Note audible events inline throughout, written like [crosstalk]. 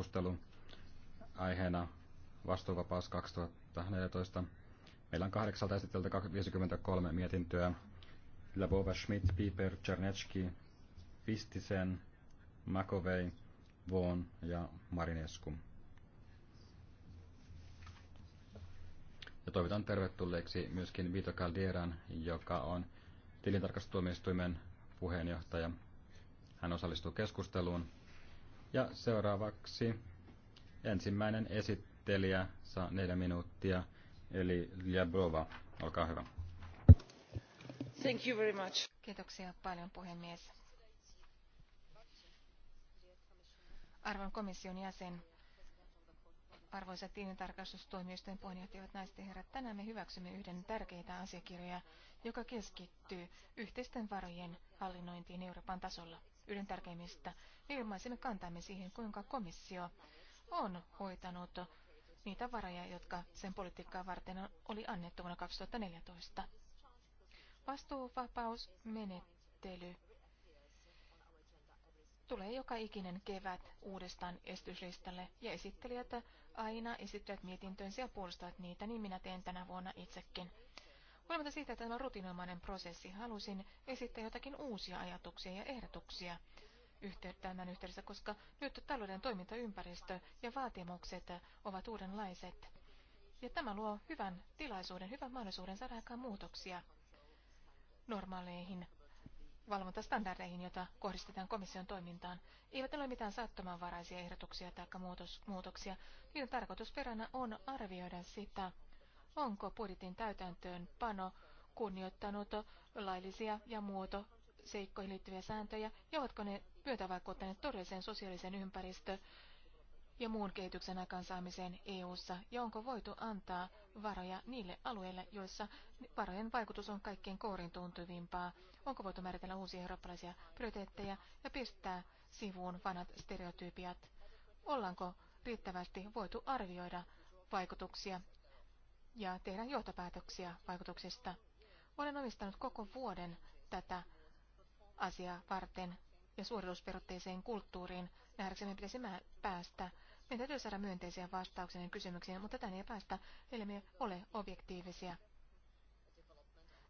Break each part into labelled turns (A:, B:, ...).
A: keskustelu aiheena vastuuvapaus 2014. Meillä on kahdeksalta esiteltä 53 mietintöä. Labova, Schmidt, Piper, Czernecki, Vistisen, Makovei, Vaughan ja Marinescu. Ja toivotan tervetulleeksi myöskin Vito Calderan, joka on tilintarkastustuomioistuimen puheenjohtaja. Hän osallistuu keskusteluun ja seuraavaksi ensimmäinen esittelijä saa neljä minuuttia, eli Ljabrova, olkaa hyvä.
B: Thank you very much. Kiitoksia paljon puhemies. Arvon komission jäsen, arvoisa tilintarkastustuomioistuin puheenjohtajat naiset ja herrat, tänään me hyväksymme yhden tärkeitä asiakirjoja, joka keskittyy yhteisten varojen hallinnointiin Euroopan tasolla yhden tärkeimmistä. Ilmaisimme kantamme siihen, kuinka komissio on hoitanut niitä varoja, jotka sen politiikkaa varten oli annettu vuonna 2014. Vastuuvapausmenettely tulee joka ikinen kevät uudestaan estyslistalle ja esittelijät aina esittelevät mietintönsä ja puolustavat niitä, niin minä teen tänä vuonna itsekin. Huolimatta siitä, että tämä on rutinomainen prosessi, halusin esittää jotakin uusia ajatuksia ja ehdotuksia tämän yhteydessä, koska nyt talouden toimintaympäristö ja vaatimukset ovat uudenlaiset. Ja tämä luo hyvän tilaisuuden, hyvän mahdollisuuden saada aikaan muutoksia normaaleihin valvontastandardeihin, joita kohdistetaan komission toimintaan, eivät ole mitään sattumanvaraisia ehdotuksia tai muutos, muutoksia. Niiden tarkoitusperänä on arvioida sitä, onko budjetin täytäntöönpano kunnioittanut laillisia ja muoto seikkoihin liittyviä sääntöjä, ja ovatko ne myötävaikuttaneet todelliseen sosiaaliseen ympäristö- ja muun kehityksen aikaansaamiseen EU-ssa, ja onko voitu antaa varoja niille alueille, joissa varojen vaikutus on kaikkein kourin tuntuvimpaa, onko voitu määritellä uusia eurooppalaisia prioriteetteja ja pistää sivuun vanhat stereotypiat, ollaanko riittävästi voitu arvioida vaikutuksia ja tehdä johtopäätöksiä vaikutuksista. Olen omistanut koko vuoden tätä asiaa varten ja suoritusperotteiseen kulttuuriin nähdäkseni pitäisi päästä. Meidän täytyy saada myönteisiä vastauksia kysymyksiin, mutta tänne ei päästä, ellei me ole objektiivisia.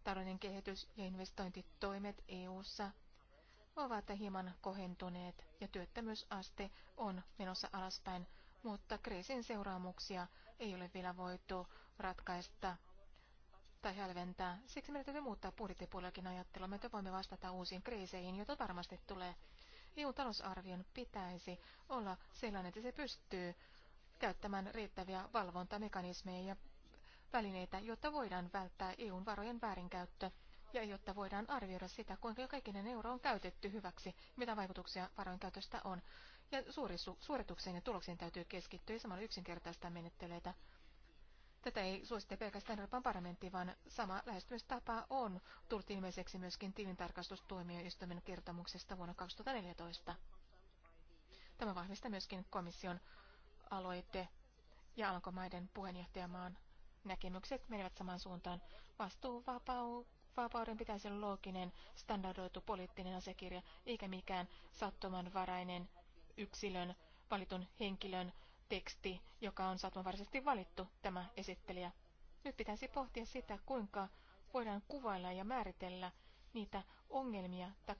B: Talouden kehitys ja investointitoimet EU:ssa ovat hieman kohentuneet ja työttömyysaste on menossa alaspäin, mutta kriisin seuraamuksia ei ole vielä voitu ratkaista tai hälventää. Siksi meidän täytyy muuttaa budjettipuolellakin ajattelua. Me voimme vastata uusiin kriiseihin, joita varmasti tulee. EU-talousarvion pitäisi olla sellainen, että se pystyy käyttämään riittäviä valvontamekanismeja ja välineitä, jotta voidaan välttää eu varojen väärinkäyttö ja jotta voidaan arvioida sitä, kuinka kaikinen euro on käytetty hyväksi, mitä vaikutuksia varojen käytöstä on. Ja suoritukseen ja tuloksiin täytyy keskittyä ja samalla yksinkertaista menettelyitä. Tätä ei suositte pelkästään Euroopan parlamentti, vaan sama lähestymistapa on tullut ilmeiseksi myöskin tilintarkastustuomioistuimen kertomuksesta vuonna 2014. Tämä vahvistaa myöskin komission aloite ja Alankomaiden puheenjohtajamaan näkemykset menevät samaan suuntaan. Vastuuvapauden pitäisi olla looginen, standardoitu poliittinen asiakirja, eikä mikään sattumanvarainen yksilön, valitun henkilön teksti, joka on sattumanvaraisesti valittu, tämä esittelijä. Nyt pitäisi pohtia sitä, kuinka voidaan kuvailla ja määritellä niitä ongelmia tai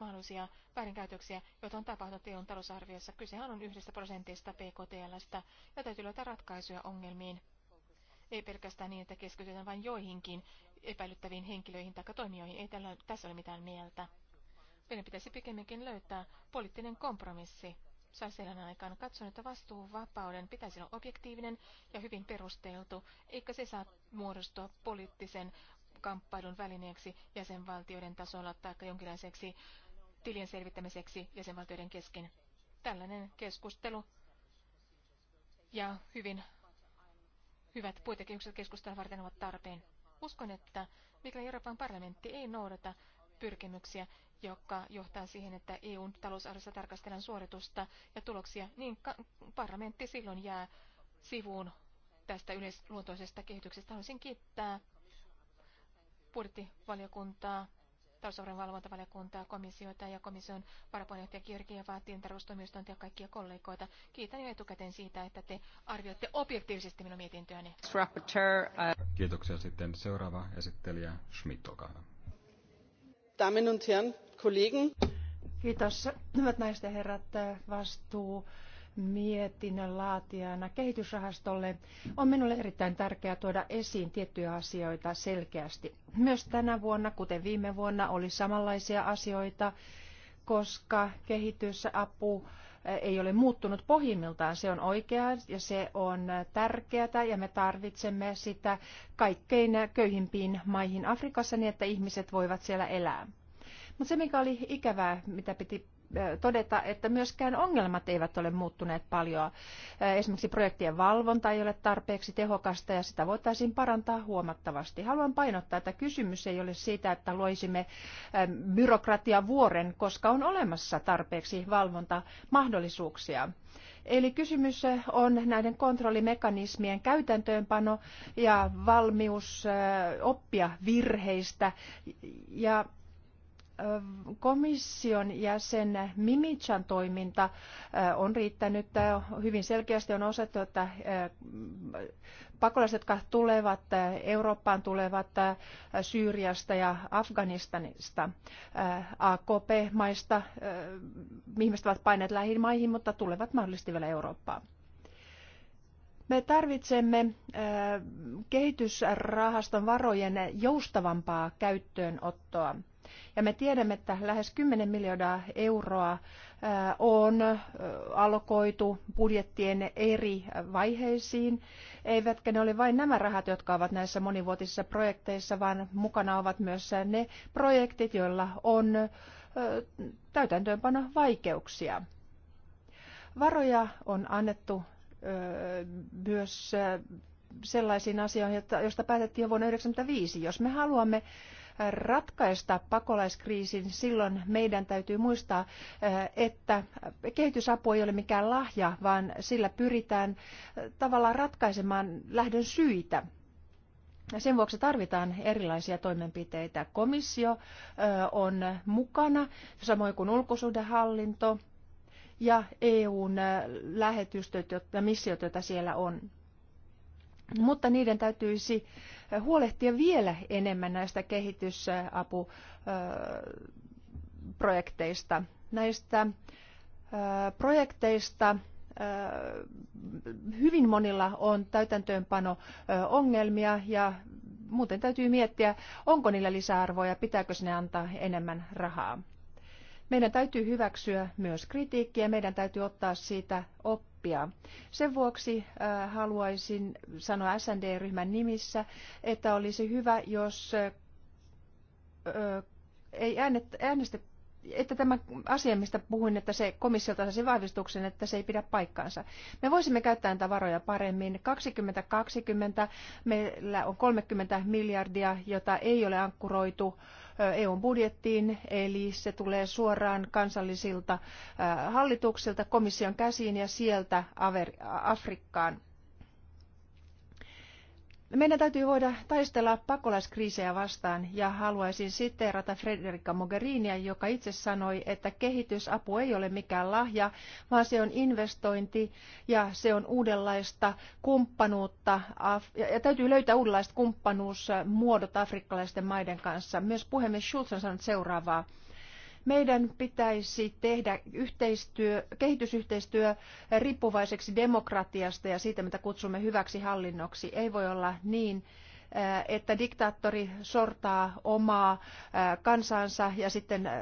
B: mahdollisia väärinkäytöksiä, joita on tapahtunut EUn talousarviossa. Kysehän on yhdestä prosentista PKTLstä ja täytyy löytää ratkaisuja ongelmiin. Ei pelkästään niin, että keskitytään vain joihinkin epäilyttäviin henkilöihin tai toimijoihin. Ei tällä, tässä ole mitään mieltä. Meidän pitäisi pikemminkin löytää poliittinen kompromissi sai aikaan. Katson, että vastuuvapauden pitäisi olla objektiivinen ja hyvin perusteltu, eikä se saa muodostua poliittisen kamppailun välineeksi jäsenvaltioiden tasolla tai jonkinlaiseksi tilien selvittämiseksi jäsenvaltioiden kesken. Tällainen keskustelu ja hyvin hyvät puitekehykset keskustelua varten ovat tarpeen. Uskon, että mikä Euroopan parlamentti ei noudata pyrkimyksiä, joka johtaa siihen, että EUn talousarvossa tarkastellaan suoritusta ja tuloksia, niin parlamentti silloin jää sivuun tästä yleisluontoisesta kehityksestä. Haluaisin kiittää budjettivaliokuntaa, talousarvon valvontavaliokuntaa, komissiota ja komission varapuheenjohtaja Kirkievaa, tilintarvostoimistointa ja kaikkia kollegoita. Kiitän jo etukäteen siitä, että te arvioitte objektiivisesti minun mietintöäni.
A: Uh, Kiitoksia sitten seuraava esittelijä Schmidt, olkaa hyvä.
C: Damen und
D: Herren, Kollegen.
C: Kiitos. Hyvät naiset ja herrat, vastuu mietinnön laatijana kehitysrahastolle on minulle erittäin tärkeää tuoda esiin tiettyjä asioita selkeästi. Myös tänä vuonna, kuten viime vuonna, oli samanlaisia asioita, koska kehitysapu ei ole muuttunut pohjimmiltaan. Se on oikea ja se on tärkeää ja me tarvitsemme sitä kaikkein köyhimpiin maihin Afrikassa niin, että ihmiset voivat siellä elää. Mutta se, mikä oli ikävää, mitä piti todeta, että myöskään ongelmat eivät ole muuttuneet paljon. Esimerkiksi projektien valvonta ei ole tarpeeksi tehokasta ja sitä voitaisiin parantaa huomattavasti. Haluan painottaa, että kysymys ei ole siitä, että loisimme byrokratia vuoren, koska on olemassa tarpeeksi valvontamahdollisuuksia. Eli kysymys on näiden kontrollimekanismien käytäntöönpano ja valmius oppia virheistä ja komission jäsen Mimitsan toiminta on riittänyt. Hyvin selkeästi on osoitettu, että pakolaiset, jotka tulevat Eurooppaan, tulevat Syyriasta ja Afganistanista, AKP-maista, ihmiset ovat paineet lähimaihin, mutta tulevat mahdollisesti vielä Eurooppaan. Me tarvitsemme kehitysrahaston varojen joustavampaa käyttöönottoa ja me tiedämme, että lähes 10 miljoonaa euroa on alkoitu budjettien eri vaiheisiin, eivätkä ne ole vain nämä rahat, jotka ovat näissä monivuotisissa projekteissa, vaan mukana ovat myös ne projektit, joilla on täytäntöönpano vaikeuksia. Varoja on annettu myös sellaisiin asioihin, joista päätettiin jo vuonna 1995. Jos me haluamme ratkaista pakolaiskriisin, silloin meidän täytyy muistaa, eh, että kehitysapu ei ole mikään lahja, vaan sillä pyritään eh, tavallaan ratkaisemaan lähdön syitä. Sen vuoksi tarvitaan erilaisia toimenpiteitä. Komissio eh, on mukana, samoin kuin ulkosuhdehallinto ja EUn lähetystöt ja missiot, joita siellä on mutta niiden täytyisi huolehtia vielä enemmän näistä kehitysapuprojekteista. Näistä projekteista hyvin monilla on täytäntöönpano ongelmia ja muuten täytyy miettiä, onko niillä lisäarvoa ja pitääkö sinne antaa enemmän rahaa. Meidän täytyy hyväksyä myös kritiikkiä, meidän täytyy ottaa siitä oppia oppia. Sen vuoksi äh, haluaisin sanoa SND-ryhmän nimissä, että olisi hyvä, jos äh, äh, ei äänestä, että tämä asia, mistä puhuin, että se komissiolta saisi vahvistuksen, että se ei pidä paikkaansa. Me voisimme käyttää näitä varoja paremmin. 2020 meillä on 30 miljardia, jota ei ole ankkuroitu äh, EUn budjettiin, eli se tulee suoraan kansallisilta hallituksilta komission käsiin ja sieltä Afrikkaan meidän täytyy voida taistella pakolaiskriisejä vastaan ja haluaisin siteerata Frederica Mogherinia, joka itse sanoi, että kehitysapu ei ole mikään lahja, vaan se on investointi ja se on uudenlaista kumppanuutta ja täytyy löytää uudenlaiset kumppanuusmuodot afrikkalaisten maiden kanssa. Myös puhemies Schulz on sanonut seuraavaa. Meidän pitäisi tehdä yhteistyö, kehitysyhteistyö riippuvaiseksi demokratiasta ja siitä, mitä kutsumme hyväksi hallinnoksi. Ei voi olla niin, äh, että diktaattori sortaa omaa äh, kansansa ja sitten äh,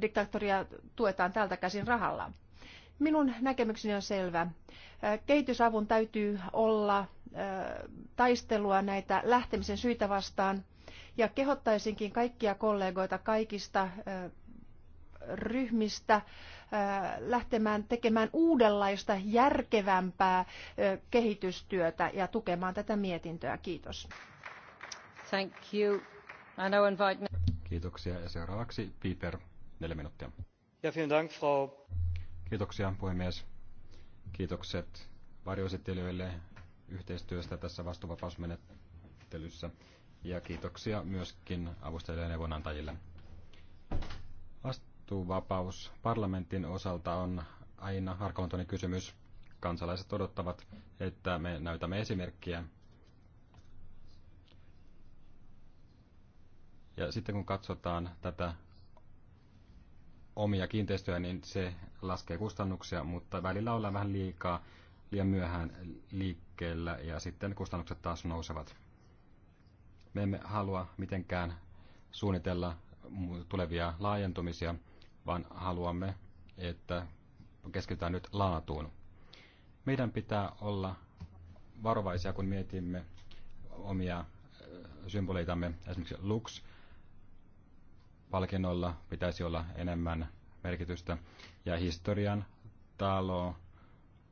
C: diktaattoria tuetaan tältä käsin rahalla. Minun näkemykseni on selvä. Kehitysavun täytyy olla taistelua näitä lähtemisen syitä vastaan ja kehottaisinkin kaikkia kollegoita kaikista ryhmistä äh, lähtemään tekemään uudenlaista, järkevämpää äh, kehitystyötä ja tukemaan tätä mietintöä. Kiitos.
E: Thank you. I now invite...
A: Kiitoksia. Ja seuraavaksi Peter, neljä minuuttia.
B: Ja vielen dank, Frau.
A: Kiitoksia, puhemies. Kiitokset varjoesittelijöille yhteistyöstä tässä vastuvapausmenettelyssä. ja kiitoksia myöskin avustajille ja neuvonantajille vastuuvapaus parlamentin osalta on aina arkaluontoinen kysymys. Kansalaiset odottavat, että me näytämme esimerkkiä. Ja sitten kun katsotaan tätä omia kiinteistöjä, niin se laskee kustannuksia, mutta välillä ollaan vähän liikaa, liian myöhään liikkeellä ja sitten kustannukset taas nousevat. Me emme halua mitenkään suunnitella tulevia laajentumisia, vaan haluamme, että keskitytään nyt laatuun. Meidän pitää olla varovaisia, kun mietimme omia symboleitamme. Esimerkiksi Lux palkinnolla pitäisi olla enemmän merkitystä ja historian talo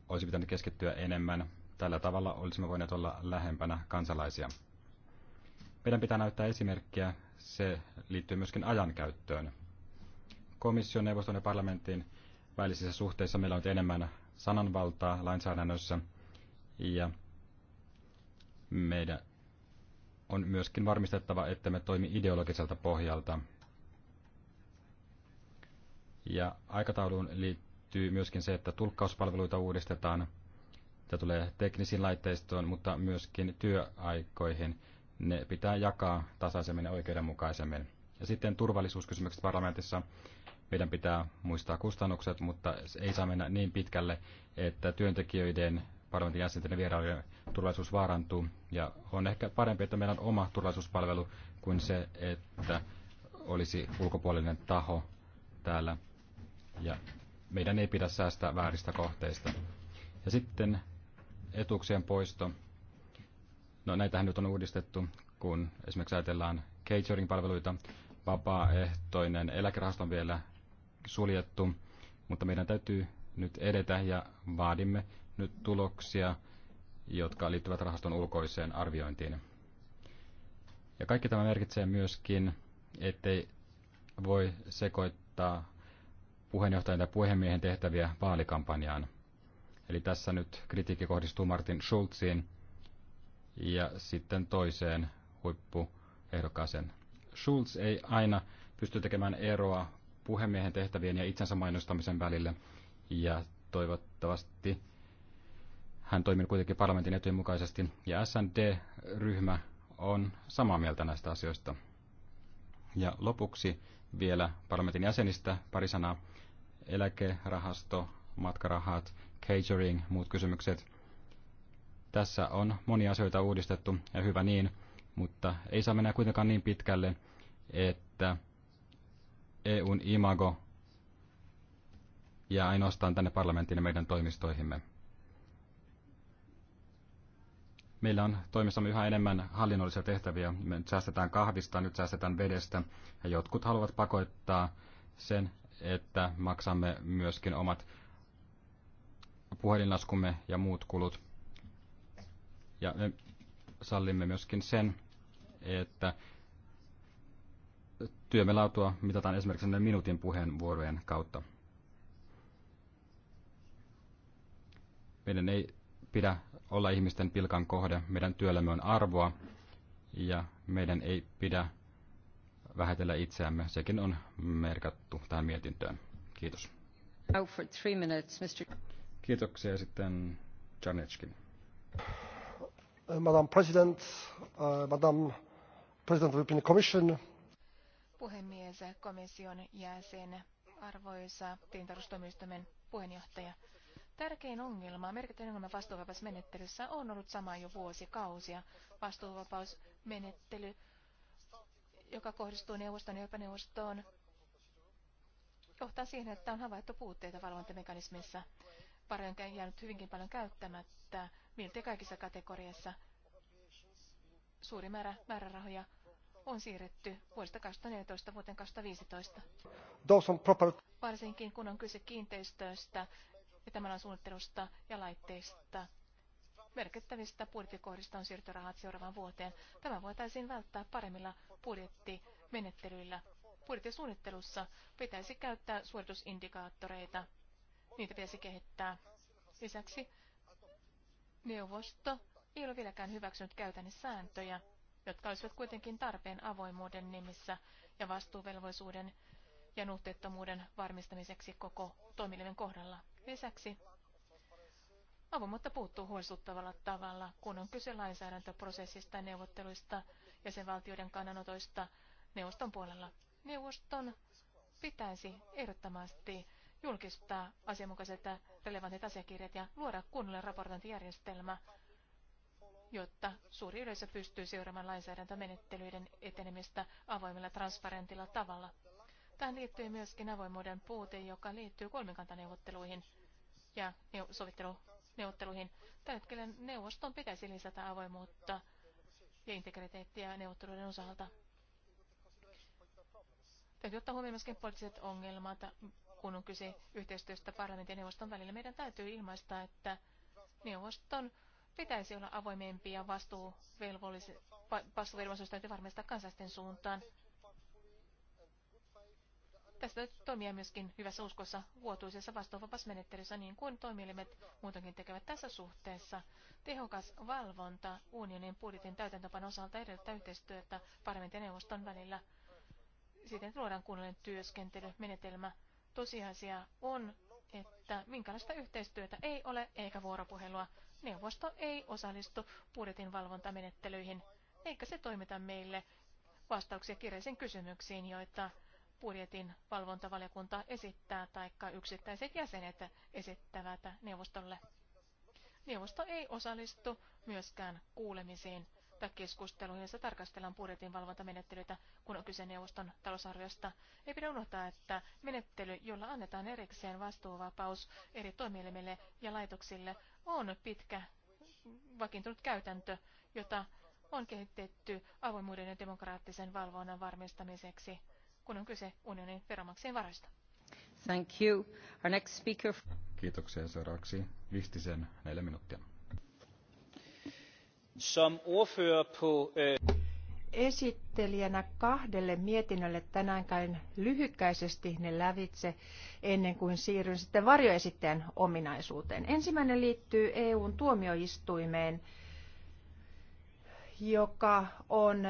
A: olisi pitänyt keskittyä enemmän. Tällä tavalla olisimme voineet olla lähempänä kansalaisia. Meidän pitää näyttää esimerkkiä, se liittyy myöskin ajankäyttöön komission, neuvoston ja parlamentin välisissä suhteissa meillä on enemmän sananvaltaa lainsäädännössä ja meidän on myöskin varmistettava, että me toimi ideologiselta pohjalta. Ja aikatauluun liittyy myöskin se, että tulkkauspalveluita uudistetaan. Tämä tulee teknisiin laitteistoon, mutta myöskin työaikoihin. Ne pitää jakaa tasaisemmin ja oikeudenmukaisemmin. Ja sitten turvallisuuskysymykset parlamentissa. Meidän pitää muistaa kustannukset, mutta ei saa mennä niin pitkälle, että työntekijöiden parlamentin jäsenten vierailijoiden turvallisuus vaarantuu. Ja on ehkä parempi, että meillä on oma turvallisuuspalvelu kuin se, että olisi ulkopuolinen taho täällä. Ja meidän ei pidä säästää vääristä kohteista. Ja sitten etuuksien poisto. No näitähän nyt on uudistettu, kun esimerkiksi ajatellaan catering-palveluita. Vapaaehtoinen eläkerahasto on vielä suljettu, mutta meidän täytyy nyt edetä ja vaadimme nyt tuloksia, jotka liittyvät rahaston ulkoiseen arviointiin. Ja kaikki tämä merkitsee myöskin, ettei voi sekoittaa puheenjohtajan tai puhemiehen tehtäviä vaalikampanjaan. Eli tässä nyt kritiikki kohdistuu Martin Schulziin ja sitten toiseen huippuehdokkaaseen. Schulz ei aina pysty tekemään eroa puhemiehen tehtävien ja itsensä mainostamisen välille. Ja toivottavasti hän toimii kuitenkin parlamentin etujen mukaisesti. Ja SND-ryhmä on samaa mieltä näistä asioista. Ja lopuksi vielä parlamentin jäsenistä pari sanaa. Eläkerahasto, matkarahat, catering, muut kysymykset. Tässä on monia asioita uudistettu ja hyvä niin, mutta ei saa mennä kuitenkaan niin pitkälle, että EUn imago jää ainoastaan tänne parlamenttiin ja meidän toimistoihimme. Meillä on toimissamme yhä enemmän hallinnollisia tehtäviä. Me nyt säästetään kahvista, nyt säästetään vedestä. Ja jotkut haluavat pakoittaa sen, että maksamme myöskin omat puhelinlaskumme ja muut kulut. Ja me sallimme myöskin sen, että työmme laatua mitataan esimerkiksi minuutin puheenvuorojen kautta. Meidän ei pidä olla ihmisten pilkan kohde. Meidän työllämme on arvoa ja meidän ei pidä vähätellä itseämme. Sekin on merkattu tähän mietintöön. Kiitos. Oh, Kiitoksia sitten Janetskin. Madam President, uh, Madam President of the European Commission,
B: puhemies, komission jäsen, arvoisa tiintarustoimistomen puheenjohtaja. Tärkein ongelma, merkittävin ongelma vastuuvapausmenettelyssä on ollut sama jo vuosikausia. Vastuuvapausmenettely, joka kohdistuu neuvoston ja epäneuvostoon, johtaa siihen, että on havaittu puutteita valvontamekanismissa. Paljon on jäänyt hyvinkin paljon käyttämättä, miltei kaikissa kategoriassa. Suuri määrä määrärahoja on siirretty vuodesta 2014 vuoteen 2015. Varsinkin kun on kyse kiinteistöistä ja tämän suunnittelusta ja laitteista. Merkittävistä budjettikohdista on siirretty rahat seuraavaan vuoteen. Tämä voitaisiin välttää paremmilla budjettimenettelyillä. Budjettisuunnittelussa pitäisi käyttää suoritusindikaattoreita. Niitä pitäisi kehittää. Lisäksi neuvosto ei ole vieläkään hyväksynyt käytännön sääntöjä jotka olisivat kuitenkin tarpeen avoimuuden nimissä ja vastuuvelvollisuuden ja nuhteettomuuden varmistamiseksi koko toimielimen kohdalla. Lisäksi avoimuutta puuttuu huolestuttavalla tavalla, kun on kyse lainsäädäntöprosessista ja neuvotteluista ja sen valtioiden kannanotoista neuvoston puolella. Neuvoston pitäisi ehdottomasti julkistaa asianmukaiset relevantit asiakirjat ja luoda kunnolle raportointijärjestelmä jotta suuri yleisö pystyy seuraamaan lainsäädäntömenettelyiden etenemistä avoimella transparentilla tavalla. Tähän liittyy myöskin avoimuuden puute, joka liittyy kolmikantaneuvotteluihin ja sovitteluneuvotteluihin. Tällä hetkellä neuvoston pitäisi lisätä avoimuutta ja integriteettiä neuvotteluiden osalta. Täytyy ottaa huomioon myöskin poliittiset ongelmat, kun on kyse yhteistyöstä parlamentin ja neuvoston välillä. Meidän täytyy ilmaista, että neuvoston pitäisi olla avoimempia vastuuvelvollisuudesta ja varmistaa kansalaisten suuntaan. Tästä toimia myöskin hyvässä uskossa vuotuisessa menettelyssä, niin kuin toimielimet muutenkin tekevät tässä suhteessa. Tehokas valvonta unionin budjetin täytäntöpan osalta edellyttää yhteistyötä parlamentin ja neuvoston välillä. Siten luodaan kunnollinen työskentelymenetelmä. Tosiasia on, että minkälaista yhteistyötä ei ole eikä vuoropuhelua neuvosto ei osallistu budjetin valvontamenettelyihin, eikä se toimita meille vastauksia kirjallisiin kysymyksiin, joita budjetin valvontavaliokunta esittää tai yksittäiset jäsenet esittävät neuvostolle. Neuvosto ei osallistu myöskään kuulemisiin tai keskusteluihin, joissa tarkastellaan budjetin valvontamenettelyitä, kun on kyse neuvoston talousarviosta. Ei pidä unohtaa, että menettely, jolla annetaan erikseen vastuuvapaus eri toimielimille ja laitoksille, on pitkä vakiintunut käytäntö, jota on kehitetty avoimuuden ja demokraattisen valvonnan varmistamiseksi, kun on kyse unionin veromaksien varoista.
A: Thank you. Our next speaker... Kiitoksia seuraavaksi Vistisen neljä minuuttia. Some offer på, uh
C: esittelijänä kahdelle mietinnölle tänään käyn lyhykäisesti ne lävitse ennen kuin siirryn sitten varjoesittäjän ominaisuuteen. Ensimmäinen liittyy EUn tuomioistuimeen, joka on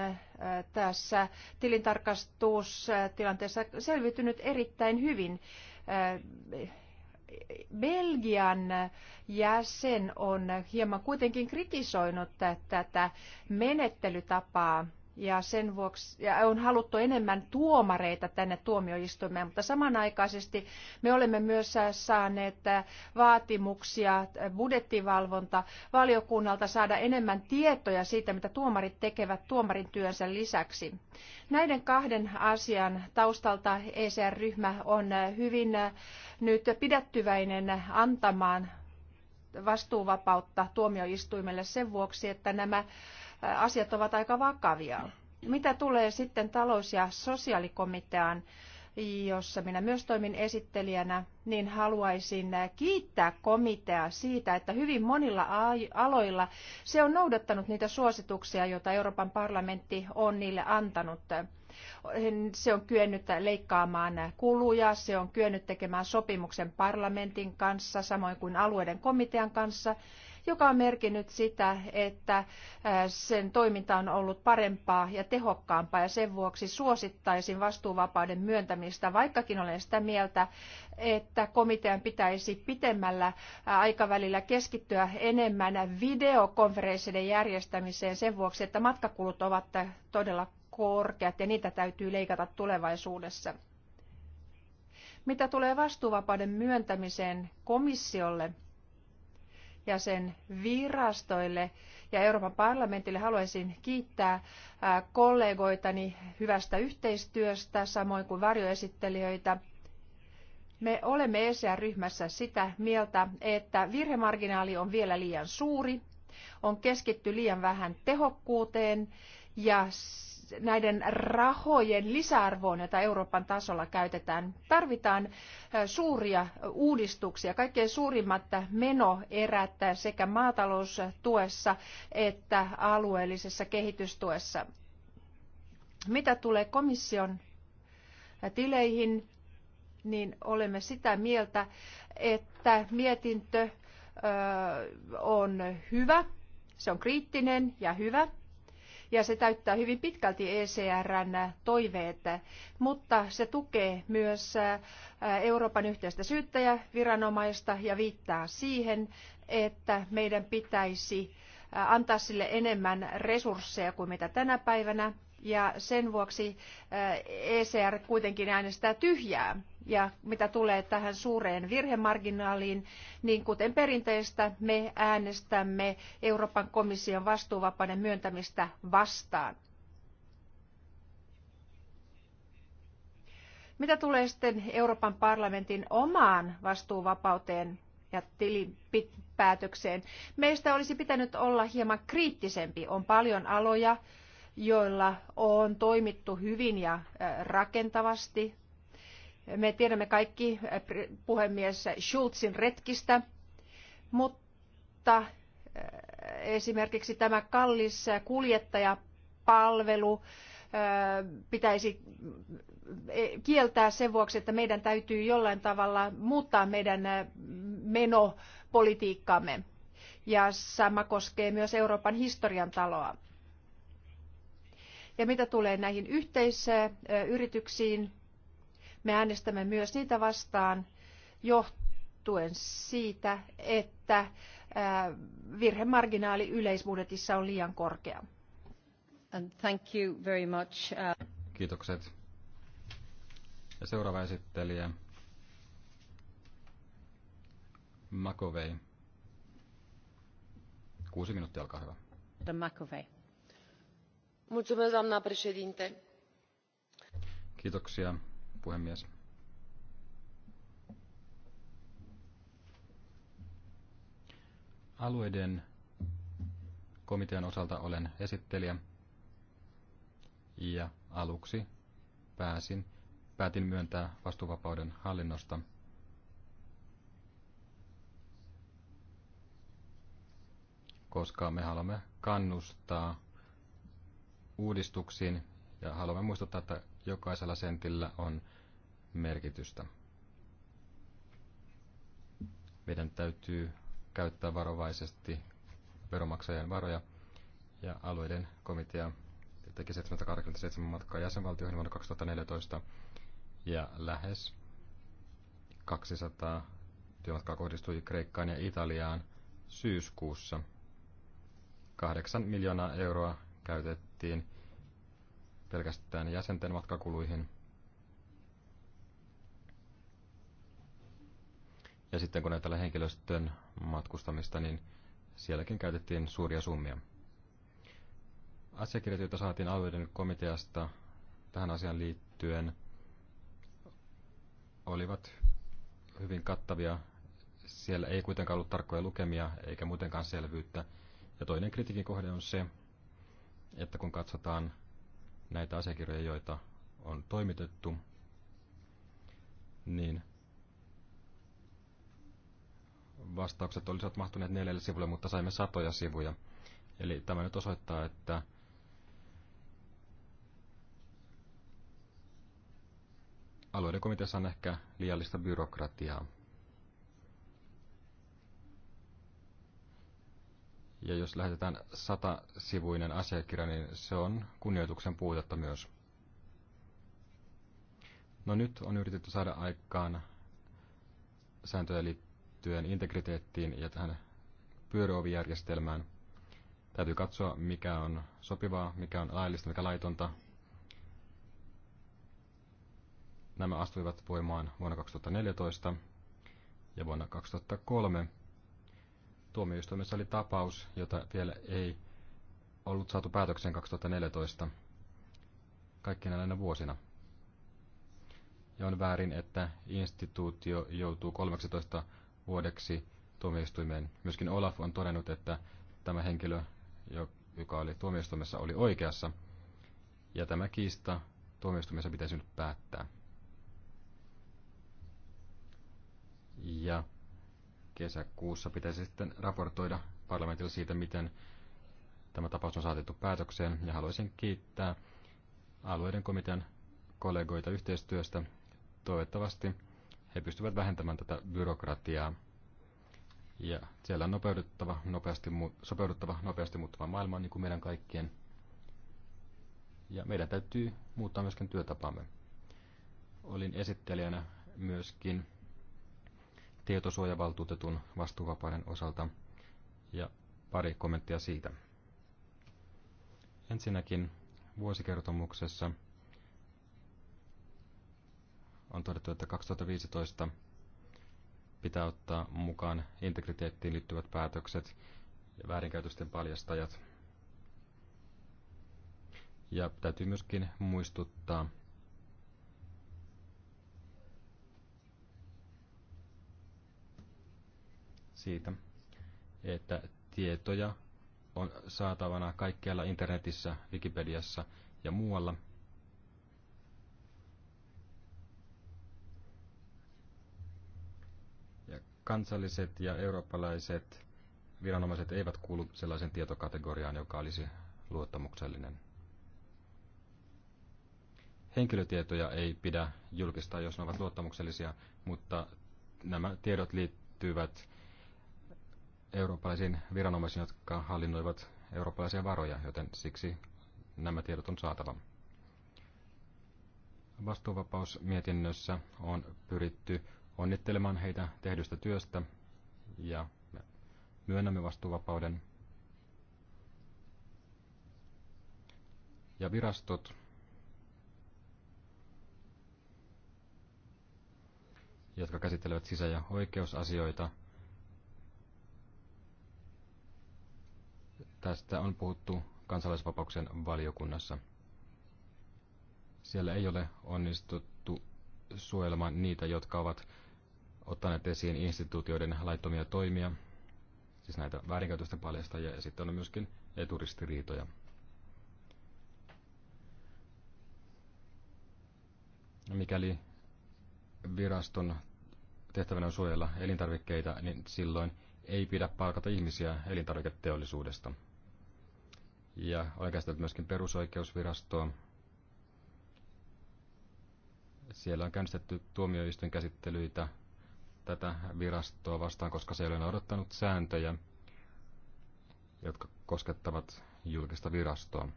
C: tässä tilintarkastustilanteessa selvitynyt erittäin hyvin. Belgian jäsen on hieman kuitenkin kritisoinut tätä menettelytapaa ja sen vuoksi ja on haluttu enemmän tuomareita tänne tuomioistuimeen, mutta samanaikaisesti me olemme myös saaneet vaatimuksia budjettivalvonta valiokunnalta saada enemmän tietoja siitä, mitä tuomarit tekevät tuomarin työnsä lisäksi. Näiden kahden asian taustalta ECR-ryhmä on hyvin nyt pidättyväinen antamaan vastuuvapautta tuomioistuimelle sen vuoksi, että nämä asiat ovat aika vakavia. Mitä tulee sitten talous- ja sosiaalikomiteaan, jossa minä myös toimin esittelijänä, niin haluaisin kiittää komiteaa siitä, että hyvin monilla aloilla se on noudattanut niitä suosituksia, joita Euroopan parlamentti on niille antanut. Se on kyennyt leikkaamaan kuluja, se on kyennyt tekemään sopimuksen parlamentin kanssa, samoin kuin alueiden komitean kanssa, joka on merkinnyt sitä, että sen toiminta on ollut parempaa ja tehokkaampaa ja sen vuoksi suosittaisin vastuuvapauden myöntämistä, vaikkakin olen sitä mieltä, että komitean pitäisi pitemmällä aikavälillä keskittyä enemmän videokonferenssien järjestämiseen sen vuoksi, että matkakulut ovat todella korkeat ja niitä täytyy leikata tulevaisuudessa. Mitä tulee vastuuvapauden myöntämiseen komissiolle, ja sen virastoille ja Euroopan parlamentille haluaisin kiittää kollegoitani hyvästä yhteistyöstä, samoin kuin varjoesittelijöitä. Me olemme ESR-ryhmässä sitä mieltä, että virhemarginaali on vielä liian suuri, on keskitty liian vähän tehokkuuteen ja näiden rahojen lisäarvoon, jota Euroopan tasolla käytetään. Tarvitaan suuria uudistuksia, kaikkein suurimmat menoerät sekä maataloustuessa että alueellisessa kehitystuessa. Mitä tulee komission tileihin, niin olemme sitä mieltä, että mietintö on hyvä, se on kriittinen ja hyvä – ja se täyttää hyvin pitkälti ECRn toiveet, mutta se tukee myös Euroopan yhteistä syyttäjäviranomaista ja viittaa siihen, että meidän pitäisi antaa sille enemmän resursseja kuin mitä tänä päivänä ja sen vuoksi ECR kuitenkin äänestää tyhjää. Ja mitä tulee tähän suureen virhemarginaaliin, niin kuten perinteistä me äänestämme Euroopan komission vastuuvapauden myöntämistä vastaan. Mitä tulee sitten Euroopan parlamentin omaan vastuuvapauteen ja tilinpäätökseen? meistä olisi pitänyt olla hieman kriittisempi. On paljon aloja, joilla on toimittu hyvin ja rakentavasti me tiedämme kaikki eh, puhemies Schulzin retkistä, mutta eh, esimerkiksi tämä kallis kuljettajapalvelu eh, pitäisi kieltää sen vuoksi, että meidän täytyy jollain tavalla muuttaa meidän menopolitiikkaamme. Ja sama koskee myös Euroopan historian taloa. Ja mitä tulee näihin yhteisyrityksiin, me äänestämme myös niitä vastaan johtuen siitä, että virhemarginaali yleisbudjetissa on liian korkea. And thank you
E: very much. Uh,
A: Kiitokset. Ja seuraava esittelijä. Makovei. Kuusi minuuttia, olkaa hyvä.
C: Makovei. Mulțumesc, doamna președinte.
A: Kiitoksia, puhemies. Alueiden komitean osalta olen esittelijä ja aluksi pääsin, päätin myöntää vastuuvapauden hallinnosta. koska me haluamme kannustaa uudistuksiin ja haluamme muistuttaa, että jokaisella sentillä on merkitystä. Meidän täytyy käyttää varovaisesti veromaksajien varoja ja alueiden komitea teki 787 matkaa jäsenvaltioihin vuonna 2014 ja lähes 200 työmatkaa kohdistui Kreikkaan ja Italiaan syyskuussa. 8 miljoonaa euroa käytettiin pelkästään jäsenten matkakuluihin. Ja sitten kun näitä henkilöstön matkustamista, niin sielläkin käytettiin suuria summia. Asiakirjat, joita saatiin alueiden komiteasta tähän asiaan liittyen, olivat hyvin kattavia. Siellä ei kuitenkaan ollut tarkkoja lukemia eikä muutenkaan selvyyttä. Ja toinen kritiikin kohde on se, että kun katsotaan näitä asiakirjoja, joita on toimitettu, niin vastaukset olisivat mahtuneet neljälle sivulle, mutta saimme satoja sivuja. Eli tämä nyt osoittaa, että alueiden komiteassa on ehkä liiallista byrokratiaa. Ja jos lähetetään sivuinen asiakirja, niin se on kunnioituksen puutetta myös. No nyt on yritetty saada aikaan sääntöjä liittyen integriteettiin ja tähän pyöröovijärjestelmään. Täytyy katsoa, mikä on sopivaa, mikä on laillista, mikä laitonta. Nämä astuivat voimaan vuonna 2014 ja vuonna 2003 Tuomioistuimessa oli tapaus, jota vielä ei ollut saatu päätökseen 2014 kaikkina näinä vuosina. Ja on väärin, että instituutio joutuu 13 vuodeksi tuomioistuimeen. Myöskin Olaf on todennut, että tämä henkilö, joka oli tuomioistuimessa, oli oikeassa. Ja tämä kiista tuomioistuimessa pitäisi nyt päättää. Ja kesäkuussa pitäisi sitten raportoida parlamentille siitä, miten tämä tapaus on saatettu päätökseen. Ja haluaisin kiittää alueiden komitean kollegoita yhteistyöstä. Toivottavasti he pystyvät vähentämään tätä byrokratiaa. Ja siellä on nopeuduttava, nopeasti, sopeuduttava nopeasti muuttuvan maailmaan, niin kuin meidän kaikkien. Ja meidän täytyy muuttaa myöskin työtapaamme. Olin esittelijänä myöskin tietosuojavaltuutetun vastuuvapauden osalta ja pari kommenttia siitä. Ensinnäkin vuosikertomuksessa on todettu, että 2015 pitää ottaa mukaan integriteettiin liittyvät päätökset ja väärinkäytösten paljastajat. Ja täytyy myöskin muistuttaa siitä, että tietoja on saatavana kaikkialla internetissä, Wikipediassa ja muualla. Ja kansalliset ja eurooppalaiset viranomaiset eivät kuulu sellaisen tietokategoriaan, joka olisi luottamuksellinen. Henkilötietoja ei pidä julkistaa, jos ne ovat luottamuksellisia, mutta nämä tiedot liittyvät eurooppalaisiin viranomaisiin, jotka hallinnoivat eurooppalaisia varoja, joten siksi nämä tiedot on saatava. Vastuuvapausmietinnössä on pyritty onnittelemaan heitä tehdystä työstä ja me myönnämme vastuuvapauden. Ja virastot jotka käsittelevät sisä- ja oikeusasioita – Tästä on puhuttu kansalaisvapauksen valiokunnassa. Siellä ei ole onnistuttu suojelemaan niitä, jotka ovat ottaneet esiin instituutioiden laittomia toimia, siis näitä väärinkäytöstä paljastajia, ja sitten on myöskin eturistiriitoja. Mikäli viraston tehtävänä on suojella elintarvikkeita, niin silloin ei pidä palkata ihmisiä elintarviketeollisuudesta ja olen käsitellyt myöskin perusoikeusvirastoa. Siellä on käynnistetty tuomioistuin käsittelyitä tätä virastoa vastaan, koska se ei ole noudattanut sääntöjä, jotka koskettavat julkista virastoa.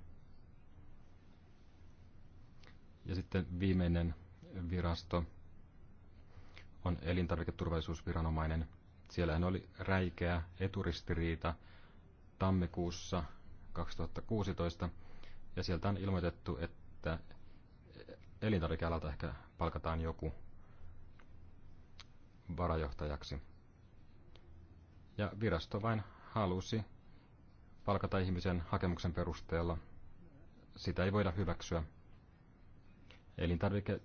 A: Ja sitten viimeinen virasto on elintarviketurvallisuusviranomainen. Siellähän oli räikeä eturistiriita tammikuussa 2016, ja sieltä on ilmoitettu, että elintarvikealalta ehkä palkataan joku varajohtajaksi. Ja virasto vain halusi palkata ihmisen hakemuksen perusteella. Sitä ei voida hyväksyä. Elintarvike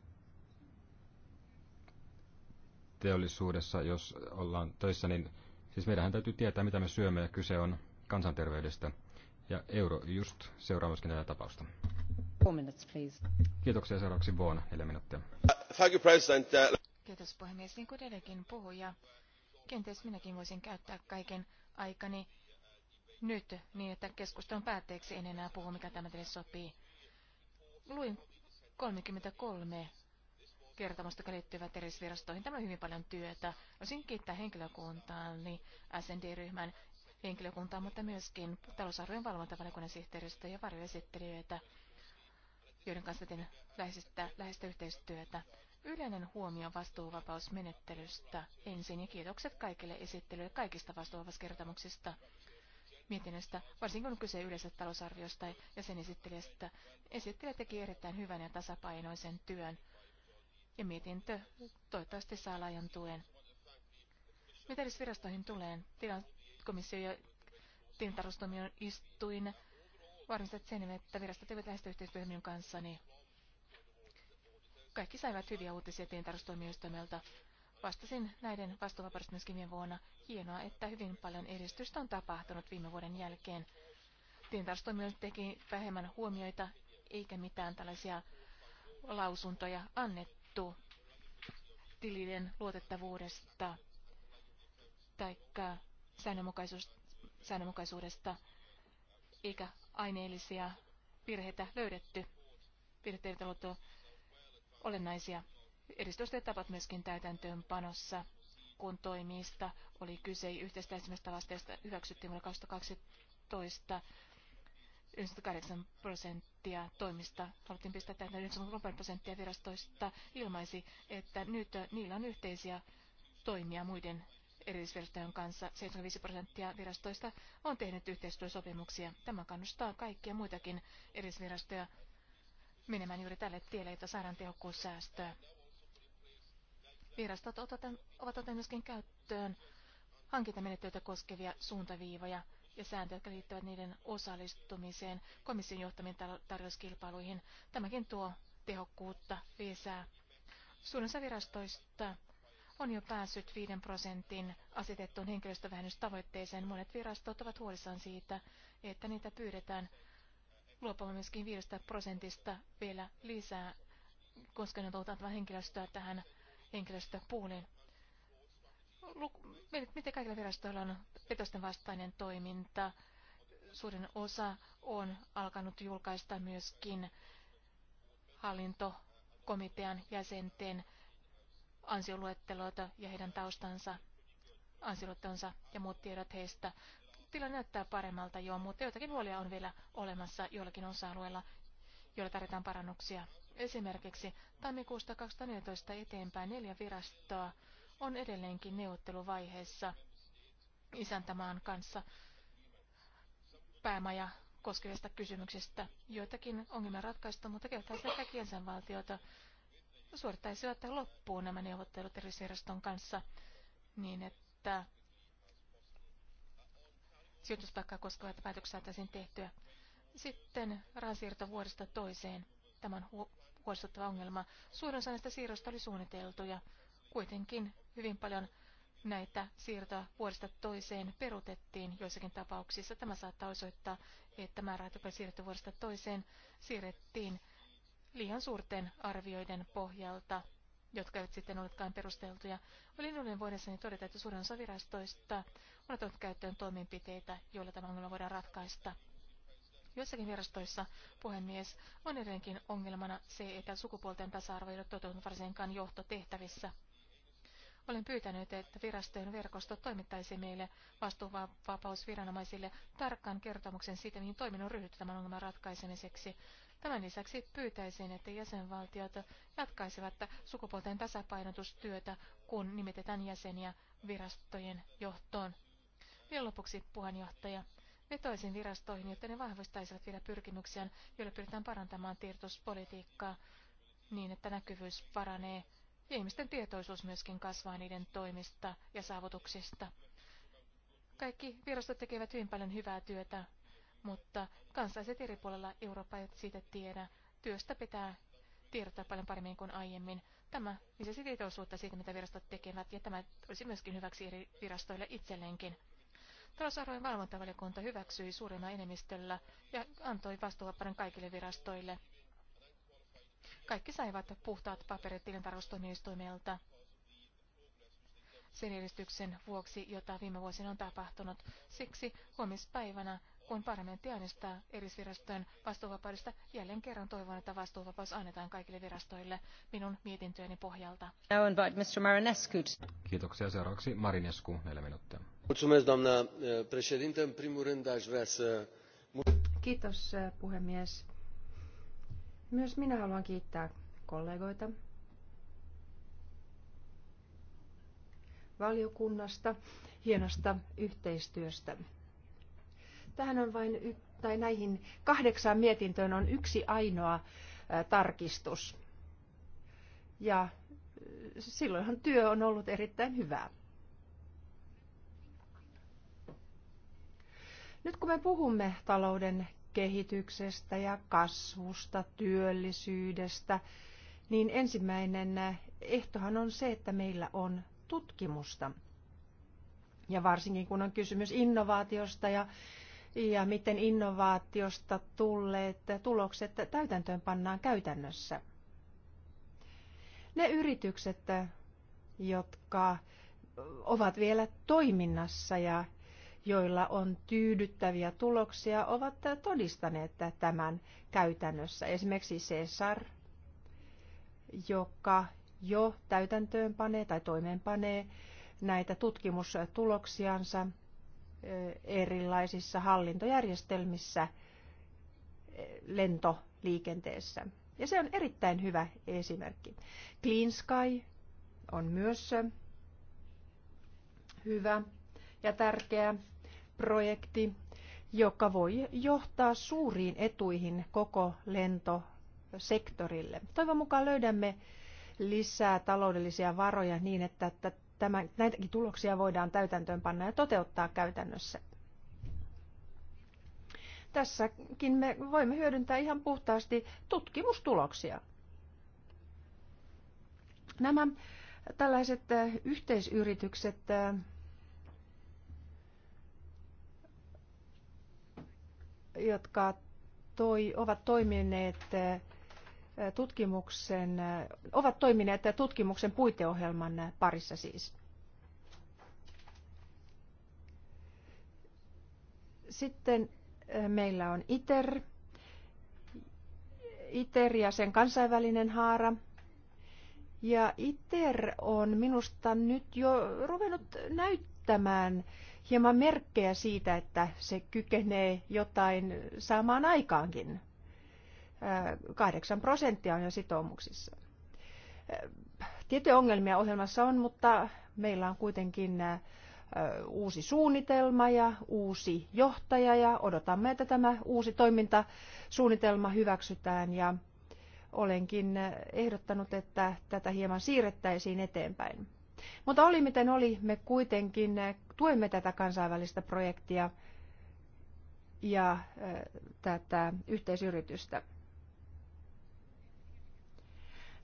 A: teollisuudessa, jos ollaan töissä, niin siis meidän täytyy tietää, mitä me syömme, ja kyse on kansanterveydestä – ja euro just seuraa näitä tapausta. Minutes, please. Kiitoksia seuraavaksi Boona, neljä minuuttia. Thank you, President. Kiitos puhemies,
B: niin kuin edelläkin puhuja. Kenties minäkin voisin käyttää kaiken aikani nyt niin, että keskustelun päätteeksi en enää puhu, mikä tämä teille sopii. Luin 33 kertomusta, jotka liittyvät Tämä on hyvin paljon työtä. Olisin kiittää henkilökuntaani, niin SND-ryhmän henkilökuntaa, mutta myöskin talousarvion valvontavaliokunnan sihteeristä ja varjoesittelijöitä, joiden kanssa tein läheistä, läheistä yhteistyötä. Yleinen huomio vastuuvapausmenettelystä ensin ja kiitokset kaikille esittelyille kaikista vastuuvapauskertomuksista mietinnöstä, varsinkin kun kyse yleisestä talousarviosta ja sen esittelijästä. Esittelijä teki erittäin hyvän ja tasapainoisen työn, ja mietintö toivottavasti saa laajan tuen. Mitä edes virastoihin tulee, komissio ja tilintarkastustoimion istuin varmistat sen, että virastot eivät lähestyä yhteistyöhön minun niin Kaikki saivat hyviä uutisia tilintarkastustoimijoistamelta. Vastasin näiden vastuunvapaudesta myöskin viime vuonna. Hienoa, että hyvin paljon edistystä on tapahtunut viime vuoden jälkeen. Tilintarkastustoimijoille teki vähemmän huomioita eikä mitään tällaisia lausuntoja annettu tilien luotettavuudesta taikka säännönmukaisuudesta eikä aineellisia virheitä löydetty. Virheet eivät olennaisia. Edistystä tapat myöskin täytäntöönpanossa, kun toimista oli kyse yhteistä tavasta, josta hyväksyttiin vuonna 2012. 98 prosenttia toimista haluttiin pistää täytäntöön 93 prosenttia virastoista ilmaisi, että nyt niillä on yhteisiä toimia muiden erillisvirastojen kanssa 75 prosenttia virastoista on tehnyt yhteistyösopimuksia. Tämä kannustaa kaikkia muitakin erillisvirastoja menemään juuri tälle tielle, jotta saadaan tehokkuussäästöä. Virastot ovat ottaneet myöskin käyttöön hankintamenettelyitä koskevia suuntaviivoja ja sääntöjä, jotka liittyvät niiden osallistumiseen komission johtamiin tarjouskilpailuihin. Tämäkin tuo tehokkuutta lisää. Suurin virastoista on jo päässyt 5 prosentin asetettuun henkilöstövähennystavoitteeseen. Monet virastot ovat huolissaan siitä, että niitä pyydetään luopumaan myöskin 5 prosentista vielä lisää, koska ne ovat henkilöstöä tähän henkilöstöpuuliin. Miten kaikilla virastoilla on petosten vastainen toiminta? Suurin osa on alkanut julkaista myöskin hallintokomitean jäsenten ansioluetteloita ja heidän taustansa, ansioluettelonsa ja muut tiedot heistä. Tilanne näyttää paremmalta jo, mutta joitakin huolia on vielä olemassa joillakin osa-alueilla, joilla tarvitaan parannuksia. Esimerkiksi tammikuusta 2014 eteenpäin neljä virastoa on edelleenkin neuvotteluvaiheessa isäntämaan kanssa päämaja koskevista kysymyksistä. Joitakin ongelmia ratkaistu, mutta kehottaa sitä sen valtiota suorittaisivat loppuun nämä neuvottelut erisiraston kanssa niin, että sijoituspaikkaa koskevat päätökset saataisiin tehtyä. Sitten rahansiirto vuodesta toiseen. Tämä on huolestuttava ongelma. Suurin osa näistä siirroista oli suunniteltu ja kuitenkin hyvin paljon näitä siirtoja vuodesta toiseen perutettiin joissakin tapauksissa. Tämä saattaa osoittaa, että määrä, joka siirretty vuodesta toiseen, siirrettiin liian suurten arvioiden pohjalta, jotka eivät sitten olekaan perusteltuja. Olin iloinen niin todeta, että suurin osa virastoista on ottanut käyttöön toimenpiteitä, joilla tämä ongelma voidaan ratkaista. Joissakin virastoissa, puhemies, on edelleenkin ongelmana se, että sukupuolten tasa-arvo ei ole toteutunut varsinkaan johtotehtävissä. Olen pyytänyt, että virastojen verkosto toimittaisi meille vastuuvapausviranomaisille tarkkaan kertomuksen siitä, mihin toiminnon ryhdytty tämän ongelman ratkaisemiseksi. Tämän lisäksi pyytäisin, että jäsenvaltiot jatkaisivat sukupuolten tasapainotustyötä, kun nimitetään jäseniä virastojen johtoon. Vielä lopuksi puheenjohtaja. Vetoisin virastoihin, jotta ne vahvistaisivat vielä pyrkimyksiään, joilla pyritään parantamaan tiedotuspolitiikkaa niin, että näkyvyys paranee ja ihmisten tietoisuus myöskin kasvaa niiden toimista ja saavutuksista. Kaikki virastot tekevät hyvin paljon hyvää työtä mutta kansalaiset eri puolella Eurooppaa eivät siitä tiedä. Työstä pitää tiedottaa paljon paremmin kuin aiemmin. Tämä lisäsi tietoisuutta siitä, mitä virastot tekevät, ja tämä olisi myöskin hyväksi eri virastoille itselleenkin. Talousarvojen valvontavaliokunta hyväksyi suurena enemmistöllä ja antoi vastuuvapauden kaikille virastoille. Kaikki saivat puhtaat paperit tilintarkastustoimistoimelta sen edistyksen vuoksi, jota viime vuosina on tapahtunut. Siksi huomispäivänä kuin parlamentti äänestää eri virastojen vastuuvapaudesta. Jälleen kerran toivon, että vastuuvapaus annetaan kaikille virastoille minun mietintöjeni pohjalta.
A: Mr. Kiitoksia. Seuraavaksi Marinescu, neljä minuuttia.
B: Eh,
C: Kiitos, eh, puhemies. Myös minä haluan kiittää kollegoita valiokunnasta hienosta yhteistyöstä. Tähän on vain, tai näihin kahdeksaan mietintöön on yksi ainoa tarkistus. Ja silloinhan työ on ollut erittäin hyvää. Nyt kun me puhumme talouden kehityksestä ja kasvusta, työllisyydestä, niin ensimmäinen ehtohan on se, että meillä on tutkimusta. Ja varsinkin kun on kysymys innovaatiosta ja ja miten innovaatiosta tulleet tulokset täytäntöön pannaan käytännössä. Ne yritykset, jotka ovat vielä toiminnassa ja joilla on tyydyttäviä tuloksia, ovat todistaneet tämän käytännössä. Esimerkiksi Cesar, joka jo täytäntöönpanee tai toimeenpanee näitä tutkimustuloksiansa erilaisissa hallintojärjestelmissä lentoliikenteessä. Ja se on erittäin hyvä esimerkki. Clean Sky on myös hyvä ja tärkeä projekti, joka voi johtaa suuriin etuihin koko lentosektorille. Toivon mukaan löydämme lisää taloudellisia varoja niin, että tämän, näitäkin tuloksia voidaan täytäntöönpanna ja toteuttaa käytännössä. Tässäkin me voimme hyödyntää ihan puhtaasti tutkimustuloksia. Nämä tällaiset yhteisyritykset jotka toi, ovat toimineet tutkimuksen, ovat toimineet tutkimuksen puiteohjelman parissa siis. Sitten eh, meillä on ITER, ITER ja sen kansainvälinen haara. Ja ITER on minusta nyt jo ruvennut näyttämään hieman merkkejä siitä, että se kykenee jotain saamaan aikaankin. 8 prosenttia on jo sitoumuksissa. Tietoja ongelmia ohjelmassa on, mutta meillä on kuitenkin uusi suunnitelma ja uusi johtaja ja odotamme, että tämä uusi toimintasuunnitelma hyväksytään ja olenkin ehdottanut, että tätä hieman siirrettäisiin eteenpäin. Mutta oli miten oli, me kuitenkin tuemme tätä kansainvälistä projektia ja tätä yhteisyritystä.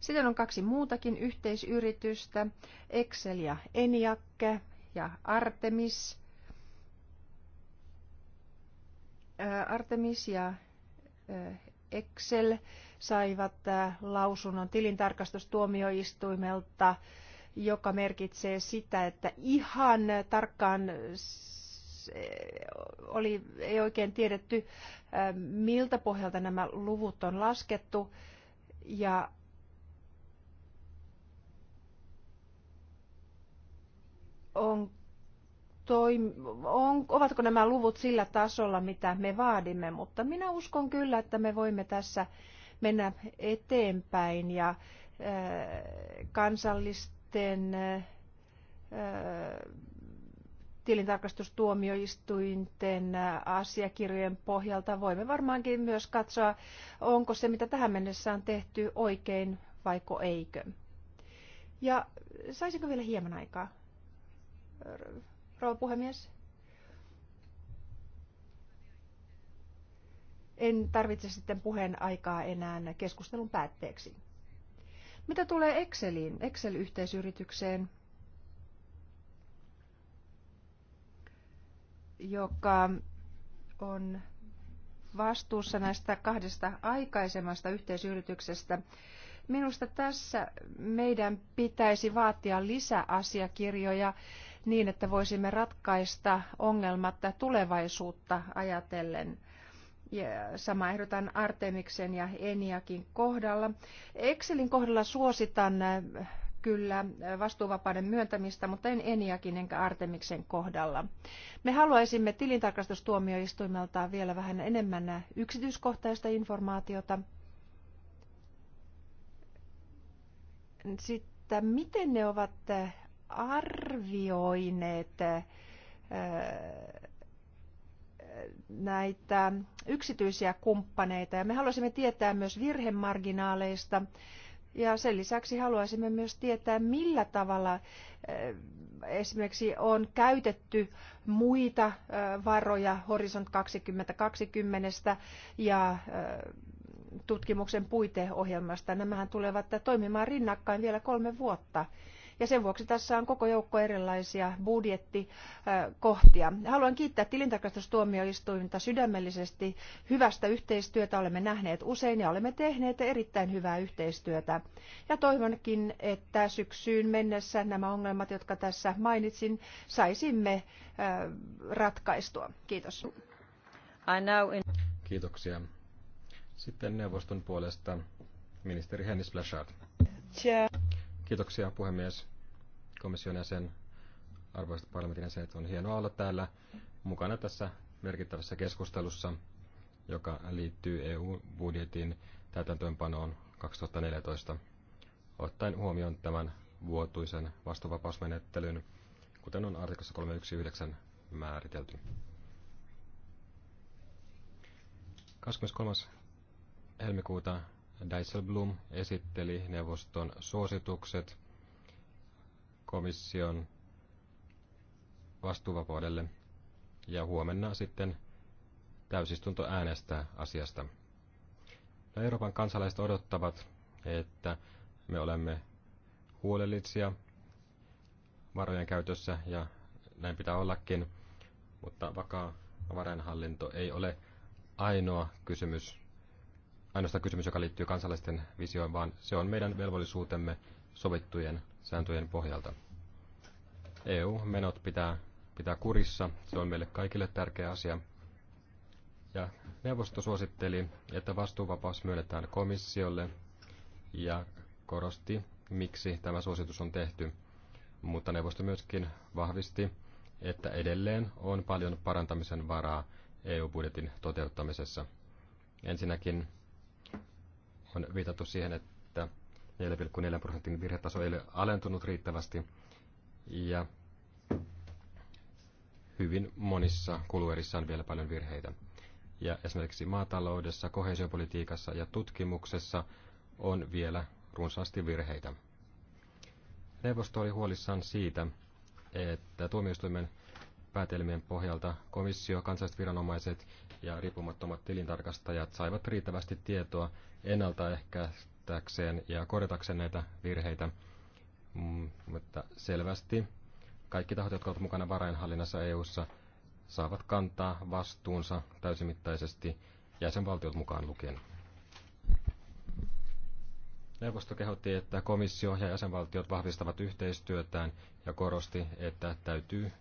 C: Sitten on kaksi muutakin yhteisyritystä, Excel ja ENIAC ja Artemis. Artemis ja Excel saivat lausunnon tilintarkastustuomioistuimelta, joka merkitsee sitä, että ihan tarkkaan oli, ei oikein tiedetty, miltä pohjalta nämä luvut on laskettu. Ja on toi, on, ovatko nämä luvut sillä tasolla, mitä me vaadimme, mutta minä uskon kyllä, että me voimme tässä mennä eteenpäin ja äh, kansallisten äh, tilintarkastustuomioistuinten äh, asiakirjojen pohjalta voimme varmaankin myös katsoa, onko se, mitä tähän mennessä on tehty, oikein vaiko eikö. Ja saisinko vielä hieman aikaa? rouva puhemies. En tarvitse sitten puheen aikaa enää keskustelun päätteeksi. Mitä tulee Exceliin, Excel-yhteisyritykseen, joka on vastuussa näistä kahdesta aikaisemmasta yhteisyrityksestä. Minusta tässä meidän pitäisi vaatia lisäasiakirjoja niin, että voisimme ratkaista ongelmat tulevaisuutta ajatellen. Ja sama ehdotan Artemiksen ja Eniakin kohdalla. Excelin kohdalla suositan äh, kyllä äh, vastuuvapauden myöntämistä, mutta en Eniakin enkä Artemiksen kohdalla. Me haluaisimme tilintarkastustuomioistuimelta vielä vähän enemmän äh, yksityiskohtaista informaatiota. Sitten miten ne ovat arvioineet äh, näitä yksityisiä kumppaneita ja me haluaisimme tietää myös virhemarginaaleista ja sen lisäksi haluaisimme myös tietää, millä tavalla äh, esimerkiksi on käytetty muita äh, varoja Horisont 2020 ja tutkimuksen puiteohjelmasta. Nämähän tulevat toimimaan rinnakkain vielä kolme vuotta. Ja sen vuoksi tässä on koko joukko erilaisia budjettikohtia. Haluan kiittää tilintarkastustuomioistuinta sydämellisesti hyvästä yhteistyötä. Olemme nähneet usein ja olemme tehneet erittäin hyvää yhteistyötä. Ja toivonkin, että syksyyn mennessä nämä ongelmat, jotka tässä mainitsin, saisimme ratkaistua. Kiitos.
A: Kiitoksia. Sitten neuvoston puolesta ministeri Hennis Blachard. Kiitoksia puhemies, komission jäsen, arvoisat parlamentin jäsenet. On hienoa olla täällä mukana tässä merkittävässä keskustelussa, joka liittyy EU-budjetin täytäntöönpanoon 2014, ottaen huomioon tämän vuotuisen vastuvapausmenettelyn, kuten on artikassa 319 määritelty. 23. helmikuuta Dijsselblom esitteli neuvoston suositukset komission vastuuvapaudelle ja huomenna sitten täysistunto äänestää asiasta. No, Euroopan kansalaiset odottavat, että me olemme huolellisia varojen käytössä ja näin pitää ollakin, mutta vakaa varainhallinto ei ole ainoa kysymys ainoastaan kysymys, joka liittyy kansalaisten visioon, vaan se on meidän velvollisuutemme sovittujen sääntöjen pohjalta. EU-menot pitää pitää kurissa, se on meille kaikille tärkeä asia. Ja neuvosto suositteli, että vastuuvapaus myönnetään komissiolle ja korosti, miksi tämä suositus on tehty. Mutta neuvosto myöskin vahvisti, että edelleen on paljon parantamisen varaa EU-budjetin toteuttamisessa. Ensinnäkin on viitattu siihen, että 4,4 prosentin virhetaso ei ole alentunut riittävästi ja hyvin monissa kuluerissä on vielä paljon virheitä. Ja esimerkiksi maataloudessa, kohesiopolitiikassa ja tutkimuksessa on vielä runsaasti virheitä. Neuvosto oli huolissaan siitä, että tuomioistuimen päätelmien pohjalta komissio, kansalliset viranomaiset ja riippumattomat tilintarkastajat saivat riittävästi tietoa ennaltaehkäistäkseen ja korjatakseen näitä virheitä. Mm, mutta selvästi kaikki tahot, jotka ovat mukana varainhallinnassa EU:ssa, saavat kantaa vastuunsa täysimittaisesti jäsenvaltiot mukaan lukien. Neuvosto kehotti, että komissio ja jäsenvaltiot vahvistavat yhteistyötään ja korosti, että täytyy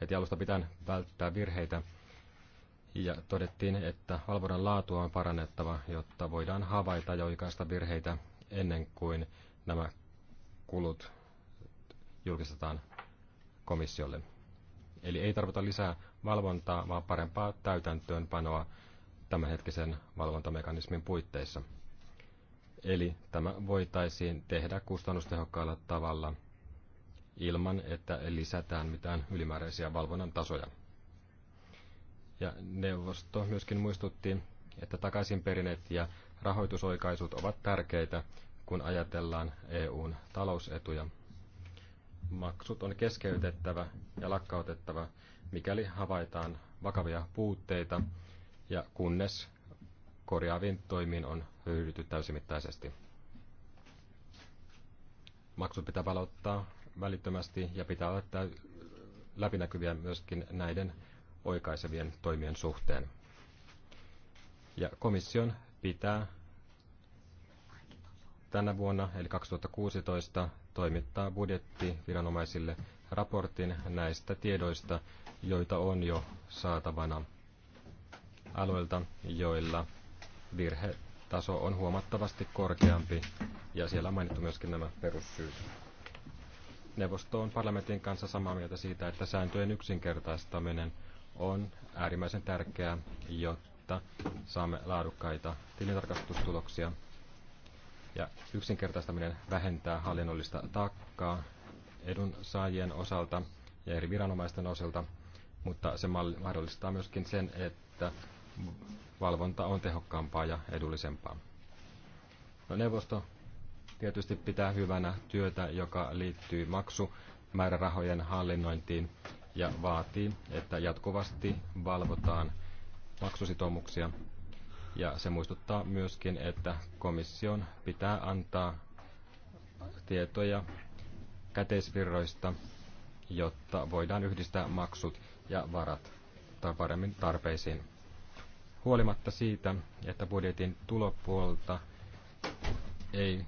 A: heti alusta pitäen välttää virheitä. Ja todettiin, että valvonnan laatua on parannettava, jotta voidaan havaita ja oikaista virheitä ennen kuin nämä kulut julkistetaan komissiolle. Eli ei tarvita lisää valvontaa, vaan parempaa täytäntöönpanoa tämänhetkisen valvontamekanismin puitteissa. Eli tämä voitaisiin tehdä kustannustehokkaalla tavalla – ilman, että lisätään mitään ylimääräisiä valvonnan tasoja. Ja neuvosto myöskin muistutti, että takaisinperinnet ja rahoitusoikaisut ovat tärkeitä, kun ajatellaan EUn talousetuja. Maksut on keskeytettävä ja lakkautettava, mikäli havaitaan vakavia puutteita ja kunnes korjaaviin toimiin on ryhdytty täysimittaisesti. Maksut pitää palauttaa välittömästi ja pitää olla läpinäkyviä myöskin näiden oikaisevien toimien suhteen. Ja komission pitää tänä vuonna, eli 2016, toimittaa budjettiviranomaisille raportin näistä tiedoista, joita on jo saatavana alueilta, joilla virhetaso on huomattavasti korkeampi, ja siellä on mainittu myöskin nämä perussyyt. Neuvosto on parlamentin kanssa samaa mieltä siitä, että sääntöjen yksinkertaistaminen on äärimmäisen tärkeää, jotta saamme laadukkaita tilintarkastustuloksia. Ja yksinkertaistaminen vähentää hallinnollista taakkaa edunsaajien osalta ja eri viranomaisten osalta, mutta se mahdollistaa myöskin sen, että valvonta on tehokkaampaa ja edullisempaa. No, neuvosto tietysti pitää hyvänä työtä, joka liittyy maksumäärärahojen hallinnointiin ja vaatii, että jatkuvasti valvotaan maksusitoumuksia. Ja se muistuttaa myöskin, että komission pitää antaa tietoja käteisvirroista, jotta voidaan yhdistää maksut ja varat paremmin tarpeisiin. Huolimatta siitä, että budjetin tulopuolta ei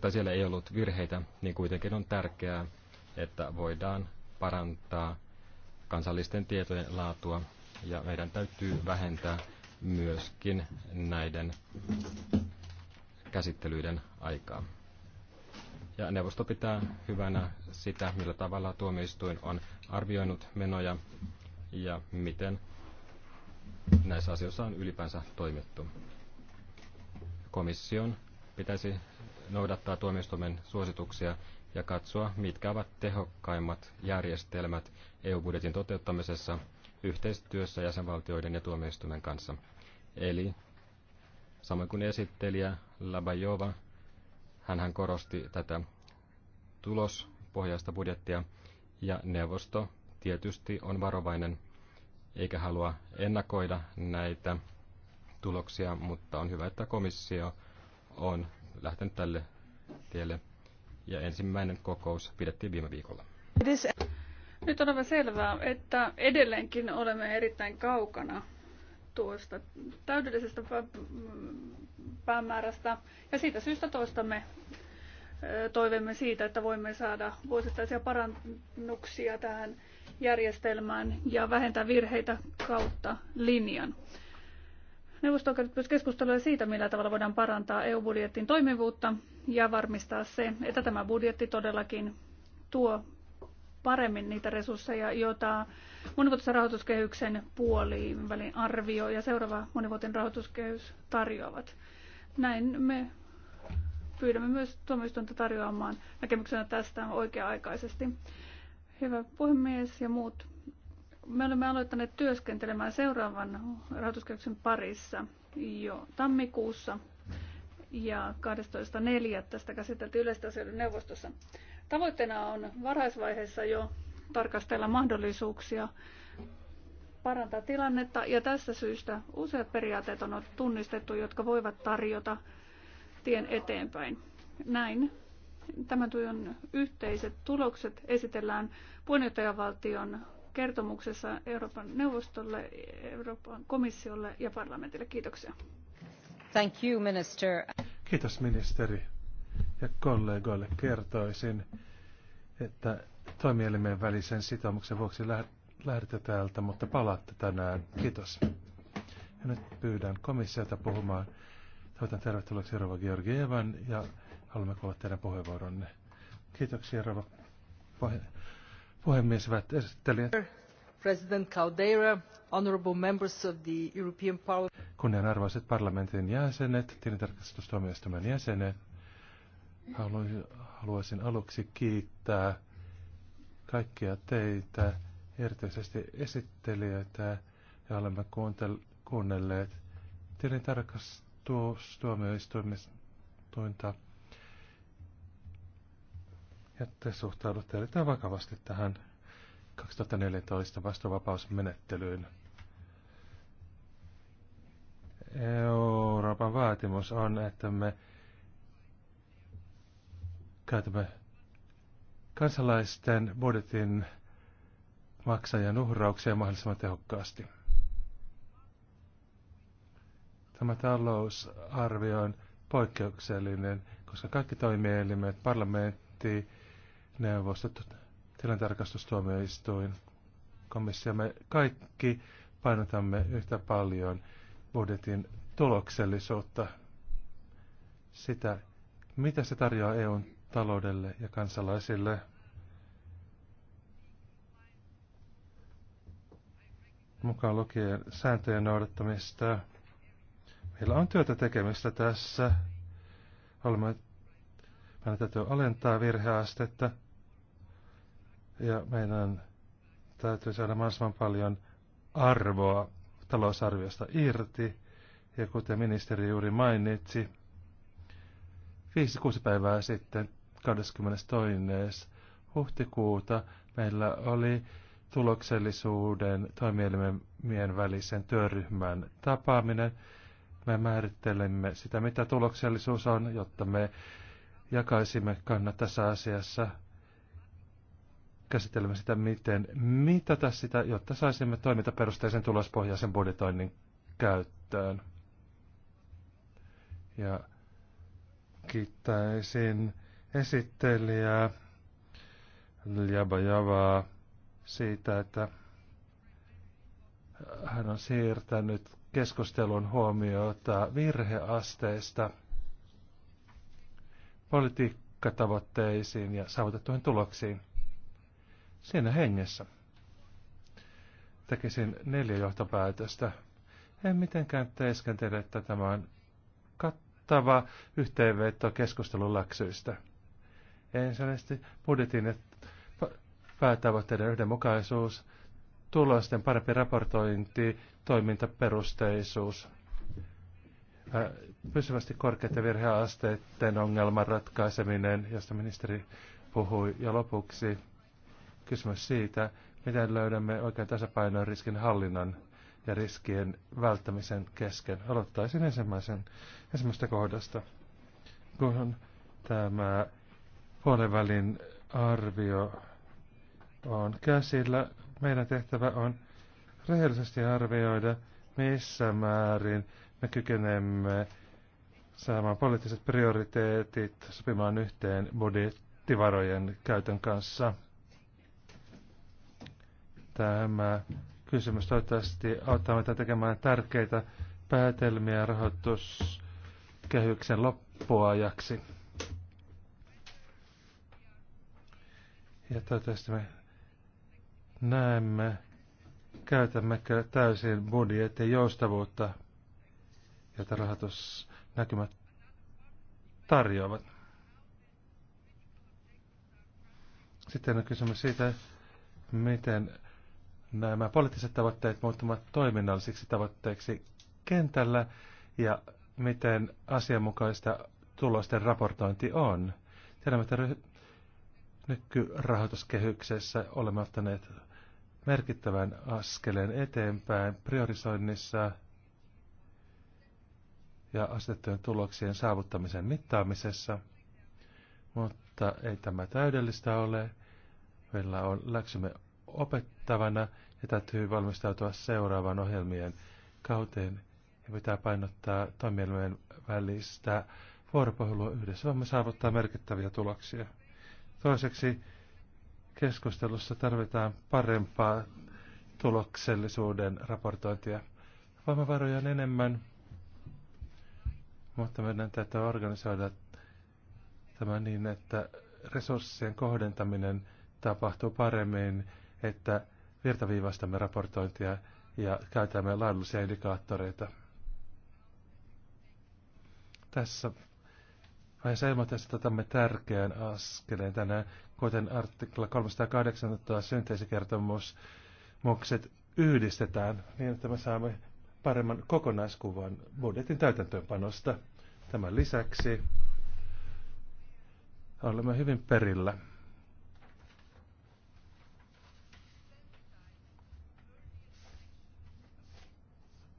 A: tai siellä ei ollut virheitä, niin kuitenkin on tärkeää, että voidaan parantaa kansallisten tietojen laatua ja meidän täytyy vähentää myöskin näiden käsittelyiden aikaa. Ja neuvosto pitää hyvänä sitä, millä tavalla tuomioistuin on arvioinut menoja ja miten näissä asioissa on ylipäänsä toimittu. Komission pitäisi noudattaa tuomioistuimen suosituksia ja katsoa, mitkä ovat tehokkaimmat järjestelmät EU-budjetin toteuttamisessa yhteistyössä jäsenvaltioiden ja tuomioistuimen kanssa. Eli samoin kuin esittelijä Labajova, hän korosti tätä tulospohjaista budjettia ja neuvosto tietysti on varovainen eikä halua ennakoida näitä tuloksia, mutta on hyvä, että komissio on lähtenyt tälle tielle. Ja ensimmäinen kokous pidettiin viime viikolla.
D: Nyt on aivan selvää, että edelleenkin olemme erittäin kaukana tuosta täydellisestä päämäärästä. Ja siitä syystä toistamme toivemme siitä, että voimme saada vuosittaisia parannuksia tähän järjestelmään ja vähentää virheitä kautta linjan. Neuvosto on käynyt myös keskustelua siitä, millä tavalla voidaan parantaa EU-budjetin toimivuutta ja varmistaa se, että tämä budjetti todellakin tuo paremmin niitä resursseja, joita monivuotisen rahoituskehyksen puoliin välin arvio ja seuraava monivuotinen rahoituskehys tarjoavat. Näin me pyydämme myös tuomioistuinta tarjoamaan näkemyksenä tästä oikea-aikaisesti. Hyvä puhemies ja muut me olemme aloittaneet työskentelemään seuraavan rahoituskehyksen parissa jo tammikuussa ja 12.4. tästä käsiteltiin yleistä asioiden neuvostossa. Tavoitteena on varhaisvaiheessa jo tarkastella mahdollisuuksia parantaa tilannetta ja tässä syystä useat periaatteet on tunnistettu, jotka voivat tarjota tien eteenpäin. Näin tämän tuon yhteiset tulokset esitellään puheenjohtajavaltion kertomuksessa Euroopan neuvostolle, Euroopan komissiolle ja parlamentille. Kiitoksia.
E: Thank you, minister. Kiitos ministeri ja kollegoille kertoisin, että toimielimen välisen sitoumuksen vuoksi lähdette täältä, mutta palaatte tänään. Kiitos. Ja nyt pyydän komissiota puhumaan. Toivotan tervetulleeksi Rova Georgievan ja haluamme kuulla teidän puheenvuoronne. Kiitoksia Rova puheenjohtaja puhemies, hyvät esittelijät.
D: President Caldeira, honorable members of the
A: European Parliament.
E: Kunnianarvoiset parlamentin jäsenet, tilintarkastustuomioistuimen jäsenet, haluaisin aluksi kiittää kaikkia teitä, erityisesti esittelijöitä, ja olemme kuunnelleet tilintarkastustuomioistuinta ja te suhtaudutte erittäin vakavasti tähän 2014 vastuuvapausmenettelyyn. Euroopan vaatimus on, että me käytämme kansalaisten budjetin maksajan uhrauksia mahdollisimman tehokkaasti. Tämä talousarvio on poikkeuksellinen, koska kaikki toimielimet, parlamentti, neuvostot, tilintarkastustuomioistuin, komissio. Me kaikki painotamme yhtä paljon budjetin tuloksellisuutta, sitä, mitä se tarjoaa EUn taloudelle ja kansalaisille. Mukaan lukien sääntöjen noudattamista. Meillä on työtä tekemistä tässä. Olemme, meidän täytyy alentaa virheastetta. Ja meidän täytyy saada mahdollisimman paljon arvoa talousarviosta irti. Ja kuten ministeri juuri mainitsi, 5-6 päivää sitten, 22. huhtikuuta, meillä oli tuloksellisuuden toimielimien välisen työryhmän tapaaminen. Me määrittelemme sitä, mitä tuloksellisuus on, jotta me jakaisimme kannat tässä asiassa – käsittelemme sitä, miten mitata sitä, jotta saisimme toimintaperusteisen tulospohjaisen budjetoinnin käyttöön. Ja kiittäisin esittelijää Ljabajavaa siitä, että hän on siirtänyt keskustelun huomiota virheasteista politiikkatavoitteisiin ja saavutettuihin tuloksiin. Siinä hengessä tekisin neljä johtopäätöstä. En mitenkään teeskentele, että tämä on kattava yhteenveto keskustelun läksyistä. Ensinnäkin budjetin päätavoitteiden yhdenmukaisuus, tulosten parempi raportointi, toimintaperusteisuus, pysyvästi korkeiden virheasteiden ongelman ratkaiseminen, josta ministeri puhui, ja lopuksi kysymys siitä, miten löydämme oikean tasapainon riskin hallinnan ja riskien välttämisen kesken. Aloittaisin ensimmäisen, ensimmäisestä kohdasta, kunhan tämä puolenvälin arvio on käsillä. Meidän tehtävä on rehellisesti arvioida, missä määrin me kykenemme saamaan poliittiset prioriteetit sopimaan yhteen budjettivarojen käytön kanssa. Tämä kysymys toivottavasti auttaa meitä tekemään tärkeitä päätelmiä rahoituskehyksen loppuajaksi. Ja toivottavasti me näemme, käytämmekö täysin budjetin joustavuutta, jota rahoitusnäkymät tarjoavat. Sitten on kysymys siitä, miten nämä poliittiset tavoitteet muuttuvat toiminnallisiksi tavoitteiksi kentällä ja miten asianmukaista tulosten raportointi on. Tiedämme, että nykyrahoituskehyksessä olemme ottaneet merkittävän askeleen eteenpäin priorisoinnissa ja asetettujen tuloksien saavuttamisen mittaamisessa, mutta ei tämä täydellistä ole. Meillä on läksymme opettavana ja täytyy valmistautua seuraavaan ohjelmien kauteen ja pitää painottaa toimielmien välistä vuoropuhelua yhdessä. Voimme saavuttaa merkittäviä tuloksia. Toiseksi keskustelussa tarvitaan parempaa tuloksellisuuden raportointia. Voimavaroja on enemmän, mutta meidän täytyy organisoida tämä niin, että resurssien kohdentaminen tapahtuu paremmin, että virtaviivastamme raportointia ja käytämme laadullisia indikaattoreita. Tässä vaiheessa ilmoitamme, että otamme tärkeän askeleen tänään, kuten artikla 318 synteesikertomus mukset yhdistetään niin, että me saamme paremman kokonaiskuvan budjetin täytäntöönpanosta. Tämän lisäksi olemme hyvin perillä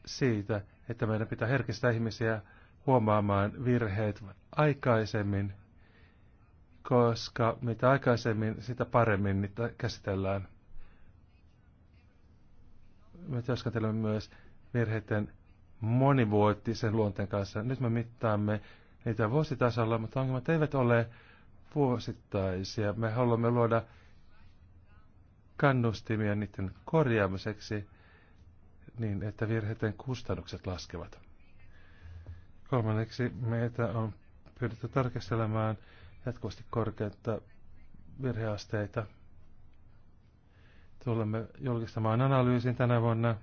E: siitä, että meidän pitää herkistää ihmisiä huomaamaan virheet aikaisemmin, koska mitä aikaisemmin, sitä paremmin niitä käsitellään. Me työskentelemme myös virheiden monivuotisen luonteen kanssa. Nyt me mittaamme niitä vuositasolla, mutta ongelmat eivät ole vuosittaisia. Me haluamme luoda kannustimia niiden korjaamiseksi niin, että virheiden kustannukset laskevat. Kolmanneksi meitä on pyydetty tarkastelemaan jatkuvasti korkeutta virheasteita. Tulemme julkistamaan analyysin tänä vuonna.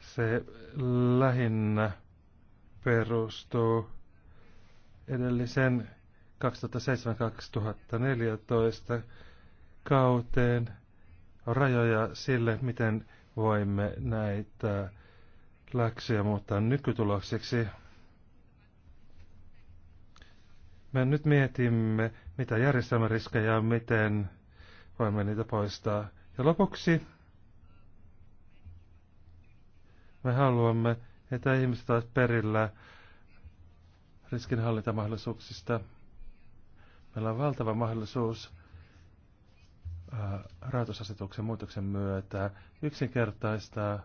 E: Se lähinnä perustuu edellisen 2007-2014 kauteen – rajoja sille, miten voimme näitä läksyjä muuttaa nykytulokseksi. Me nyt mietimme, mitä järjestelmäriskejä on, miten voimme niitä poistaa. Ja lopuksi me haluamme, että ihmiset ovat perillä riskinhallintamahdollisuuksista. Meillä on valtava mahdollisuus Äh, rahoitusasetuksen muutoksen myötä yksinkertaista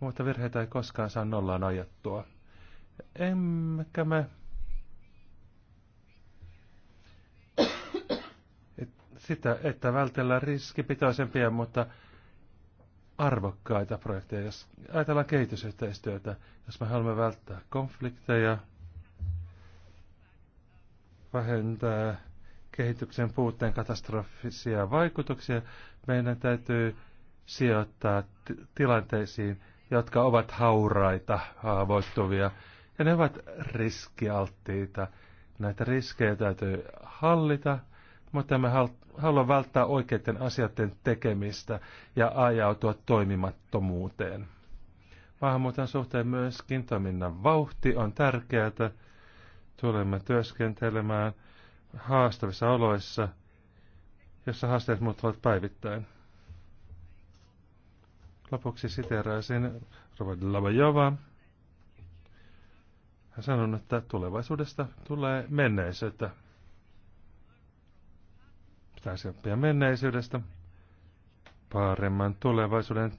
E: mutta virheitä ei koskaan saa nollaan ajattua. Emmekä me sitä, että vältellään riskipitoisempia, mutta arvokkaita projekteja. Jos ajatellaan kehitysyhteistyötä, jos me haluamme välttää konflikteja, vähentää kehityksen puutteen katastrofisia vaikutuksia, meidän täytyy sijoittaa tilanteisiin, jotka ovat hauraita, haavoittuvia, ja ne ovat riskialttiita. Näitä riskejä täytyy hallita, mutta me haluamme välttää oikeiden asioiden tekemistä ja ajautua toimimattomuuteen. Maahanmuuton suhteen myöskin toiminnan vauhti on tärkeää. Tulemme työskentelemään – haastavissa oloissa, jossa haasteet muuttuvat päivittäin. Lopuksi siteeraisin Robert Lavajova. Hän sanoi, että tulevaisuudesta tulee menneisyyttä. Pitäisi oppia menneisyydestä paremman tulevaisuuden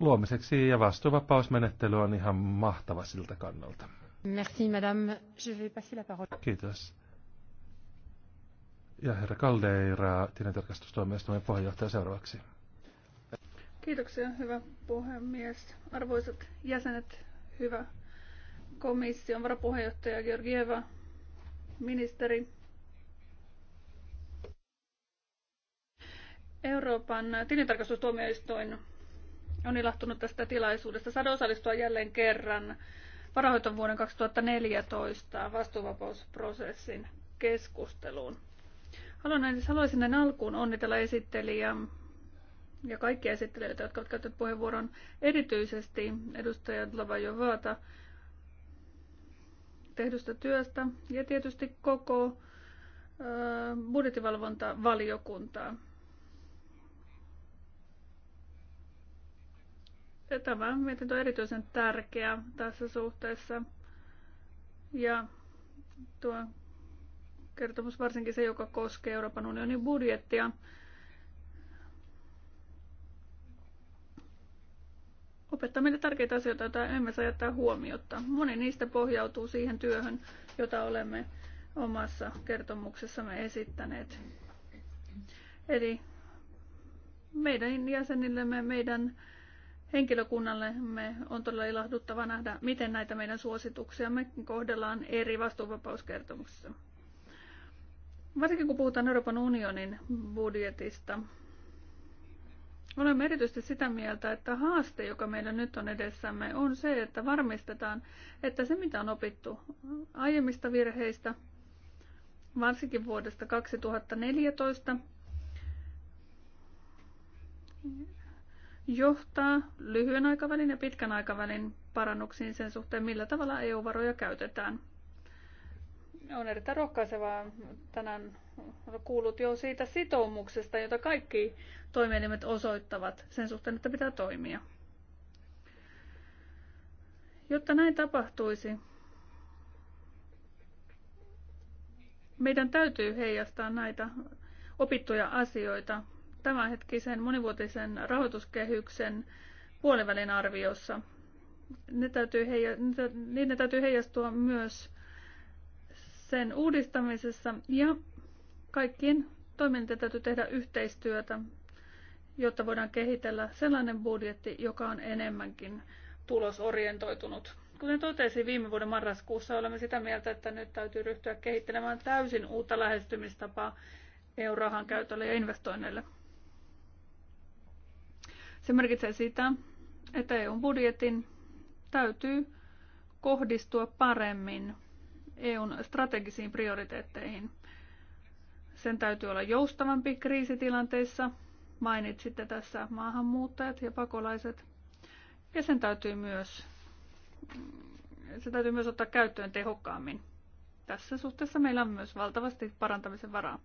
E: luomiseksi ja vastuuvapausmenettely on ihan mahtava siltä kannalta.
C: Merci, madame. Je vais passer la parole.
E: Ja herra Kaldeira, tilintarkastustoimistoimen puheenjohtaja seuraavaksi.
D: Kiitoksia, hyvä puhemies. Arvoisat jäsenet, hyvä komission varapuheenjohtaja Georgieva, ministeri. Euroopan tilintarkastustuomioistuin on ilahtunut tästä tilaisuudesta saada osallistua jälleen kerran varahoiton vuoden 2014 vastuuvapausprosessin keskusteluun. Haluan, haluaisin näin alkuun onnitella esittelijä ja kaikkia esittelijöitä, jotka ovat käyttäneet puheenvuoron, erityisesti edustaja Dlavajovata tehdystä työstä ja tietysti koko budjettivalvontavaliokuntaa. Ja tämä mietintö on erityisen tärkeä tässä suhteessa. Ja tuo kertomus varsinkin se, joka koskee Euroopan unionin budjettia. opettaa meille tärkeitä asioita, joita emme saa jättää huomiota. Moni niistä pohjautuu siihen työhön, jota olemme omassa kertomuksessamme esittäneet. Eli meidän jäsenillemme, meidän henkilökunnallemme on todella ilahduttava nähdä, miten näitä meidän suosituksiamme kohdellaan eri vastuuvapauskertomuksissa. Varsinkin kun puhutaan Euroopan unionin budjetista, olemme erityisesti sitä mieltä, että haaste, joka meillä nyt on edessämme, on se, että varmistetaan, että se mitä on opittu aiemmista virheistä, varsinkin vuodesta 2014, johtaa lyhyen aikavälin ja pitkän aikavälin parannuksiin sen suhteen, millä tavalla EU-varoja käytetään. On erittäin rohkaisevaa tänään kuulut jo siitä sitoumuksesta, jota kaikki toimielimet osoittavat sen suhteen, että pitää toimia. Jotta näin tapahtuisi, meidän täytyy heijastaa näitä opittuja asioita tämänhetkisen monivuotisen rahoituskehyksen puolivälin arviossa. Ne täytyy heija- ne täytyy heijastua myös sen uudistamisessa ja kaikkien toimintojen täytyy tehdä yhteistyötä, jotta voidaan kehitellä sellainen budjetti, joka on enemmänkin tulosorientoitunut. Kuten totesin viime vuoden marraskuussa, olemme sitä mieltä, että nyt täytyy ryhtyä kehittelemään täysin uutta lähestymistapaa EU-rahan käytölle ja investoinneille. Se merkitsee sitä, että eu budjetin täytyy kohdistua paremmin EUn strategisiin prioriteetteihin. Sen täytyy olla joustavampi kriisitilanteissa, mainitsitte tässä maahanmuuttajat ja pakolaiset, ja sen täytyy myös, se täytyy myös ottaa käyttöön tehokkaammin. Tässä suhteessa meillä on myös valtavasti parantamisen varaa.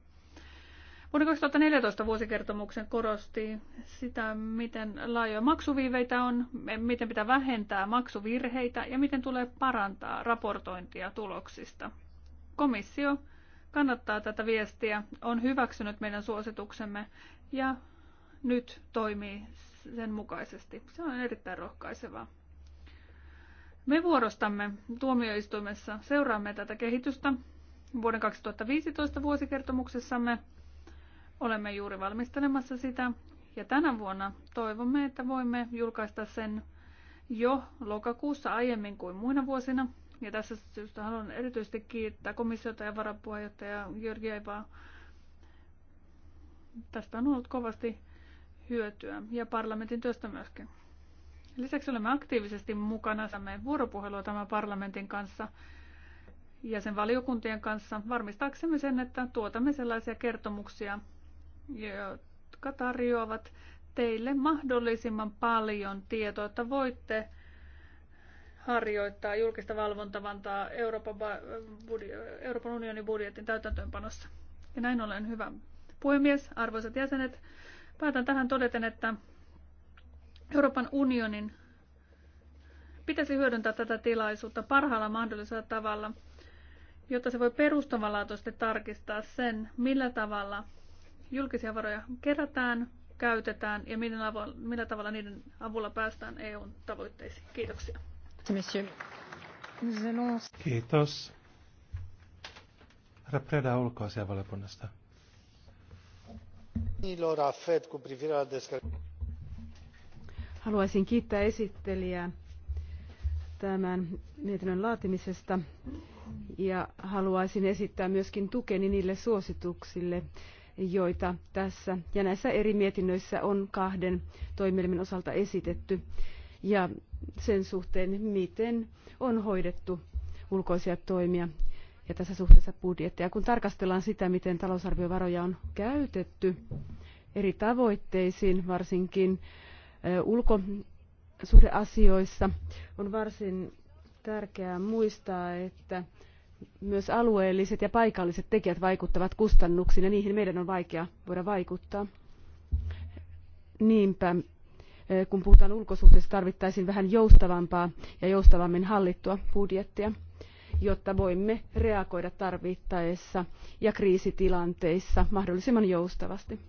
D: Vuonna 2014 vuosikertomuksen korosti sitä, miten laajoja maksuviiveitä on, miten pitää vähentää maksuvirheitä ja miten tulee parantaa raportointia tuloksista. Komissio kannattaa tätä viestiä, on hyväksynyt meidän suosituksemme ja nyt toimii sen mukaisesti. Se on erittäin rohkaisevaa. Me vuorostamme tuomioistuimessa seuraamme tätä kehitystä vuoden 2015 vuosikertomuksessamme – Olemme juuri valmistelemassa sitä ja tänä vuonna toivomme, että voimme julkaista sen jo lokakuussa aiemmin kuin muina vuosina. Ja tässä syystä haluan erityisesti kiittää komissiota ja varapuheenjohtaja Georgievaa. Tästä on ollut kovasti hyötyä ja parlamentin työstä myöskin. Lisäksi olemme aktiivisesti mukana saamme vuoropuhelua tämän parlamentin kanssa ja sen valiokuntien kanssa varmistaaksemme sen, että tuotamme sellaisia kertomuksia, jotka tarjoavat teille mahdollisimman paljon tietoa, että voitte harjoittaa julkista valvontavantaa Euroopan, Euroopan unionin budjetin täytäntöönpanossa. Ja näin ollen hyvä puhemies, arvoisat jäsenet, päätän tähän todeten, että Euroopan unionin pitäisi hyödyntää tätä tilaisuutta parhaalla mahdollisella tavalla, jotta se voi perustavanlaatuisesti tarkistaa sen, millä tavalla julkisia varoja kerätään, käytetään ja millä, millä tavalla niiden avulla päästään EUn tavoitteisiin. Kiitoksia.
E: Kiitos. Herra Preda ulkoasianvaliokunnasta.
F: Haluaisin kiittää esittelijää tämän mietinnön laatimisesta ja haluaisin esittää myöskin tukeni niille suosituksille, joita tässä ja näissä eri mietinnöissä on kahden toimielimen osalta esitetty ja sen suhteen, miten on hoidettu ulkoisia toimia ja tässä suhteessa budjettia. Kun tarkastellaan sitä, miten talousarviovaroja on käytetty eri tavoitteisiin, varsinkin ulkosuhdeasioissa, on varsin tärkeää muistaa, että myös alueelliset ja paikalliset tekijät vaikuttavat kustannuksiin ja niihin meidän on vaikea voida vaikuttaa. Niinpä, eh, kun puhutaan ulkosuhteista, tarvittaisiin vähän joustavampaa ja joustavammin hallittua budjettia, jotta voimme reagoida tarvittaessa ja kriisitilanteissa mahdollisimman joustavasti.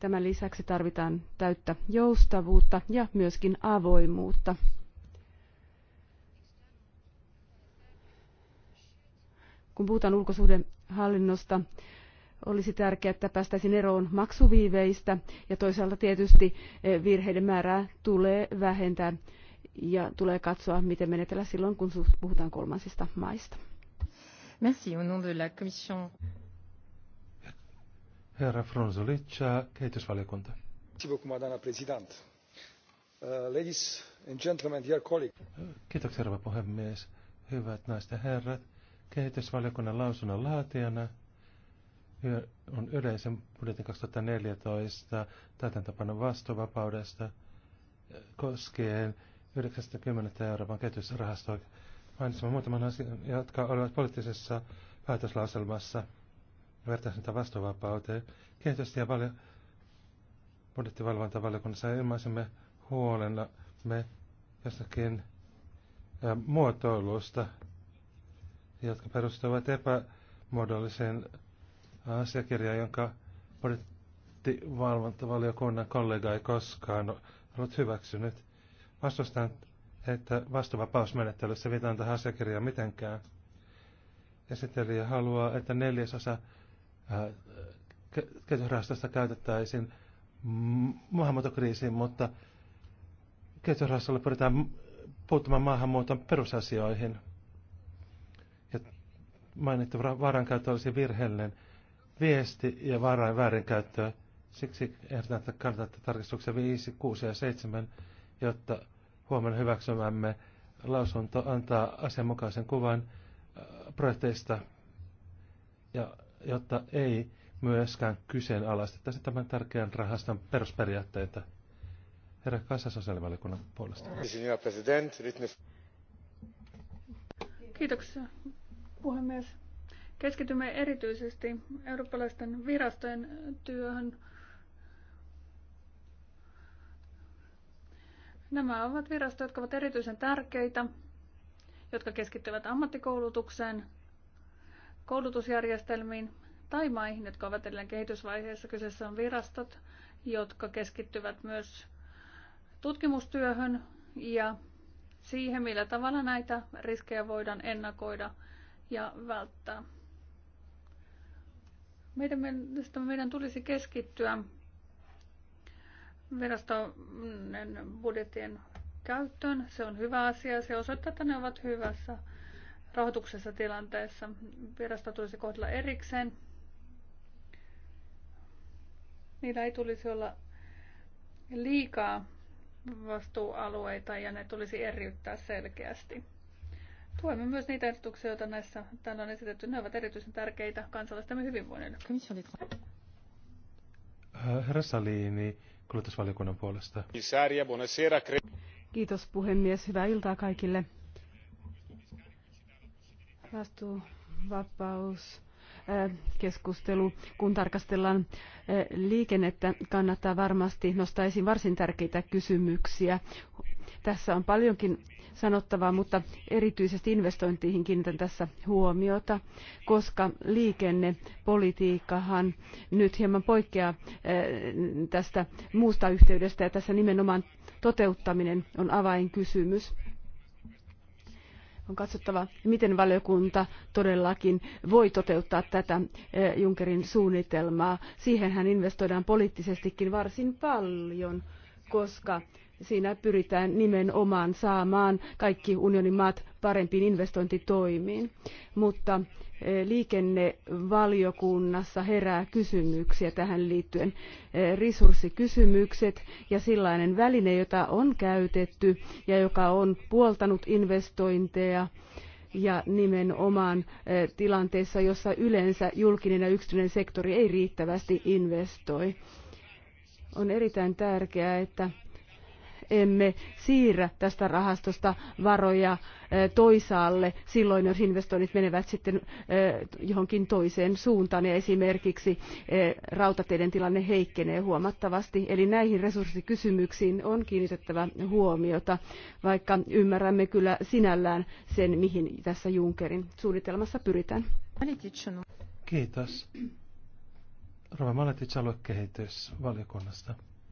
F: Tämän lisäksi tarvitaan täyttä joustavuutta ja myöskin avoimuutta kun puhutaan ulkosuhdehallinnosta, olisi tärkeää, että päästäisiin eroon maksuviiveistä ja toisaalta tietysti eh, virheiden määrää tulee vähentää ja tulee katsoa, miten menetellä silloin, kun puhutaan kolmansista maista.
C: Merci au nom de la commission.
E: Herra Fronzolic, kehitysvaliokunta.
A: Euh, ladies and gentlemen, dear colleagues.
E: Kiitoksia, herra puhemies. Hyvät naiset ja herrat kehitysvaliokunnan lausunnon laatijana on yleisen budjetin 2014 täytäntöpanon vastuuvapaudesta koskien 90 Euroopan kehitysrahastoa. Mainitsen muutaman asian, jotka olivat poliittisessa päätöslauselmassa vertaisinta vastuuvapauteen. Kehitys- ja valio- budjettivalvontavaliokunnassa ilmaisimme huolena me jostakin muotoilusta – jotka perustuvat epämuodolliseen asiakirjaan, jonka budjettivalvontavaliokunnan kollega ei koskaan ollut hyväksynyt. Vastustan, että vastuvapausmenettelyssä viitaan tähän asiakirjaan mitenkään. Esittelijä haluaa, että neljäsosa äh, kehitysrahastosta käytettäisiin maahanmuuttokriisiin, mutta kehitysrahastolla pyritään puuttumaan maahanmuuton perusasioihin – mainittu varankäyttö olisi virheellinen viesti ja varain väärinkäyttöä. Siksi ehdotan, että kannatatte tarkistuksia 5, 6 ja 7, jotta huomenna hyväksymämme lausunto antaa asianmukaisen kuvan äh, projekteista ja jotta ei myöskään kyseenalaistettaisi tämän tärkeän rahaston perusperiaatteita. Herra Kassa sosiaalivaliokunnan puolesta.
D: Kiitoksia puhemies. Keskitymme erityisesti eurooppalaisten virastojen työhön. Nämä ovat virastoja, jotka ovat erityisen tärkeitä, jotka keskittyvät ammattikoulutukseen, koulutusjärjestelmiin tai maihin, jotka ovat edelleen kehitysvaiheessa. Kyseessä on virastot, jotka keskittyvät myös tutkimustyöhön ja siihen, millä tavalla näitä riskejä voidaan ennakoida ja välttää. Meidän, meidän tulisi keskittyä viraston budjettien käyttöön. Se on hyvä asia. Se osoittaa, että ne ovat hyvässä rahoituksessa tilanteessa. Virasto tulisi kohdella erikseen. Niillä ei tulisi olla liikaa vastuualueita ja ne tulisi eriyttää selkeästi. Tuemme myös niitä ehdotuksia, joita näissä täällä on esitetty. Ne ovat erityisen tärkeitä kansalaistamme hyvinvoinnille.
E: Äh, herra Salini, kuljetusvaliokunnan puolesta.
F: Kiitos puhemies. Hyvää iltaa kaikille. Vastuu, vapaus, äh, keskustelu, kun tarkastellaan äh, liikennettä, kannattaa varmasti nostaa esiin varsin tärkeitä kysymyksiä. Tässä on paljonkin sanottavaa, mutta erityisesti investointiin kiinnitän tässä huomiota, koska liikennepolitiikkahan nyt hieman poikkeaa eh, tästä muusta yhteydestä ja tässä nimenomaan toteuttaminen on avainkysymys on katsottava, miten valiokunta todellakin voi toteuttaa tätä eh, Junckerin suunnitelmaa. Siihenhän investoidaan poliittisestikin varsin paljon, koska Siinä pyritään nimenomaan saamaan kaikki unionin maat parempiin investointitoimiin. Mutta eh, liikennevaliokunnassa herää kysymyksiä tähän liittyen. Eh, resurssikysymykset ja sellainen väline, jota on käytetty ja joka on puoltanut investointeja ja nimenomaan eh, tilanteessa, jossa yleensä julkinen ja yksityinen sektori ei riittävästi investoi. On erittäin tärkeää, että emme siirrä tästä rahastosta varoja toisaalle silloin, jos investoinnit menevät sitten johonkin toiseen suuntaan ja esimerkiksi rautateiden tilanne heikkenee huomattavasti. Eli näihin resurssikysymyksiin on kiinnitettävä huomiota, vaikka ymmärrämme kyllä sinällään sen, mihin tässä Junckerin suunnitelmassa pyritään.
E: Kiitos. Rova Maletic valiokunnasta.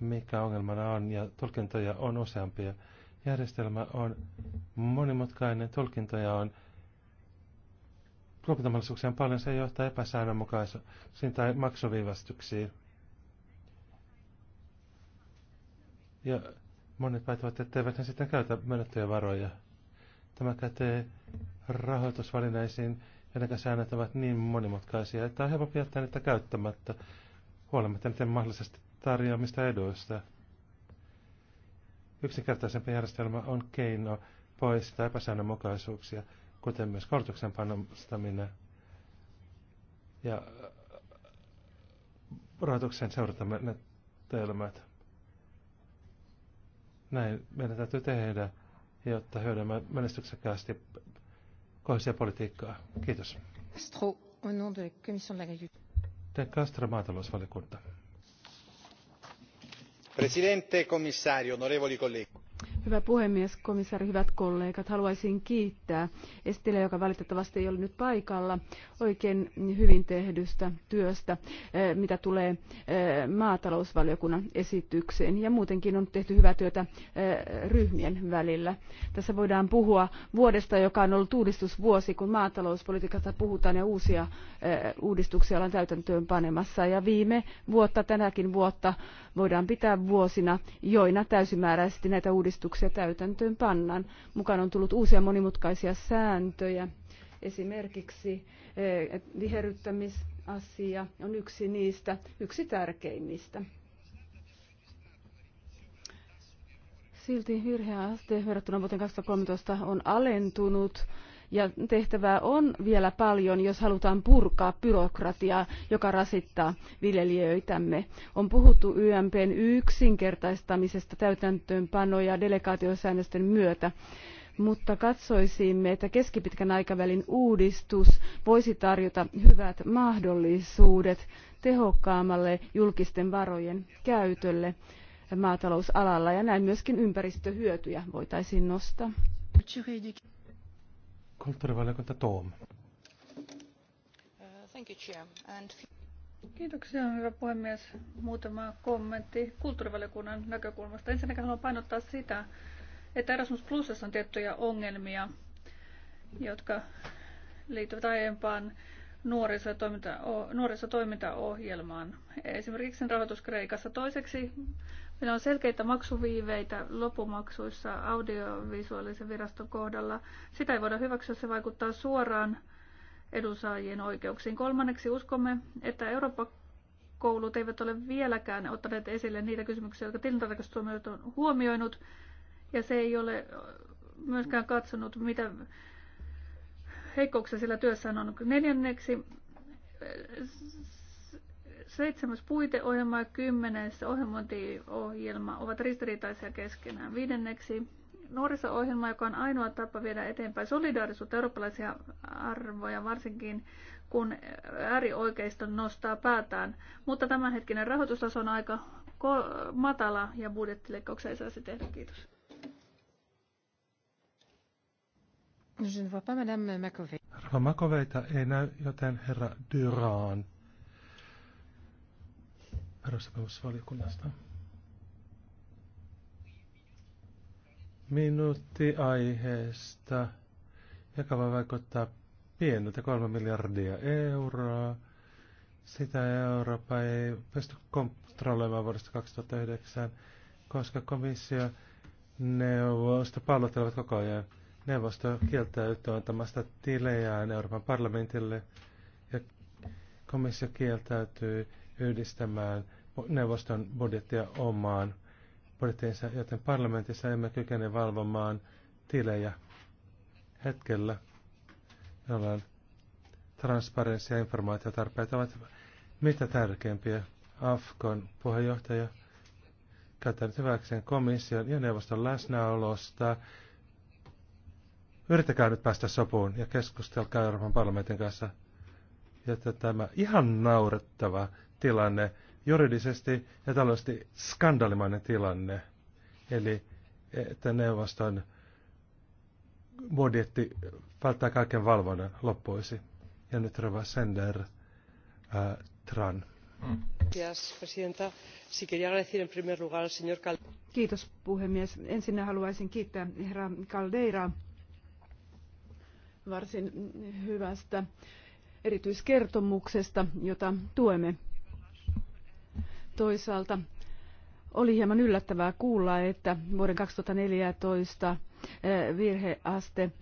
E: mikä ongelmana on, ja tulkintoja on useampia. Järjestelmä on monimutkainen, tulkintoja on tulkintamahdollisuuksia on paljon, se johtaa epäsäännönmukaisiin tai maksuviivastuksiin. Ja monet päättävät, etteivät ne sitten käytä menettyjä varoja. Tämä kätee rahoitusvälineisiin, joiden säännöt ovat niin monimutkaisia, että on helpompi jättää niitä käyttämättä, huolimatta miten mahdollisesti tarjoamista eduista. Yksinkertaisempi järjestelmä on keino poistaa epäsäännönmukaisuuksia, kuten myös koulutuksen panostaminen ja äh, rahoituksen seurantamenetelmät. Näin meidän täytyy tehdä, jotta hyödymme menestyksekkäästi kohdisia politiikkaa. Kiitos.
B: Castro, au nom de la Commission de l'Agriculture.
E: Castro, maatalousvaliokunta
A: presidente commissario onorevoli colleghi
F: Hyvä puhemies, komissaari, hyvät kollegat. Haluaisin kiittää Estille, joka valitettavasti ei ole nyt paikalla, oikein hyvin tehdystä työstä, eh, mitä tulee eh, maatalousvaliokunnan esitykseen. Ja muutenkin on tehty hyvää työtä eh, ryhmien välillä. Tässä voidaan puhua vuodesta, joka on ollut uudistusvuosi, kun maatalouspolitiikasta puhutaan ja uusia uudistuksia ollaan täytäntöön panemassa. Ja viime vuotta, tänäkin vuotta voidaan pitää vuosina, joina täysimääräisesti näitä uudistuksia asetuksia täytäntöön pannaan. Mukaan on tullut uusia monimutkaisia sääntöjä. Esimerkiksi eh, viherryttämisasia on yksi niistä, yksi tärkeimmistä. Silti virheaste verrattuna vuoteen 2013 on alentunut ja tehtävää on vielä paljon, jos halutaan purkaa byrokratiaa, joka rasittaa viljelijöitämme. On puhuttu YMPn yksinkertaistamisesta täytäntöönpano- ja delegaatiosäännösten myötä mutta katsoisimme, että keskipitkän aikavälin uudistus voisi tarjota hyvät mahdollisuudet tehokkaammalle julkisten varojen käytölle maatalousalalla ja näin myöskin ympäristöhyötyjä voitaisiin nostaa.
E: Kulttuurivaliokunta Toom.
D: Kiitoksia, hyvä puhemies. Muutama kommentti kulttuurivaliokunnan näkökulmasta. Ensinnäkin haluan painottaa sitä, että Erasmus plusessa on tiettyjä ongelmia, jotka liittyvät aiempaan nuorisotoimintaohjelmaan. Esimerkiksi sen rahoitus Kreikassa. Toiseksi Meillä on selkeitä maksuviiveitä lopumaksuissa audiovisuaalisen viraston kohdalla. Sitä ei voida hyväksyä, se vaikuttaa suoraan edunsaajien oikeuksiin. Kolmanneksi uskomme, että Eurooppa koulut eivät ole vieläkään ottaneet esille niitä kysymyksiä, jotka tilintarkastustuomioita on huomioinut, ja se ei ole myöskään katsonut, mitä heikkouksia sillä työssään on. Neljänneksi Seitsemäs puiteohjelma ja kymmenes ohjelmointiohjelma ovat ristiriitaisia keskenään. Viidenneksi nuoriso-ohjelma, joka on ainoa tapa viedä eteenpäin solidaarisuutta eurooppalaisia arvoja, varsinkin kun äärioikeisto nostaa päätään. Mutta tämänhetkinen rahoitustaso on aika matala ja budjettileikkauksia ei saisi tehdä. Kiitos.
B: Je Makoveita.
E: Rova Makoveita ei näy, joten herra Duran perusopetusvaliokunnasta. Minuutti aiheesta, Jakava vaikuttaa pieneltä kolme miljardia euroa. Sitä Eurooppa ei pysty kontrolloimaan vuodesta 2009, koska komissio neuvosto pallottelevat koko ajan. Neuvosto kieltäytyy antamasta tilejään Euroopan parlamentille ja komissio kieltäytyy yhdistämään neuvoston budjettia omaan budjettiinsa, joten parlamentissa emme kykene valvomaan tilejä hetkellä, jolloin transparenssi- ja informaatiotarpeet ovat mitä tärkeimpiä. Afkon puheenjohtaja nyt hyväkseen komission ja neuvoston läsnäolosta. Yrittäkää nyt päästä sopuun ja keskustelkaa Euroopan parlamentin kanssa. Ja tämä ihan naurettava tilanne, juridisesti ja taloudellisesti skandalimainen tilanne. Eli että neuvoston budjetti välttää kaiken valvonnan loppuisi. Ja nyt Rova Sender, ää, äh, Tran. Mm.
F: Kiitos puhemies. Ensin haluaisin kiittää herra Caldeiraa varsin hyvästä erityiskertomuksesta, jota tuemme Toisaalta oli hieman yllättävää kuulla, että vuoden 2014 eh, virheaste eh,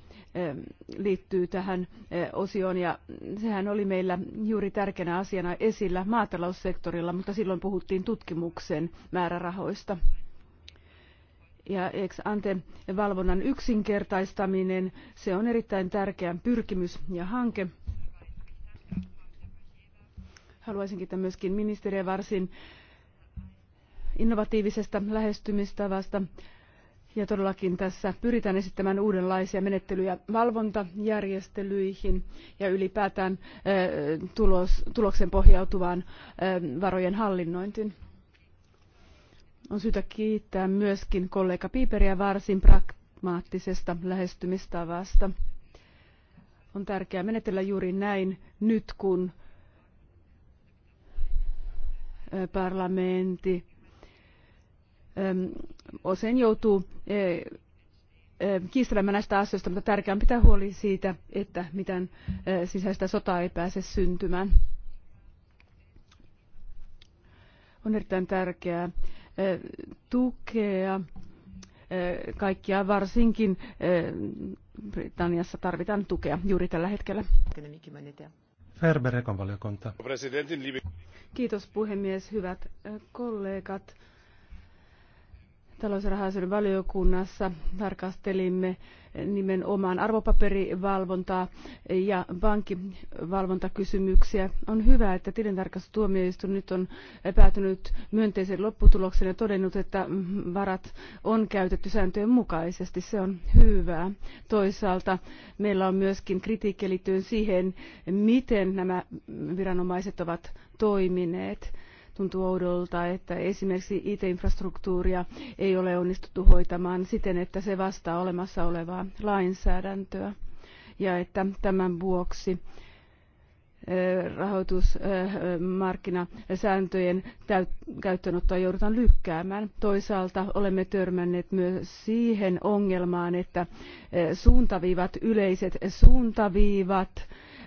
F: liittyy tähän eh, osioon ja sehän oli meillä juuri tärkeänä asiana esillä maataloussektorilla, mutta silloin puhuttiin tutkimuksen määrärahoista. Ja ex ante valvonnan yksinkertaistaminen, se on erittäin tärkeä pyrkimys ja hanke. Haluaisin kiittää myöskin ministeriä varsin innovatiivisesta lähestymistavasta. Ja todellakin tässä pyritään esittämään uudenlaisia menettelyjä valvontajärjestelyihin ja ylipäätään tulos, tuloksen pohjautuvaan varojen hallinnointiin. On syytä kiittää myöskin kollega Piiperiä varsin pragmaattisesta lähestymistavasta. On tärkeää menetellä juuri näin nyt, kun parlamentti usein joutuu e, e, kiistelemään näistä asioista, mutta tärkeää on pitää huoli siitä, että mitään e, sisäistä sotaa ei pääse syntymään. On erittäin tärkeää tukea kaikkia, varsinkin Britanniassa tarvitaan tukea juuri tällä hetkellä. Ferber, Kiitos puhemies, hyvät kollegat talousrahaisuuden valiokunnassa tarkastelimme nimenomaan arvopaperivalvontaa ja pankkivalvontakysymyksiä. On hyvä, että tilintarkastustuomioistuin nyt on päätynyt myönteiseen lopputulokseen ja todennut, että varat on käytetty sääntöjen mukaisesti. Se on hyvää. Toisaalta meillä on myöskin kritiikkiä liittyen siihen, miten nämä viranomaiset ovat toimineet Tuntuu oudolta, että esimerkiksi IT-infrastruktuuria ei ole onnistuttu hoitamaan siten, että se vastaa olemassa olevaa lainsäädäntöä ja että tämän vuoksi rahoitusmarkkinasääntöjen käyttöönottoa joudutaan lykkäämään. Toisaalta olemme törmänneet myös siihen ongelmaan, että suuntaviivat, yleiset suuntaviivat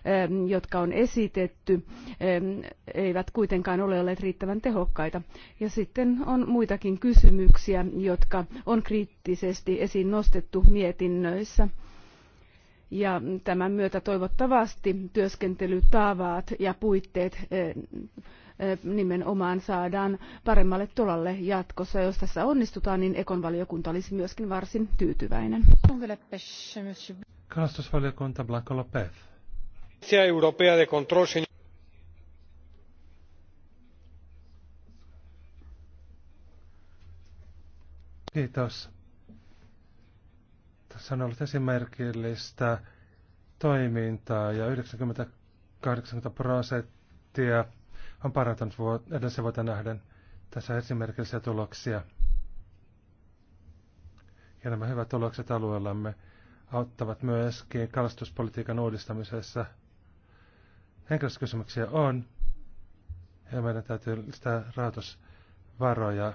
F: Ähm, jotka on esitetty, ähm, eivät kuitenkaan ole olleet riittävän tehokkaita. Ja sitten on muitakin kysymyksiä, jotka on kriittisesti esiin nostettu mietinnöissä ja tämän myötä toivottavasti työskentelytavat ja puitteet äh, äh, nimenomaan saadaan paremmalle tolalle jatkossa. Jos tässä onnistutaan, niin Ekon valiokunta olisi myöskin varsin tyytyväinen.
E: Kalastusvaliokunta Blanco Lopez
A: agencia europea de control
E: Tässä on ollut esimerkillistä toimintaa ja 90 prosenttia on parantanut edellisen vuotta nähden tässä esimerkillisiä tuloksia. Ja nämä hyvät tulokset alueellamme auttavat myöskin kalastuspolitiikan uudistamisessa – henkilöstökysymyksiä on, ja meidän täytyy sitä rahoitusvaroja,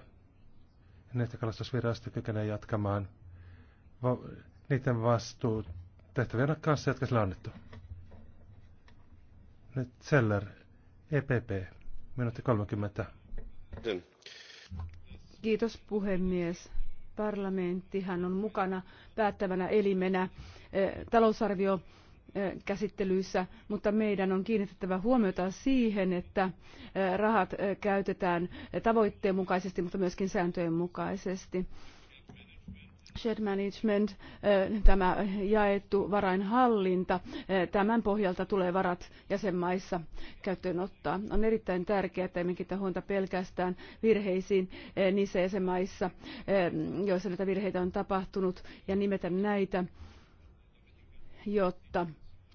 E: niitä kalastusvirasto kykenee jatkamaan va- niiden vastuu tehtävien kanssa, jotka sillä on annettu. Nyt Seller, EPP, minuutti 30.
F: Kiitos puhemies. Parlamenttihan on mukana päättävänä elimenä eh, talousarvio käsittelyissä, mutta meidän on kiinnitettävä huomiota siihen, että rahat käytetään tavoitteen mukaisesti, mutta myöskin sääntöjen mukaisesti shared management, tämä jaettu varainhallinta, tämän pohjalta tulee varat jäsenmaissa käyttöön ottaa. On erittäin tärkeää, että emmekin huonta pelkästään virheisiin niissä jäsenmaissa, joissa näitä virheitä on tapahtunut, ja nimetä näitä, jotta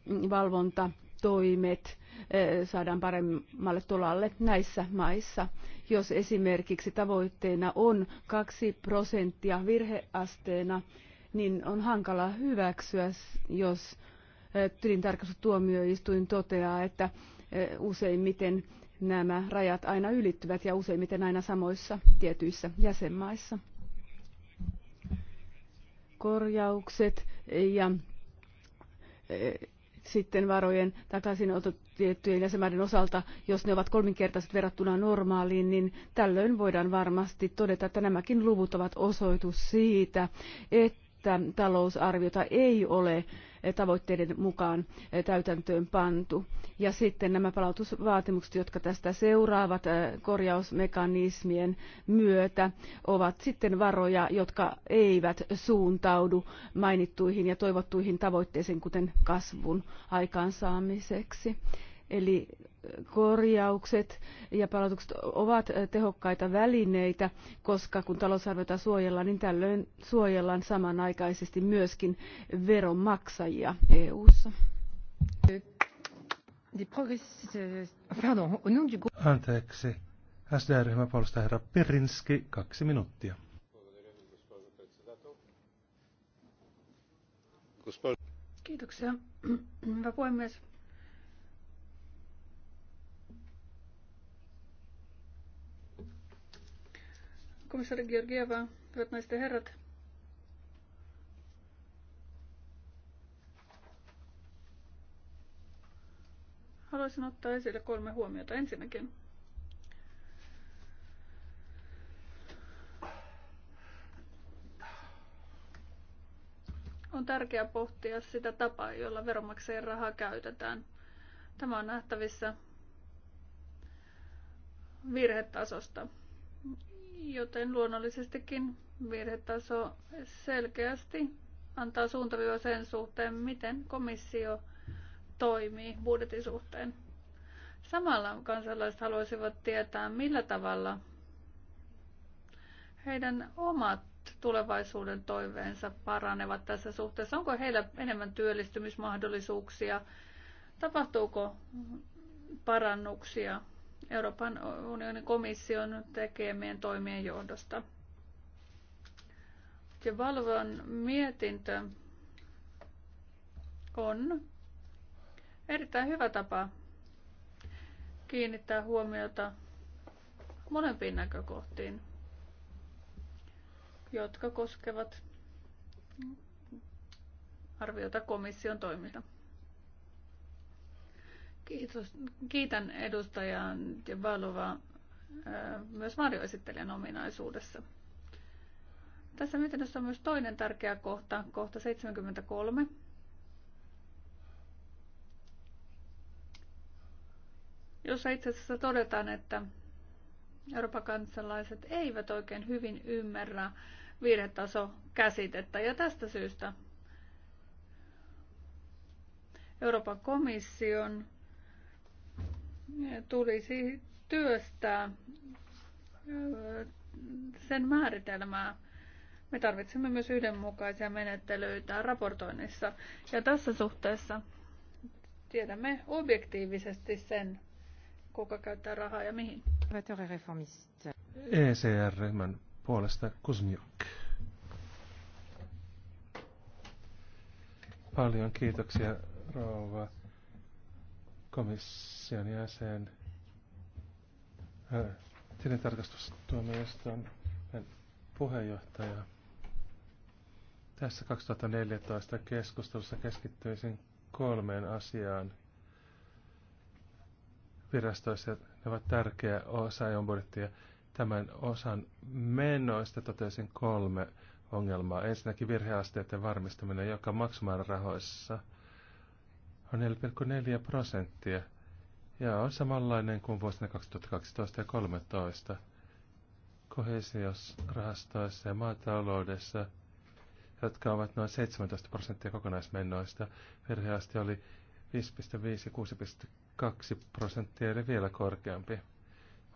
F: valvontatoimet eh, saadaan paremmalle tolalle näissä maissa. Jos esimerkiksi tavoitteena on 2 prosenttia virheasteena, niin on hankala hyväksyä, jos eh, tilintarkastustuomioistuin toteaa, että eh, useimmiten nämä rajat aina ylittyvät ja useimmiten aina samoissa tietyissä jäsenmaissa. Korjaukset ja sitten varojen takaisinotot tiettyjen jäsenmaiden osalta, jos ne ovat kolminkertaiset verrattuna normaaliin, niin tällöin voidaan varmasti todeta, että nämäkin luvut ovat osoitus siitä, että talousarviota ei ole tavoitteiden mukaan eh, täytäntöön pantu. Ja sitten nämä palautusvaatimukset, jotka tästä seuraavat eh, korjausmekanismien myötä, ovat sitten varoja, jotka eivät suuntaudu mainittuihin ja toivottuihin tavoitteisiin, kuten kasvun aikaansaamiseksi. Eli korjaukset ja palautukset ovat tehokkaita välineitä, koska kun talousarviota suojellaan, niin tällöin suojellaan samanaikaisesti myöskin veronmaksajia EU-ssa.
E: Anteeksi. sdr ryhmä puolustaa herra Pirinski, kaksi minuuttia.
D: Kiitoksia, [clears throat] hyvä puhemies. komissaari Georgieva, hyvät naiset ja herrat. Haluaisin ottaa esille kolme huomiota. Ensinnäkin on tärkeää pohtia sitä tapaa, jolla veronmaksajien rahaa käytetään. Tämä on nähtävissä virhetasosta joten luonnollisestikin virhetaso selkeästi antaa suuntaviiva sen suhteen, miten komissio toimii budjetin suhteen. Samalla kansalaiset haluaisivat tietää, millä tavalla heidän omat tulevaisuuden toiveensa paranevat tässä suhteessa. Onko heillä enemmän työllistymismahdollisuuksia? Tapahtuuko parannuksia Euroopan unionin komission tekemien toimien johdosta. Ja valvon mietintö on erittäin hyvä tapa kiinnittää huomiota molempiin näkökohtiin, jotka koskevat arviota komission toiminta. Kiitos. Kiitän edustajaa Valova äh, myös varjoesittelijän ominaisuudessa. Tässä mietinnössä on myös toinen tärkeä kohta, kohta 73. jossa itse asiassa todetaan, että Euroopan kansalaiset eivät oikein hyvin ymmärrä virhetaso-käsitettä. Ja tästä syystä Euroopan komission tulisi työstää sen määritelmää. Me tarvitsemme myös yhdenmukaisia menettelyitä raportoinnissa. Ja tässä suhteessa tiedämme objektiivisesti sen, kuka käyttää rahaa ja mihin.
E: ECR-ryhmän puolesta Kuzmiuk. Paljon kiitoksia, rouva komission jäsen, äh, tilintarkastustuomioistuin puheenjohtaja. Tässä 2014 keskustelussa keskittyisin kolmeen asiaan virastoissa. Ne ovat tärkeä osa on budjettia. Tämän osan menoista totesin kolme ongelmaa. Ensinnäkin virheasteiden varmistaminen, joka maksumäärärahoissa rahoissa on 4,4 prosenttia ja on samanlainen kuin vuosina 2012 ja 2013. Kohesiosrahastoissa ja maataloudessa, jotka ovat noin 17 prosenttia kokonaismennoista, perheaste oli 5,5-6,2 prosenttia eli vielä korkeampi.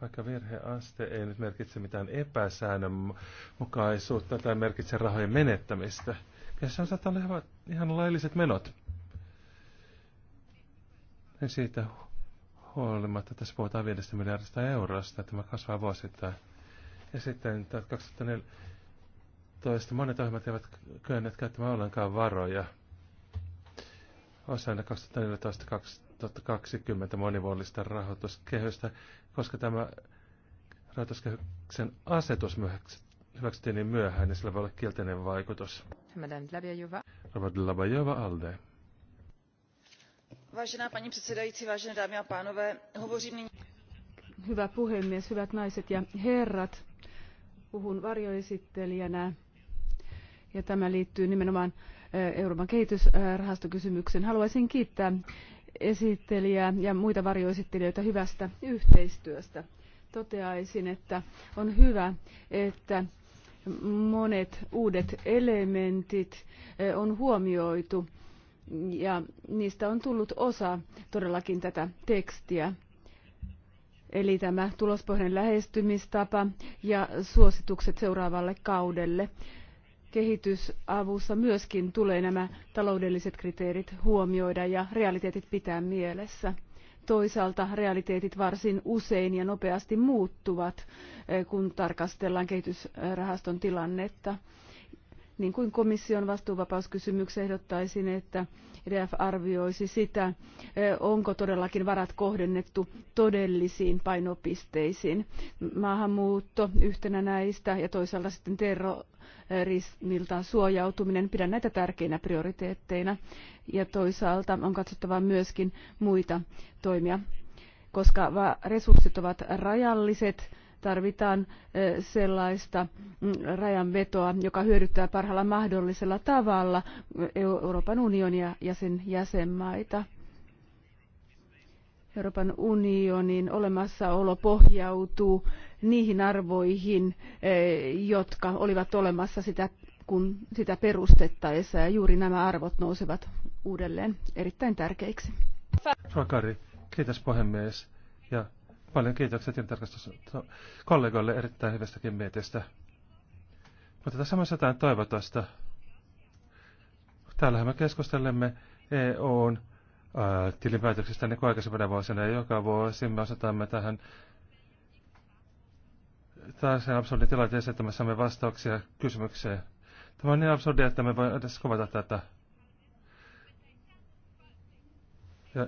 E: Vaikka virheaste ei nyt merkitse mitään epäsäännönmukaisuutta tai merkitse rahojen menettämistä, kyllä se on saattaa olla ihan lailliset menot niin siitä huolimatta tässä puhutaan 5 miljardista eurosta, tämä kasvaa vuosittain. Ja sitten 2014 monet ohjelmat eivät kyenneet käyttämään ollenkaan varoja. Osana 2014-2020 monivuolista rahoituskehystä, koska tämä rahoituskehyksen asetus hyväksyttiin niin myöhään, niin sillä voi olla kielteinen vaikutus. Robert Labajova Alde.
B: Vážená paní předsedající, vážené
C: dámy a pánové, hovořím nyní...
F: Hyvä puhemies, hyvät naiset ja herrat. Puhun varjoesittelijänä ja tämä liittyy nimenomaan eh, Euroopan kehitysrahastokysymykseen. Haluaisin kiittää esittelijää ja muita varjoesittelijöitä hyvästä yhteistyöstä. Toteaisin, että on hyvä, että monet uudet elementit eh, on huomioitu ja niistä on tullut osa todellakin tätä tekstiä. Eli tämä tulospohjainen lähestymistapa ja suositukset seuraavalle kaudelle. Kehitysavussa myöskin tulee nämä taloudelliset kriteerit huomioida ja realiteetit pitää mielessä. Toisaalta realiteetit varsin usein ja nopeasti muuttuvat, eh, kun tarkastellaan kehitysrahaston tilannetta niin kuin komission vastuuvapauskysymyksessä ehdottaisin, että EDF arvioisi sitä, eh, onko todellakin varat kohdennettu todellisiin painopisteisiin. Maahanmuutto yhtenä näistä ja toisaalta sitten terrorismilta suojautuminen. Pidän näitä tärkeinä prioriteetteina ja toisaalta on katsottava myöskin muita toimia koska resurssit ovat rajalliset tarvitaan sellaista mm, rajanvetoa, joka hyödyttää parhaalla mahdollisella tavalla Euroopan unionia ja sen jäsenmaita. Euroopan unionin olemassaolo pohjautuu niihin arvoihin, jotka olivat olemassa sitä, kun sitä perustettaessa, ja juuri nämä arvot nousevat uudelleen erittäin tärkeiksi.
E: Rakari, kiitos puhemies, ja Paljon kiitoksia tilintarkastuskollegoille erittäin hyvästäkin mietistä. Mutta tässä samassa jotain toivotusta. Täällähän me keskustelemme EUn tilinpäätöksestä tilinpäätöksistä niin kuin aikaisempana vuosina ja joka vuosi me asetamme tähän taas absurdi tilanteeseen että me saamme vastauksia kysymykseen. Tämä on niin absurdi, että me voimme edes kuvata tätä. Ja,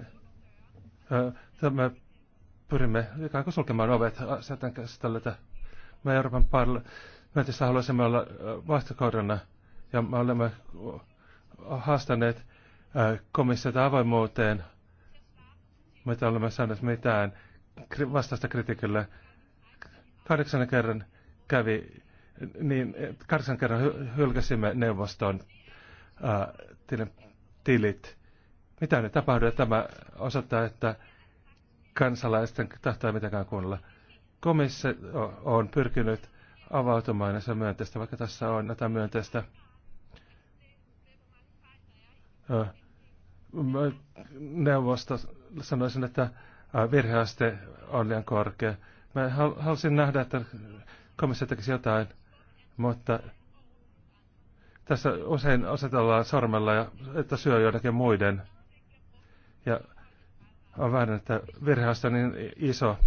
E: ja, tämä pyrimme ikään kuin sulkemaan ovet sieltä että Me Euroopan parlamentissa haluaisimme olla vastakohdana ja me olemme haastaneet komissiota avoimuuteen. Me olemme saaneet mitään vastausta kritiikille. Kahdeksan kerran kävi, niin kahdeksan kerran hylkäsimme neuvoston ää, tilit. Mitä ne tapahtuu? Tämä osoittaa, että kansalaisten tahtoa mitenkään kuunnella. Komissio on pyrkinyt avautumaan ja myönteistä, vaikka tässä on näitä myönteistä. Neuvosto sanoisin, että virheaste on liian korkea. Mä halusin nähdä, että komissio tekisi jotain, mutta tässä usein osetellaan sormella, ja, että syö joidenkin muiden. Ja on vähän, että virheosta niin iso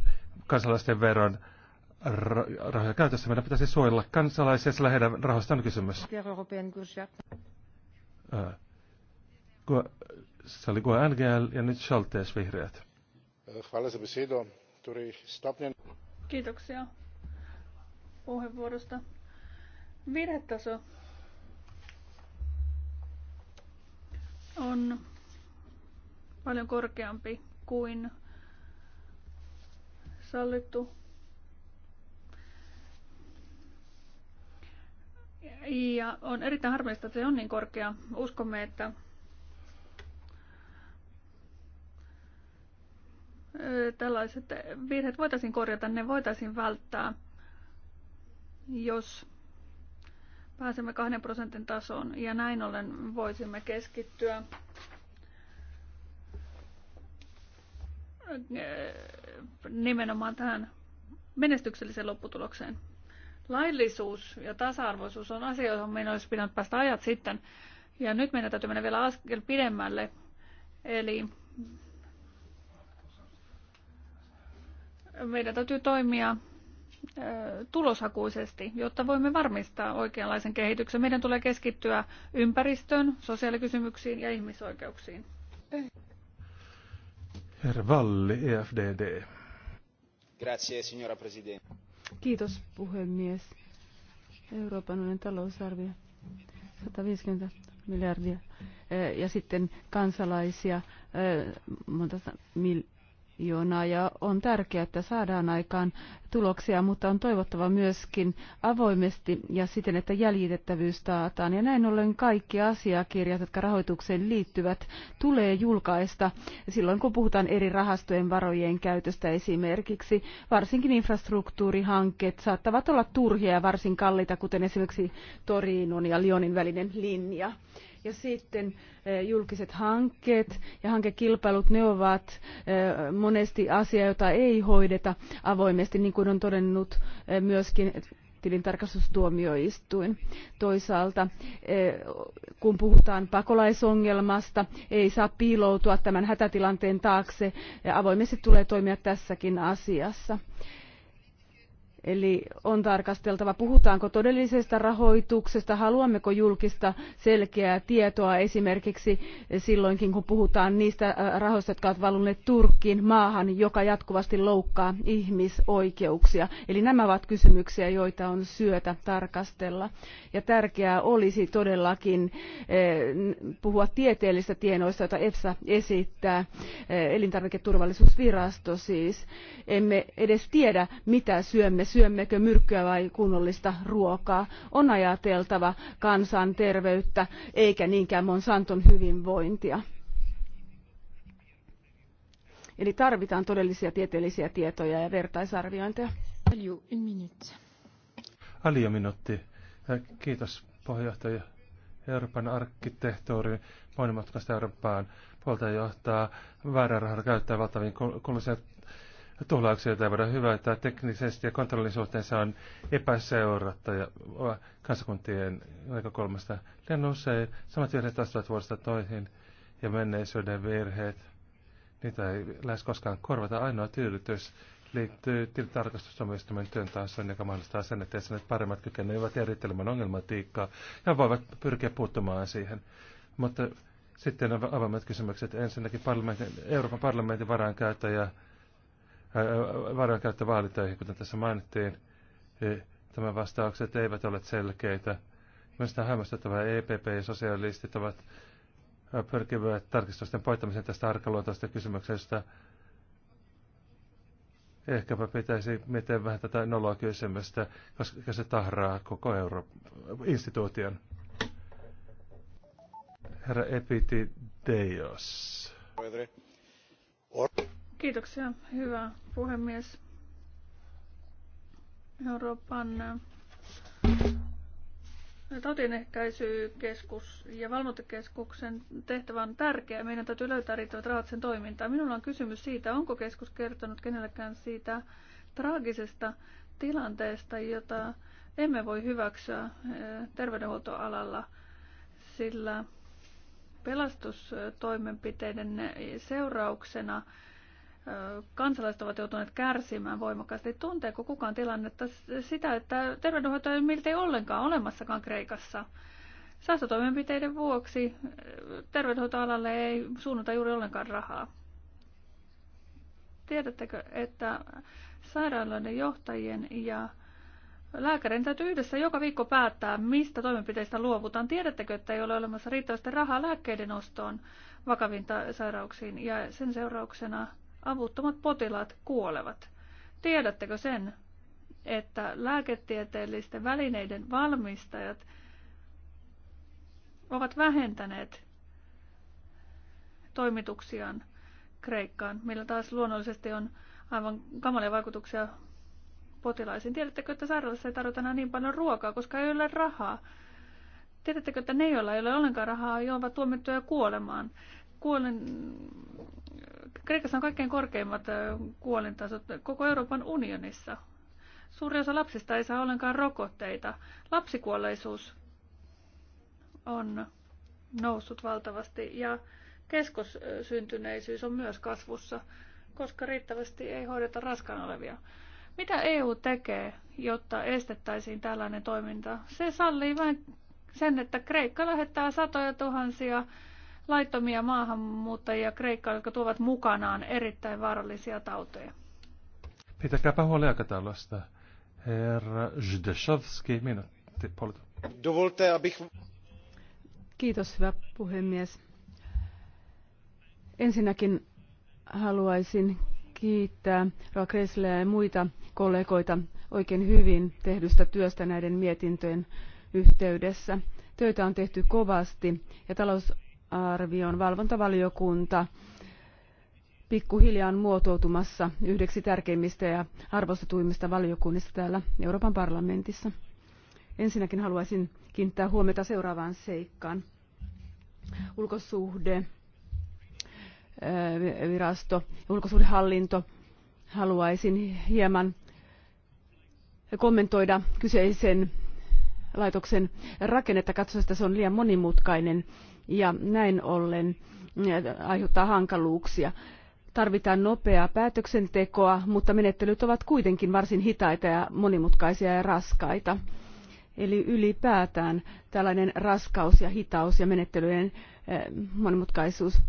E: kansalaisten veron rahoja käytössä. Meidän pitäisi suojella kansalaisia, sillä heidän rahoista on kysymys. Se oli NGL ja nyt Schaltes vihreät.
D: Kiitoksia puheenvuorosta. Virhetaso on paljon korkeampi kuin sallittu. Ja on erittäin harmista, että se on niin korkea. Uskomme, että tällaiset virheet voitaisiin korjata, ne voitaisiin välttää, jos pääsemme kahden prosentin tasoon ja näin ollen voisimme keskittyä nimenomaan tähän menestykselliseen lopputulokseen. Laillisuus ja tasa-arvoisuus on asia, johon meidän olisi pitänyt päästä ajat sitten. Ja nyt meidän täytyy mennä vielä askel pidemmälle. Eli meidän täytyy toimia tuloshakuisesti, jotta voimme varmistaa oikeanlaisen kehityksen. Meidän tulee keskittyä ympäristöön, sosiaalikysymyksiin ja ihmisoikeuksiin.
E: Herr Valli, EFDD.
F: Grazie, signora Presidente. Kiitos, puhemies. Euroopan unionin talousarvio 150 miljardia ja sitten kansalaisia monta miljoonaa ja on tärkeää, että saadaan aikaan tuloksia, mutta on toivottava myöskin avoimesti ja siten, että jäljitettävyys taataan. Ja näin ollen kaikki asiakirjat, jotka rahoitukseen liittyvät, tulee julkaista silloin, kun puhutaan eri rahastojen varojen käytöstä esimerkiksi. Varsinkin infrastruktuurihankkeet saattavat olla turhia ja varsin kalliita, kuten esimerkiksi Torinon ja Lyonin välinen linja ja sitten eh, julkiset hankkeet ja hankekilpailut, ne ovat eh, monesti asia, jota ei hoideta avoimesti, niin kuin kuin on todennut eh, myöskin tilintarkastustuomioistuin. Toisaalta eh, kun puhutaan pakolaisongelmasta, ei saa piiloutua tämän hätätilanteen taakse. Avoimesti tulee toimia tässäkin asiassa. Eli on tarkasteltava, puhutaanko todellisesta rahoituksesta, haluammeko julkista selkeää tietoa esimerkiksi silloinkin, kun puhutaan niistä rahoista, jotka ovat valunneet Turkkiin maahan, joka jatkuvasti loukkaa ihmisoikeuksia. Eli nämä ovat kysymyksiä, joita on syötä tarkastella. Ja tärkeää olisi todellakin puhua tieteellistä tienoista, joita EFSA esittää, elintarviketurvallisuusvirasto siis. Emme edes tiedä, mitä syömme syömmekö myrkkyä vai kunnollista ruokaa. On ajateltava kansanterveyttä eikä niinkään Monsanton hyvinvointia. Eli tarvitaan todellisia tieteellisiä tietoja ja vertaisarviointeja.
B: Alju, minuutti.
E: Alju, minuutti. Kiitos puheenjohtaja. Euroopan arkkitehtuuri monimutkaista Eurooppaan puolta johtaa väärän rahan käyttää valtaviin kuluisiin tuhlauksia, joita voidaan hyvätä teknisesti ja kontrollin suhteen se on epäseurattu ja kansakuntien näkökulmasta. Liian usein samat virheet astuvat vuodesta toihin ja menneisyyden virheet. Niitä ei lähes koskaan korvata. Ainoa tyydytys liittyy tilintarkastustuomioistuimen työn tasoon, joka mahdollistaa sen, että jäsenet paremmat kykenevät erittelemään ongelmatiikkaa ja voivat pyrkiä puuttumaan siihen. Mutta sitten on avoimet kysymykset. Ensinnäkin parlamentin, Euroopan parlamentin varainkäyttäjä varoja vaalitöihin, kuten tässä mainittiin. Tämän vastaukset eivät ole selkeitä. Mielestäni hämmästyttävää EPP ja sosialistit ovat pyrkivät tarkistusten poittamiseen tästä arkaluontoisesta kysymyksestä. Ehkäpä pitäisi miettiä vähän tätä noloa kysymystä, koska se tahraa koko euro instituution. Herra Epiti Deos.
D: Kiitoksia, hyvä puhemies. Euroopan äh, tautienehkäisykeskus ja valvontakeskuksen tehtävä on tärkeä. Meidän täytyy löytää riittävät rahat sen toimintaan. Minulla on kysymys siitä, onko keskus kertonut kenellekään siitä traagisesta tilanteesta, jota emme voi hyväksyä äh, terveydenhuoltoalalla, sillä pelastustoimenpiteiden seurauksena kansalaiset ovat joutuneet kärsimään voimakkaasti. Tunteeko kukaan tilannetta sitä, että terveydenhoito ei miltei ollenkaan olemassakaan Kreikassa? Säästötoimenpiteiden vuoksi terveydenhoitoalalle ei suunnata juuri ollenkaan rahaa. Tiedättekö, että sairaaloiden johtajien ja lääkärin täytyy yhdessä joka viikko päättää, mistä toimenpiteistä luovutaan. Tiedättekö, että ei ole olemassa riittävästi rahaa lääkkeiden ostoon vakaviin sairauksiin ja sen seurauksena avuttomat potilaat kuolevat. Tiedättekö sen, että lääketieteellisten välineiden valmistajat ovat vähentäneet toimituksiaan Kreikkaan, millä taas luonnollisesti on aivan kamalia vaikutuksia potilaisiin. Tiedättekö, että sairaalassa ei tarvita enää niin paljon ruokaa, koska ei ole rahaa. Tiedättekö, että ne, joilla ei ole ollenkaan rahaa, ovat tuomittuja kuolemaan. Kuolen Kreikassa on kaikkein korkeimmat kuolintasot koko Euroopan unionissa. Suuri osa lapsista ei saa ollenkaan rokotteita. Lapsikuolleisuus on noussut valtavasti ja keskosyntyneisyys on myös kasvussa, koska riittävästi ei hoideta raskaan olevia. Mitä EU tekee, jotta estettäisiin tällainen toiminta? Se sallii vain sen, että Kreikka lähettää satoja tuhansia laittomia maahanmuuttajia Kreikkaan, jotka tuovat mukanaan erittäin vaarallisia tauteja.
E: Pitäkääpä huoli aikataulusta. Herra Zdeshovski, minuutti puolta.
A: abych...
F: Kiitos, hyvä puhemies. Ensinnäkin haluaisin kiittää Roa ja muita kollegoita oikein hyvin tehdystä työstä näiden mietintöjen yhteydessä. Töitä on tehty kovasti ja talous arvion valvontavaliokunta pikkuhiljaa on muotoutumassa yhdeksi tärkeimmistä ja arvostetuimmista valiokunnista täällä Euroopan parlamentissa. Ensinnäkin haluaisin kiinnittää huomiota seuraavaan seikkaan. Ulkosuhde, eh, virasto, ulkosuhdehallinto haluaisin hieman kommentoida kyseisen laitoksen rakennetta. Katsoin, että se on liian monimutkainen ja näin ollen aiheuttaa hankaluuksia. Tarvitaan nopeaa päätöksentekoa, mutta menettelyt ovat kuitenkin varsin hitaita ja monimutkaisia ja raskaita. Eli ylipäätään tällainen raskaus ja hitaus ja menettelyjen eh, monimutkaisuus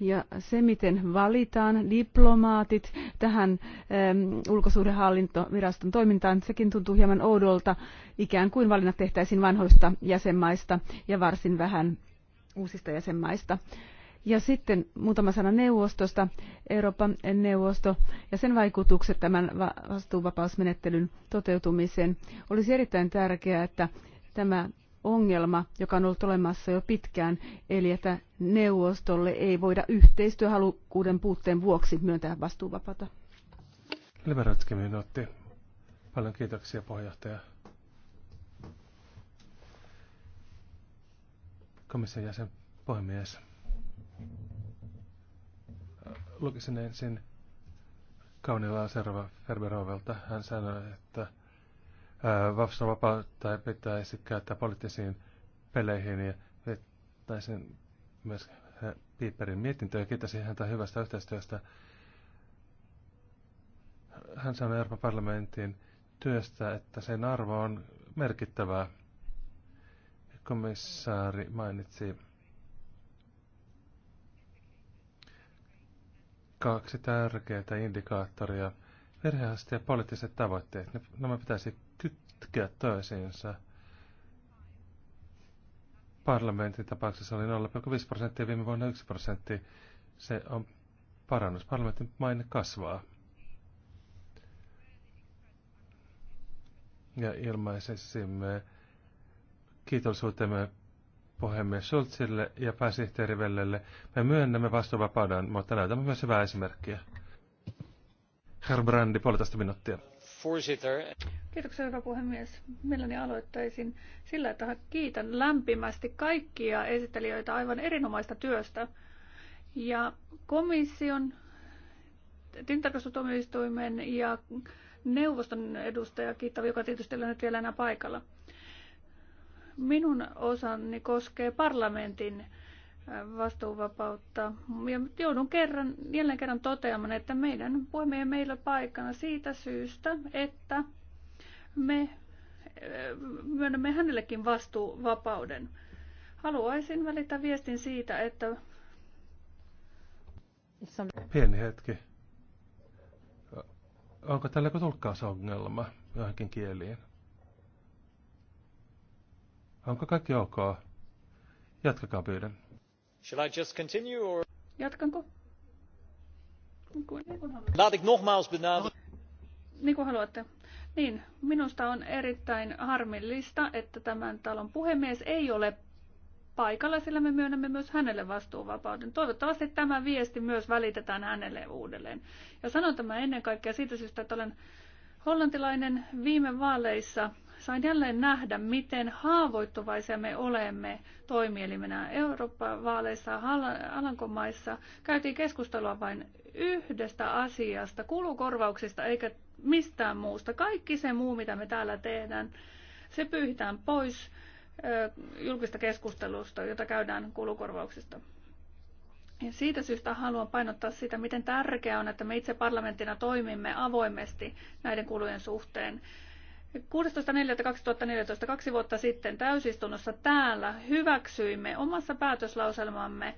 F: ja se, miten valitaan diplomaatit tähän eh, ulkosuhdehallintoviraston toimintaan, sekin tuntuu hieman oudolta. Ikään kuin valinnat tehtäisiin vanhoista jäsenmaista ja varsin vähän uusista jäsenmaista. Ja sitten muutama sana neuvostosta, Euroopan neuvosto ja sen vaikutukset tämän vastuuvapausmenettelyn toteutumiseen. Olisi erittäin tärkeää, että tämä ongelma, joka on ollut olemassa jo pitkään, eli että neuvostolle ei voida yhteistyöhalukkuuden puutteen vuoksi myöntää vastuuvapaata.
E: Liberatski minuutti. Paljon kiitoksia puheenjohtaja. komission jäsen puhemies. Lukisin ensin kauniilla seuraava Ferberovelta. Hän sanoi, että Vapsan vapautta ei pitäisi käyttää poliittisiin peleihin ja viittaisin myös piperin mietintöä ja kiitäisin häntä hyvästä yhteistyöstä. Hän sanoi Euroopan parlamentin työstä, että sen arvo on merkittävää komissaari mainitsi kaksi tärkeää indikaattoria, virheaste ja poliittiset tavoitteet. Nämä pitäisi kytkeä toisiinsa. Parlamentin tapauksessa oli 0,5 prosenttia, viime vuonna 1 prosentti. Se on parannus. Parlamentin maine kasvaa. Ja ilmaisisimme kiitollisuutemme puhemies Schulzille ja pääsihteeri Vellelle. Me myönnämme vastuvapauden, mutta näytämme myös hyvää esimerkkiä. Herr Brandi, puolitoista minuuttia.
D: Kiitoksia, hyvä puhemies. Mielelläni aloittaisin sillä, että kiitän lämpimästi kaikkia esittelijöitä aivan erinomaista työstä. Ja komission, tintarkastustuomioistuimen ja neuvoston edustaja kiittävä, joka tietysti ei ole nyt vielä enää paikalla. Minun osani koskee parlamentin äh, vastuuvapautta. Ja joudun kerran, jälleen kerran toteamaan, että meidän puhemiehen meillä paikana siitä syystä, että me äh, myönnämme hänellekin vastuuvapauden. Haluaisin välittää viestin siitä, että...
E: Pieni hetki. Onko tällä tulkkausongelma johonkin kieliin? Onko kaikki ok? Jatkakaa pyydän.
B: Shall I just continue or... Jatkanko? Laat ik nogmaals benadrukken.
D: Niin kuin haluatte. Niin, minusta on erittäin harmillista, että tämän talon puhemies ei ole paikalla, sillä me myönnämme myös hänelle vastuuvapauden. Toivottavasti tämä viesti myös välitetään hänelle uudelleen. Ja sanon tämä ennen kaikkea siitä syystä, että olen hollantilainen viime vaaleissa sain jälleen nähdä, miten haavoittuvaisia me olemme toimielimenä. Euroopan vaaleissa Alankomaissa käytiin keskustelua vain yhdestä asiasta, kulukorvauksista eikä mistään muusta. Kaikki se muu, mitä me täällä tehdään, se pyyhitään pois julkista keskustelusta, jota käydään kulukorvauksista. Ja siitä syystä haluan painottaa sitä, miten tärkeää on, että me itse parlamenttina toimimme avoimesti näiden kulujen suhteen. 16.4.2014, kaksi vuotta sitten täysistunnossa täällä hyväksyimme omassa päätöslauselmamme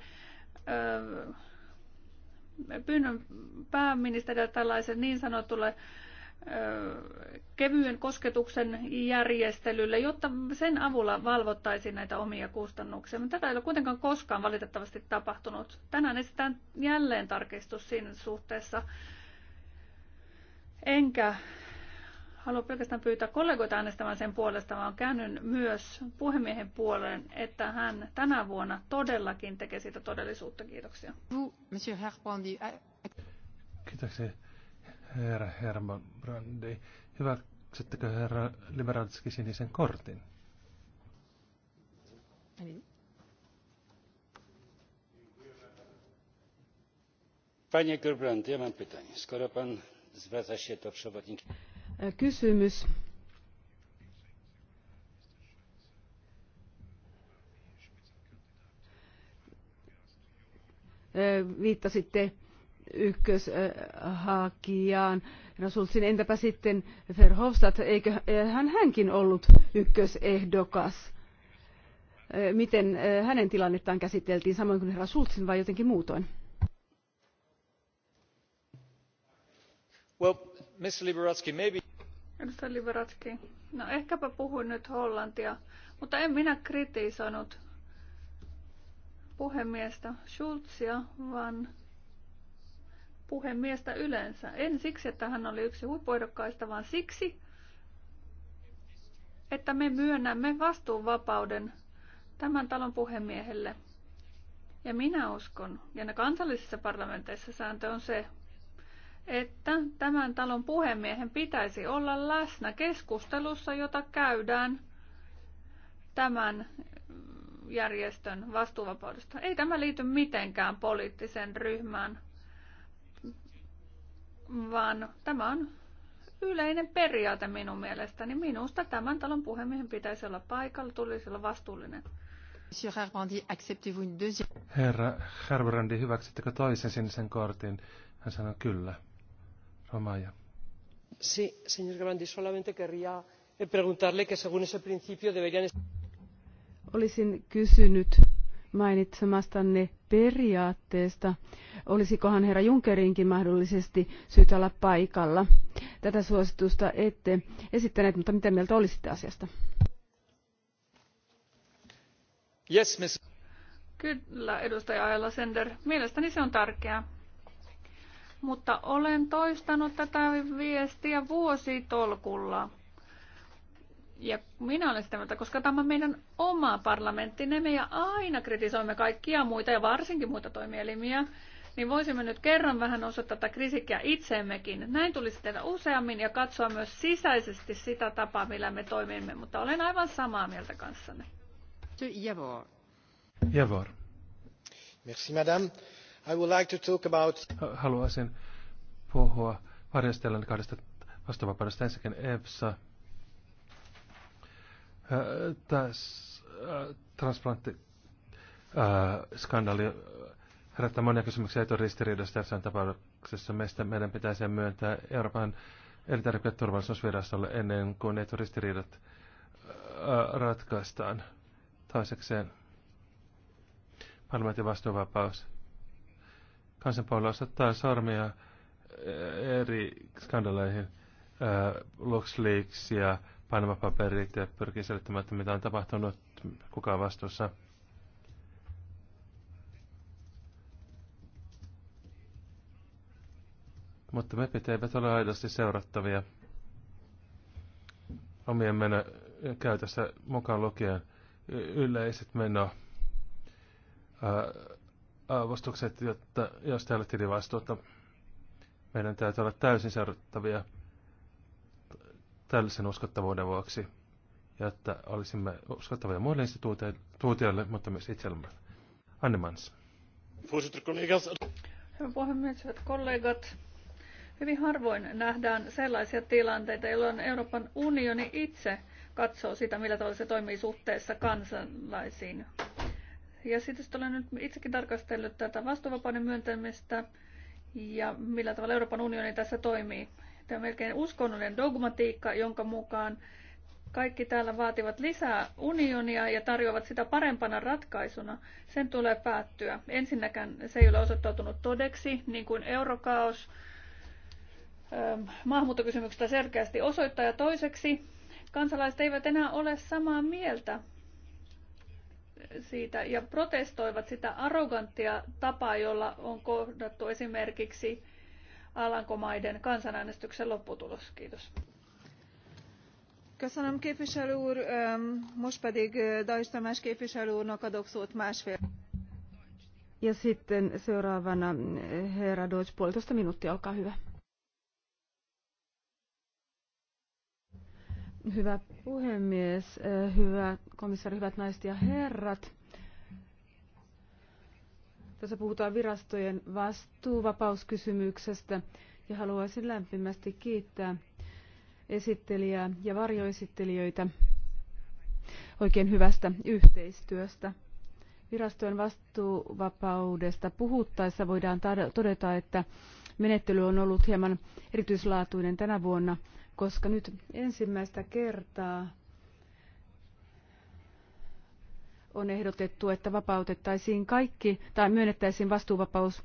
D: pyynnön pääministeriä tällaisen niin sanotulle kevyen kosketuksen järjestelylle, jotta sen avulla valvottaisiin näitä omia kustannuksia. Mutta tätä ei ole kuitenkaan koskaan valitettavasti tapahtunut. Tänään esitetään jälleen tarkistus siinä suhteessa. Enkä haluan pelkästään pyytää kollegoita äänestämään sen puolesta, vaan käännyn myös puhemiehen puoleen, että hän tänä vuonna todellakin tekee siitä todellisuutta. Kiitoksia.
E: Kiitoksia, herra Herman Brandi. Hyväksyttekö herra Liberalski sinisen kortin? Niin.
A: Panie Gerbrand, ja mam pytanie. Skoro pan zwraca się do przewodniczącego
F: kysymys. Viittasitte ykköshakijaan. Sultsin, entäpä sitten Verhofstadt, eikö hän hänkin ollut ykkösehdokas? Miten hänen tilannettaan käsiteltiin, samoin kuin herra Sultsin vai jotenkin muutoin?
A: Well, Miss Liberatski, maybe...
D: Edustaja Liberatski, no ehkäpä puhuin nyt hollantia, mutta en minä kritisoinut puhemiestä Schulzia, vaan puhemiestä yleensä. En siksi, että hän oli yksi huippuehdokkaista, vaan siksi, että me myönnämme vastuunvapauden tämän talon puhemiehelle. Ja minä uskon, ja ne kansallisissa parlamenteissa sääntö on se, että tämän talon puhemiehen pitäisi olla läsnä keskustelussa, jota käydään tämän järjestön vastuuvapaudesta. Ei tämä liity mitenkään poliittiseen ryhmään, vaan tämä on yleinen periaate minun mielestäni. Minusta tämän talon puhemiehen pitäisi olla paikalla, tulisi olla vastuullinen.
E: Herra Herbrandi, hyväksyttekö toisen sinisen kortin? Hän sanoi kyllä señor Grandi, solamente querría eh, preguntarle que según ese principio deberían...
F: Olisin kysynyt mainitsemastanne periaatteesta. Olisikohan herra Junckerinkin mahdollisesti syytä olla paikalla? Tätä suositusta ette esittäneet, mutta mitä mieltä olisitte asiasta?
D: Kyllä, edustaja Ayala Sender. Mielestäni se on tärkeää mutta olen toistanut tätä viestiä vuositolkulla. Ja minä olen sitä mieltä, koska tämä on meidän oma parlamentti, ne ja aina kritisoimme kaikkia muita ja varsinkin muita toimielimiä, niin voisimme nyt kerran vähän osoittaa tätä kritiikkiä itseemmekin. Näin tulisi tehdä useammin ja katsoa myös sisäisesti sitä tapaa, millä me toimimme, mutta olen aivan samaa mieltä kanssanne. Javor.
E: Javor.
A: Merci, madame. I would like to talk about...
E: Haluaisin puhua varjastellen kahdesta vastavapaudesta. Ensinnäkin EFSA. Tässä skandaali herättää monia kysymyksiä eturistiriidasta tässä tapauksessa. Meistä meidän pitäisi myöntää Euroopan elintarviketurvallisuusvirastolle ennen kuin eturistiriidat ratkaistaan. Toisekseen parlamentin vastuuvapaus kansanpuolue osoittaa sormia äh, eri skandaleihin, äh, LuxLeaks ja Panama-paperit ja pyrkii selittämään, että mitä on tapahtunut, kuka on vastuussa. Mutta me eivät ole aidosti seurattavia omien meno käytössä mukaan lukien yleiset meno äh, Vastukset, jotta, jos täällä tilivastuutta, meidän täytyy olla täysin seurattavia tällaisen uskottavuuden vuoksi, ja että olisimme uskottavia muille instituutioille, mutta myös itsellemme. Anne Mans.
D: Hyvä puhemies, hyvät kollegat. Hyvin harvoin nähdään sellaisia tilanteita, jolloin Euroopan unioni itse katsoo sitä, millä tavalla se toimii suhteessa kansalaisiin. Ja sitten olen nyt itsekin tarkastellut tätä vastuuvapauden myöntämistä ja millä tavalla Euroopan unioni tässä toimii. Tämä on melkein uskonnollinen dogmatiikka, jonka mukaan kaikki täällä vaativat lisää unionia ja tarjoavat sitä parempana ratkaisuna. Sen tulee päättyä. Ensinnäkään se ei ole osoittautunut todeksi, niin kuin eurokaos ähm, maahanmuuttokysymyksestä selkeästi osoittaa. Ja toiseksi kansalaiset eivät enää ole samaa mieltä siitä ja protestoivat sitä arroganttia tapaa, jolla on kohdattu esimerkiksi Alankomaiden kansanäänestyksen lopputulos. Kiitos. Köszönöm képviselő úr, most pedig Dajs Tamás képviselő úrnak adok szót másfél.
F: Ja sitten seuraavana herra Deutsch, puolitoista minuuttia, olkaa hyvä. Hyvä puhemies, eh, hyvä komissaari, hyvät naiset ja herrat. Tässä puhutaan virastojen vastuuvapauskysymyksestä ja haluaisin lämpimästi kiittää esittelijää ja varjoesittelijöitä oikein hyvästä yhteistyöstä. Virastojen vastuuvapaudesta puhuttaessa voidaan todeta, että menettely on ollut hieman erityislaatuinen tänä vuonna – koska nyt ensimmäistä kertaa on ehdotettu, että vapautettaisiin kaikki tai myönnettäisiin vastuuvapaus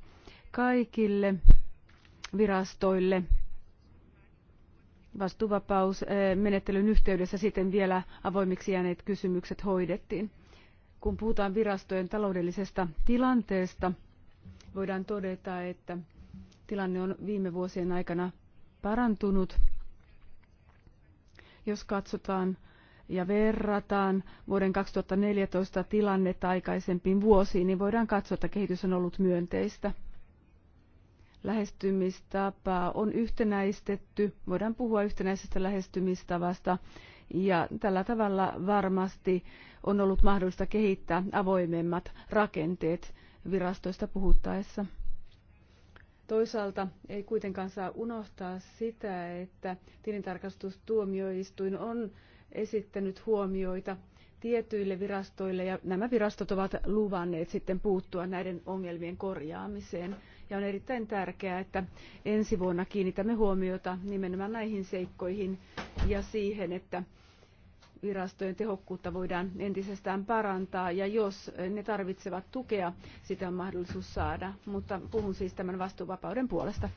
F: kaikille virastoille vastuuvapausmenettelyn eh, yhteydessä sitten vielä avoimiksi jääneet kysymykset hoidettiin. Kun puhutaan virastojen taloudellisesta tilanteesta, voidaan todeta, että tilanne on viime vuosien aikana parantunut jos katsotaan ja verrataan vuoden 2014 tilannetta aikaisempiin vuosiin, niin voidaan katsoa, että kehitys on ollut myönteistä. Lähestymistapaa on yhtenäistetty, voidaan puhua yhtenäisestä lähestymistavasta, ja tällä tavalla varmasti on ollut mahdollista kehittää avoimemmat rakenteet virastoista puhuttaessa. Toisaalta ei kuitenkaan saa unohtaa sitä, että tilintarkastustuomioistuin on esittänyt huomioita tietyille virastoille ja nämä virastot ovat luvanneet sitten puuttua näiden ongelmien korjaamiseen. Ja on erittäin tärkeää, että ensi vuonna kiinnitämme huomiota nimenomaan näihin seikkoihin ja siihen, että virastojen tehokkuutta voidaan entisestään parantaa ja jos ne tarvitsevat tukea, sitä on mahdollisuus saada. Mutta puhun siis tämän vastuuvapauden puolesta.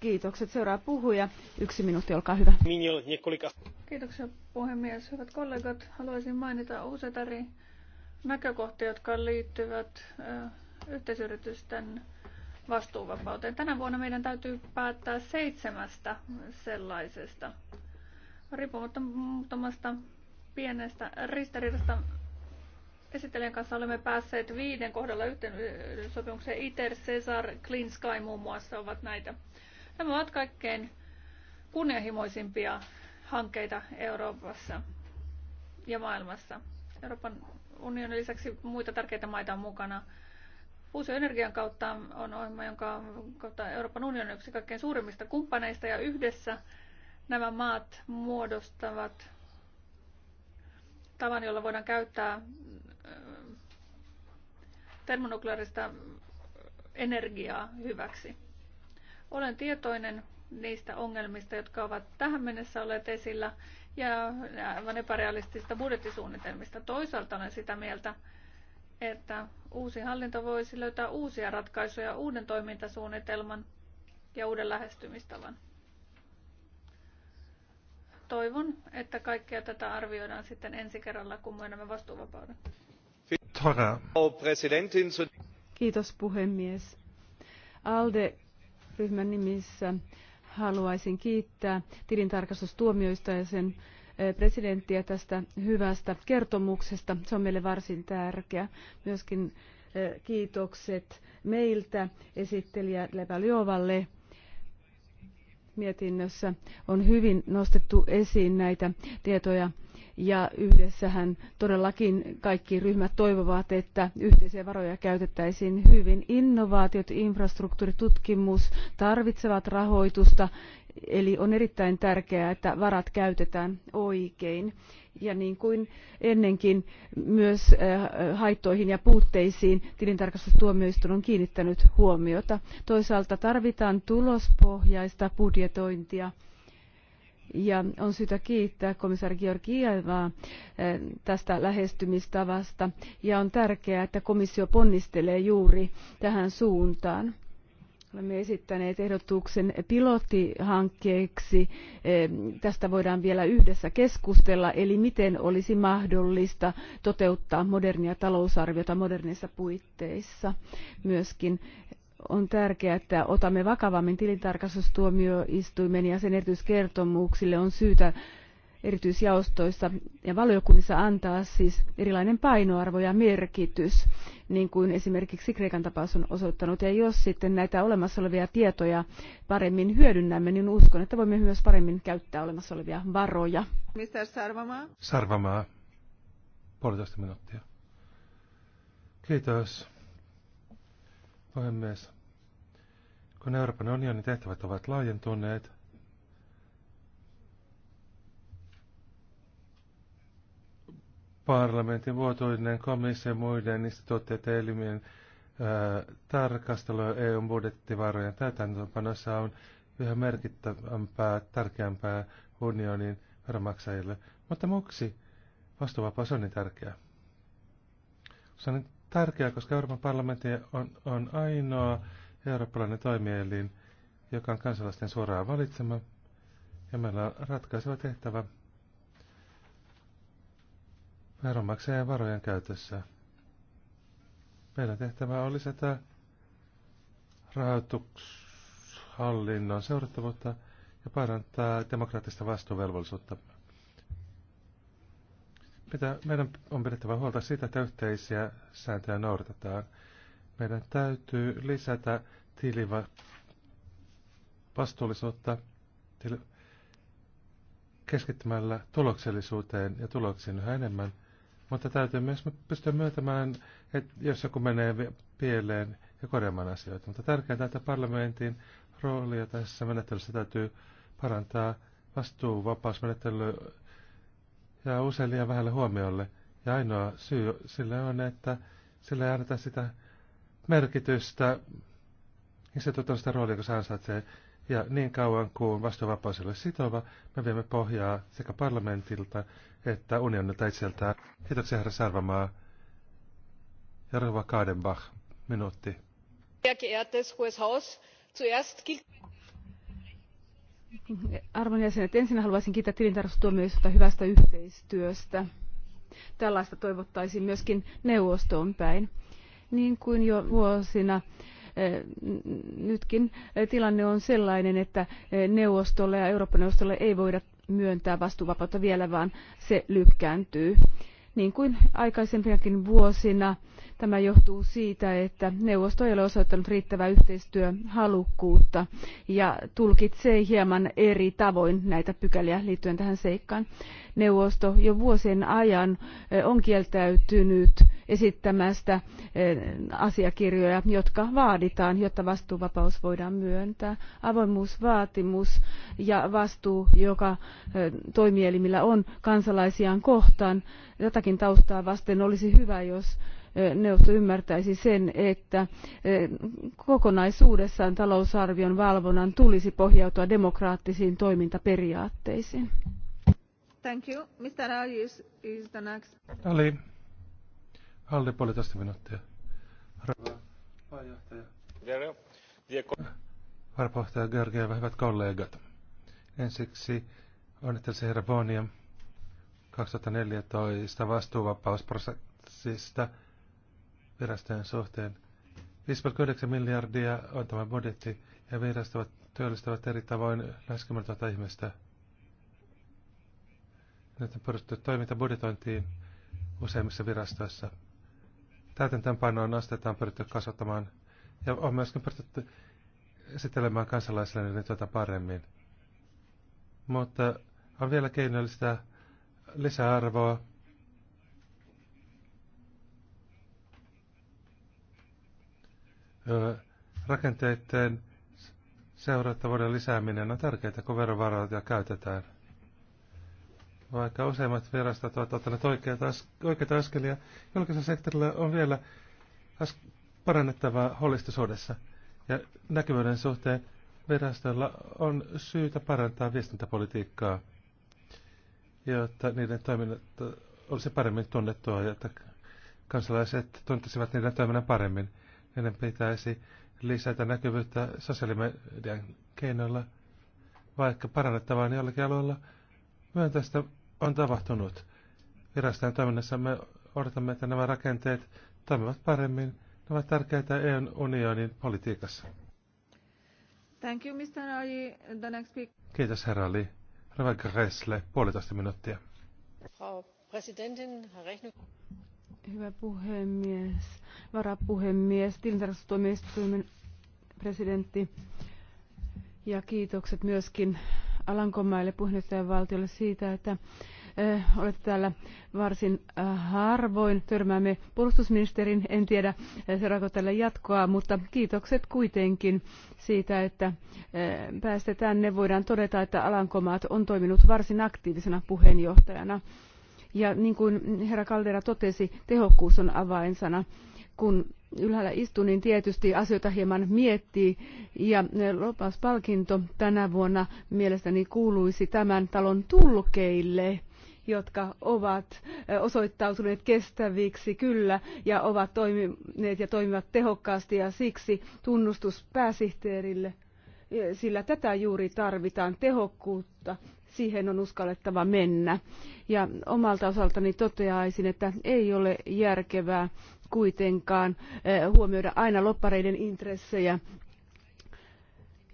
F: Kiitokset. Seuraava puhuja. Yksi minuutti, olkaa hyvä.
D: Kiitoksia puhemies. Hyvät kollegat, haluaisin mainita useita eri näkökohtia, jotka liittyvät yhteisyritysten vastuuvapauteen. Tänä vuonna meidän täytyy päättää seitsemästä sellaisesta riippumattomasta pienestä ristiriidasta esittelijän kanssa olemme päässeet viiden kohdalla yhteen sopimukseen. ITER, Cesar, Clean Sky muun muassa ovat näitä. Nämä ovat kaikkein kunnianhimoisimpia hankkeita Euroopassa ja maailmassa. Euroopan unionin lisäksi muita tärkeitä maita on mukana. Fuusioenergian kautta on ohjelma, jonka kautta Euroopan unioni on yksi kaikkein suurimmista kumppaneista ja yhdessä nämä maat muodostavat tavan, jolla voidaan käyttää äh, termonukleaarista energiaa hyväksi. Olen tietoinen niistä ongelmista, jotka ovat tähän mennessä olleet esillä ja aivan epärealistista budjettisuunnitelmista. Toisaalta olen sitä mieltä, että uusi hallinto voisi löytää uusia ratkaisuja, uuden toimintasuunnitelman ja uuden lähestymistavan. Toivon, että kaikkea tätä arvioidaan sitten ensi kerralla, kun myönnämme vastuuvapauden.
F: Kiitos puhemies. ALDE-ryhmän nimissä haluaisin kiittää tilintarkastustuomioista ja sen presidenttiä tästä hyvästä kertomuksesta. Se on meille varsin tärkeä. Myöskin kiitokset meiltä esittelijä Levaliovalle. mietinnössä on hyvin nostettu esiin näitä tietoja ja yhdessähän todellakin kaikki ryhmät toivovat, että yhteisiä varoja käytettäisiin hyvin. Innovaatiot, infrastruktuuri, tutkimus tarvitsevat rahoitusta Eli on erittäin tärkeää, että varat käytetään oikein. Ja niin kuin ennenkin myös äh, haittoihin ja puutteisiin tilintarkastustuomioistuin on kiinnittänyt huomiota. Toisaalta tarvitaan tulospohjaista budjetointia. Ja on syytä kiittää komissaari Ievaa äh, tästä lähestymistavasta. Ja on tärkeää, että komissio ponnistelee juuri tähän suuntaan Olemme esittäneet ehdotuksen pilottihankkeeksi. Tästä voidaan vielä yhdessä keskustella, eli miten olisi mahdollista toteuttaa modernia talousarviota modernissa puitteissa. Myöskin on tärkeää, että otamme vakavammin tilintarkastustuomioistuimen ja sen erityiskertomuksille on syytä erityisjaostoissa ja valiokunnissa antaa siis erilainen painoarvo ja merkitys, niin kuin esimerkiksi Kreikan tapaus on osoittanut. Ja jos sitten näitä olemassa olevia tietoja paremmin hyödynnämme, niin uskon, että voimme myös paremmin käyttää olemassa olevia varoja.
D: Mr. Sarvamaa?
E: Sarvamaa. Puolitoista minuuttia. Kiitos. Puhemies. Kun Euroopan unionin tehtävät ovat laajentuneet, parlamentin vuotuinen komission muiden instituutteiden ja elimien tarkastelu EUn budjettivarojen täytäntöönpanossa on yhä merkittävämpää, tärkeämpää unionin veronmaksajille. Mutta muksi vastuuvapaus on niin tärkeää. Se on niin tärkeää, koska Euroopan parlamentti on, on ainoa eurooppalainen toimielin, joka on kansalaisten suoraan valitsema, ja meillä on ratkaiseva tehtävä – veronmaksajien varojen käytössä. Meidän tehtävä on lisätä rahoitushallinnon seurattavuutta ja parantaa demokraattista vastuuvelvollisuutta. meidän on pidettävä huolta siitä, että yhteisiä sääntöjä noudatetaan. Meidän täytyy lisätä tiliva vastuullisuutta keskittymällä tuloksellisuuteen ja tuloksiin yhä enemmän – mutta täytyy myös pystyä myöntämään, että jos joku menee pieleen ja korjaamaan asioita. Mutta tärkeää, että parlamentin roolia tässä menettelyssä täytyy parantaa vastuuvapausmenettely ja usein liian vähälle huomiolle. Ja ainoa syy sille on, että sille ei anneta sitä merkitystä instituutioista roolia, kun se ansaitsee ja niin kauan kuin vastuuvapaus ei sitova, me viemme pohjaa sekä parlamentilta että unionilta itseltään. Kiitoksia herra Sarvamaa. Ja Rova Kadenbach, minuutti.
F: Arvon jäsenet, ensin haluaisin kiittää tilintarkastustuomioistuinta hyvästä yhteistyöstä. Tällaista toivottaisiin myöskin neuvostoon päin. Niin kuin jo vuosina nytkin tilanne on sellainen, että neuvostolle ja Eurooppa-neuvostolle ei voida myöntää vastuuvapautta vielä, vaan se lykkääntyy. Niin kuin aikaisempinakin vuosina, tämä johtuu siitä, että neuvosto ei ole osoittanut riittävää yhteistyöhalukkuutta ja tulkitsee hieman eri tavoin näitä pykäliä liittyen tähän seikkaan neuvosto jo vuosien ajan eh, on kieltäytynyt esittämästä eh, asiakirjoja, jotka vaaditaan, jotta vastuuvapaus voidaan myöntää. Avoimuusvaatimus ja vastuu, joka eh, toimielimillä on kansalaisiaan kohtaan. Tätäkin taustaa vasten olisi hyvä, jos neuvosto ymmärtäisi sen että kokonaisuudessaan talousarvion valvonnan tulisi pohjautua demokraattisiin toimintaperiaatteisiin.
D: Thank you. Mr. Arius is the next.
E: Ali, puolitoista minuuttia. Varapuheenjohtaja. Georgia ja hyvät kollegat. Ensiksi onnittelisin herra Bonia 2014 vastuuvapausprosessista virastojen suhteen. 5,9 miljardia on tämä budjetti ja virastot työllistävät eri tavoin lähes 10 000 ihmistä. Nyt on perustettu toiminta budjetointiin useimmissa virastoissa. Täytäntöönpanoon asteita on pyritty kasvattamaan ja on myöskin pyritty esittelemään kansalaisille niitä tuota paremmin. Mutta on vielä keinoillista lisäarvoa. Rakenteiden seurattavuuden lisääminen on tärkeää, kun verovaroja käytetään. Vaikka useimmat virastot ovat ottaneet oikeita, oikeita askelia, julkisella sektorilla on vielä parannettavaa holistisuudessa. Ja näkyvyyden suhteen virastoilla on syytä parantaa viestintäpolitiikkaa, jotta niiden toiminnat olisi paremmin tunnettua, jotta kansalaiset tuntisivat niiden toiminnan paremmin. Niiden pitäisi lisätä näkyvyyttä sosiaalimedian keinoilla, vaikka parannettavaa jollakin alueella myöntäistä on tapahtunut. Virastajan toiminnassa me odotamme, että nämä rakenteet toimivat paremmin. Ne ovat tärkeitä EUn unionin politiikassa.
D: Thank you, Mr. Nagy. The next speak.
E: Kiitos, herra Li. Rava Gressle, puolitoista minuuttia.
F: Hyvä puhemies, varapuhemies, tilintarkastustuomioistuimen presidentti ja kiitokset myöskin Alankomaille valtiolle siitä, että olette täällä varsin harvoin. Törmäämme puolustusministerin, en tiedä seuraako tällä jatkoa, mutta kiitokset kuitenkin siitä, että päästä tänne. Voidaan todeta, että Alankomaat on toiminut varsin aktiivisena puheenjohtajana. Ja niin kuin herra Kaldera totesi, tehokkuus on avainsana kun ylhäällä istuu, niin tietysti asioita hieman miettii. Ja eh, lopauspalkinto tänä vuonna mielestäni kuuluisi tämän talon tulkeille jotka ovat eh, osoittautuneet kestäviksi kyllä ja ovat toimineet ja toimivat tehokkaasti ja siksi tunnustus pääsihteerille, eh, sillä tätä juuri tarvitaan tehokkuutta siihen on uskallettava mennä. Ja omalta osaltani toteaisin, että ei ole järkevää kuitenkaan eh, huomioida aina lobbareiden intressejä.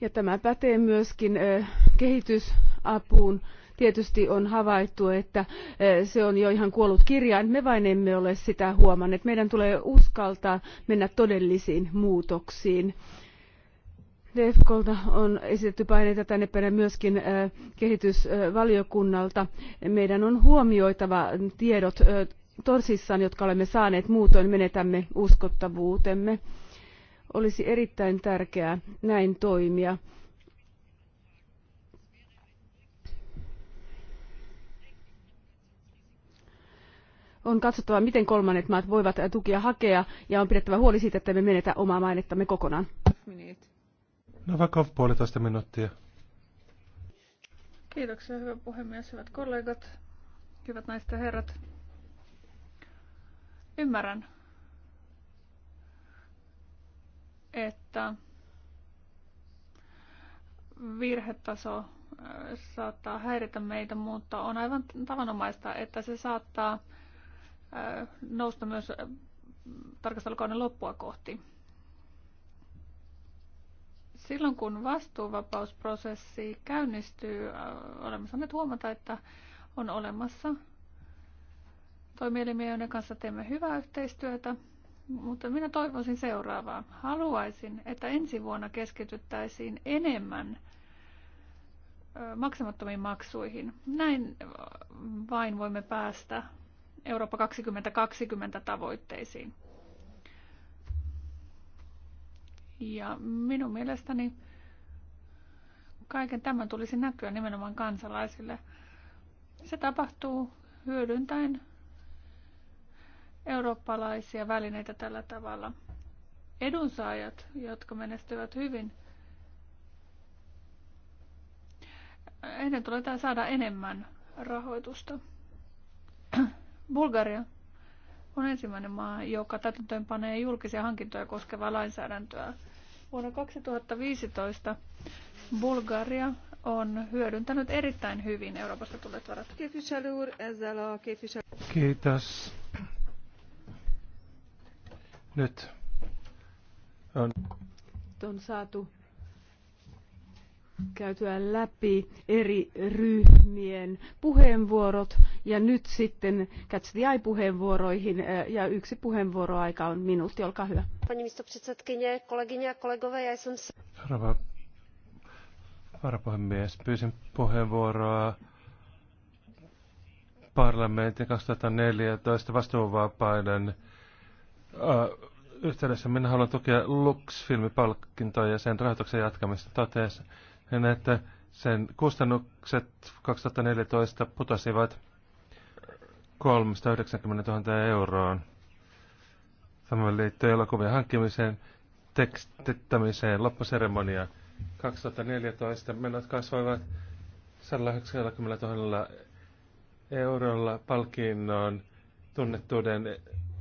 F: Ja tämä pätee myöskin eh, kehitysapuun. Tietysti on havaittu, että eh, se on jo ihan kuollut kirjain. Me vain emme ole sitä huomanneet. Meidän tulee uskaltaa mennä todellisiin muutoksiin. DEFCOlta on esitetty paineita tänne perään myöskin kehitysvaliokunnalta. Meidän on huomioitava tiedot tosissaan, jotka olemme saaneet, muutoin menetämme uskottavuutemme. Olisi erittäin tärkeää näin toimia. on katsottava, miten kolmannet maat voivat tukia hakea ja on pidettävä huoli siitä, että me menetä omaa mainettamme kokonaan.
E: Novakov, puolitoista minuuttia.
D: Kiitoksia, hyvä puhemies, hyvät kollegat, hyvät naiset ja herrat. Ymmärrän, että virhetaso äh, saattaa häiritä meitä, mutta on aivan tavanomaista, että se saattaa äh, nousta myös äh, tarkastelukauden loppua kohti. Silloin kun vastuuvapausprosessi käynnistyy, olemme saaneet huomata, että on olemassa toimielimiä, joiden kanssa teemme hyvää yhteistyötä. Mutta minä toivoisin seuraavaa. Haluaisin, että ensi vuonna keskityttäisiin enemmän maksamattomiin maksuihin. Näin vain voimme päästä Eurooppa 2020 tavoitteisiin. Ja minun mielestäni kaiken tämän tulisi näkyä nimenomaan kansalaisille. Se tapahtuu hyödyntäen eurooppalaisia välineitä tällä tavalla. Edunsaajat, jotka menestyvät hyvin, heidän tulee saada enemmän rahoitusta. Bulgaria on ensimmäinen maa, joka täytäntöönpanee julkisia hankintoja koskevaa lainsäädäntöä. Vuonna 2015 Bulgaria on hyödyntänyt erittäin hyvin Euroopasta tulleet varat.
E: Kiitos. Nyt on,
F: on saatu käytyä läpi eri ryhmien puheenvuorot ja nyt sitten Catch the Eye-puheenvuoroihin eh, ja yksi
C: puheenvuoroaika on minuutti, olkaa hyvä. Pani mistopredsedkynie, kollegine ja kollegove, ja jsem...
E: Rouva varapuhemies, pyysin puheenvuoroa parlamentin 2014 vastuunvapaiden yhteydessä minä haluan tukea Lux-filmipalkintoa ja sen rahoituksen jatkamista. Totesin, että sen kustannukset 2014 putosivat 390 000 euroon. Tämä liittyy elokuvien hankkimiseen, tekstittämiseen, loppuseremoniaan. 2014 menot kasvoivat 190 000 eurolla palkinnon tunnettuuden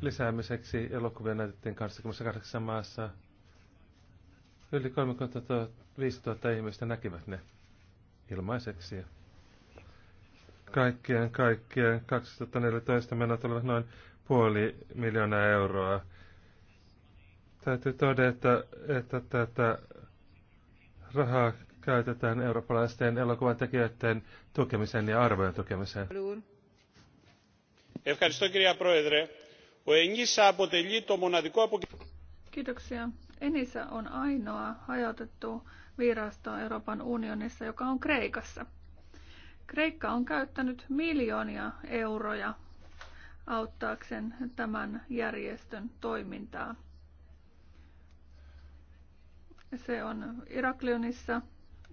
E: lisäämiseksi elokuvia näytettiin 28 maassa. Yli 35 000 ihmistä näkivät ne ilmaiseksi. Kaikkien kaikkien 2014 menot olivat noin puoli miljoonaa euroa. Täytyy todeta, että tätä rahaa käytetään eurooppalaisten elokuvan tekijöiden tukemiseen ja arvojen tukemiseen.
A: Ευχαριστώ κυρία Πρόεδρε. Ο Ενίσα αποτελεί το μοναδικό
D: Kiitoksia. Enissä on ainoa hajautettu virasto Euroopan unionissa, joka on Kreikassa. Kreikka on käyttänyt miljoonia euroja auttaakseen tämän järjestön toimintaa. Se on Iraklionissa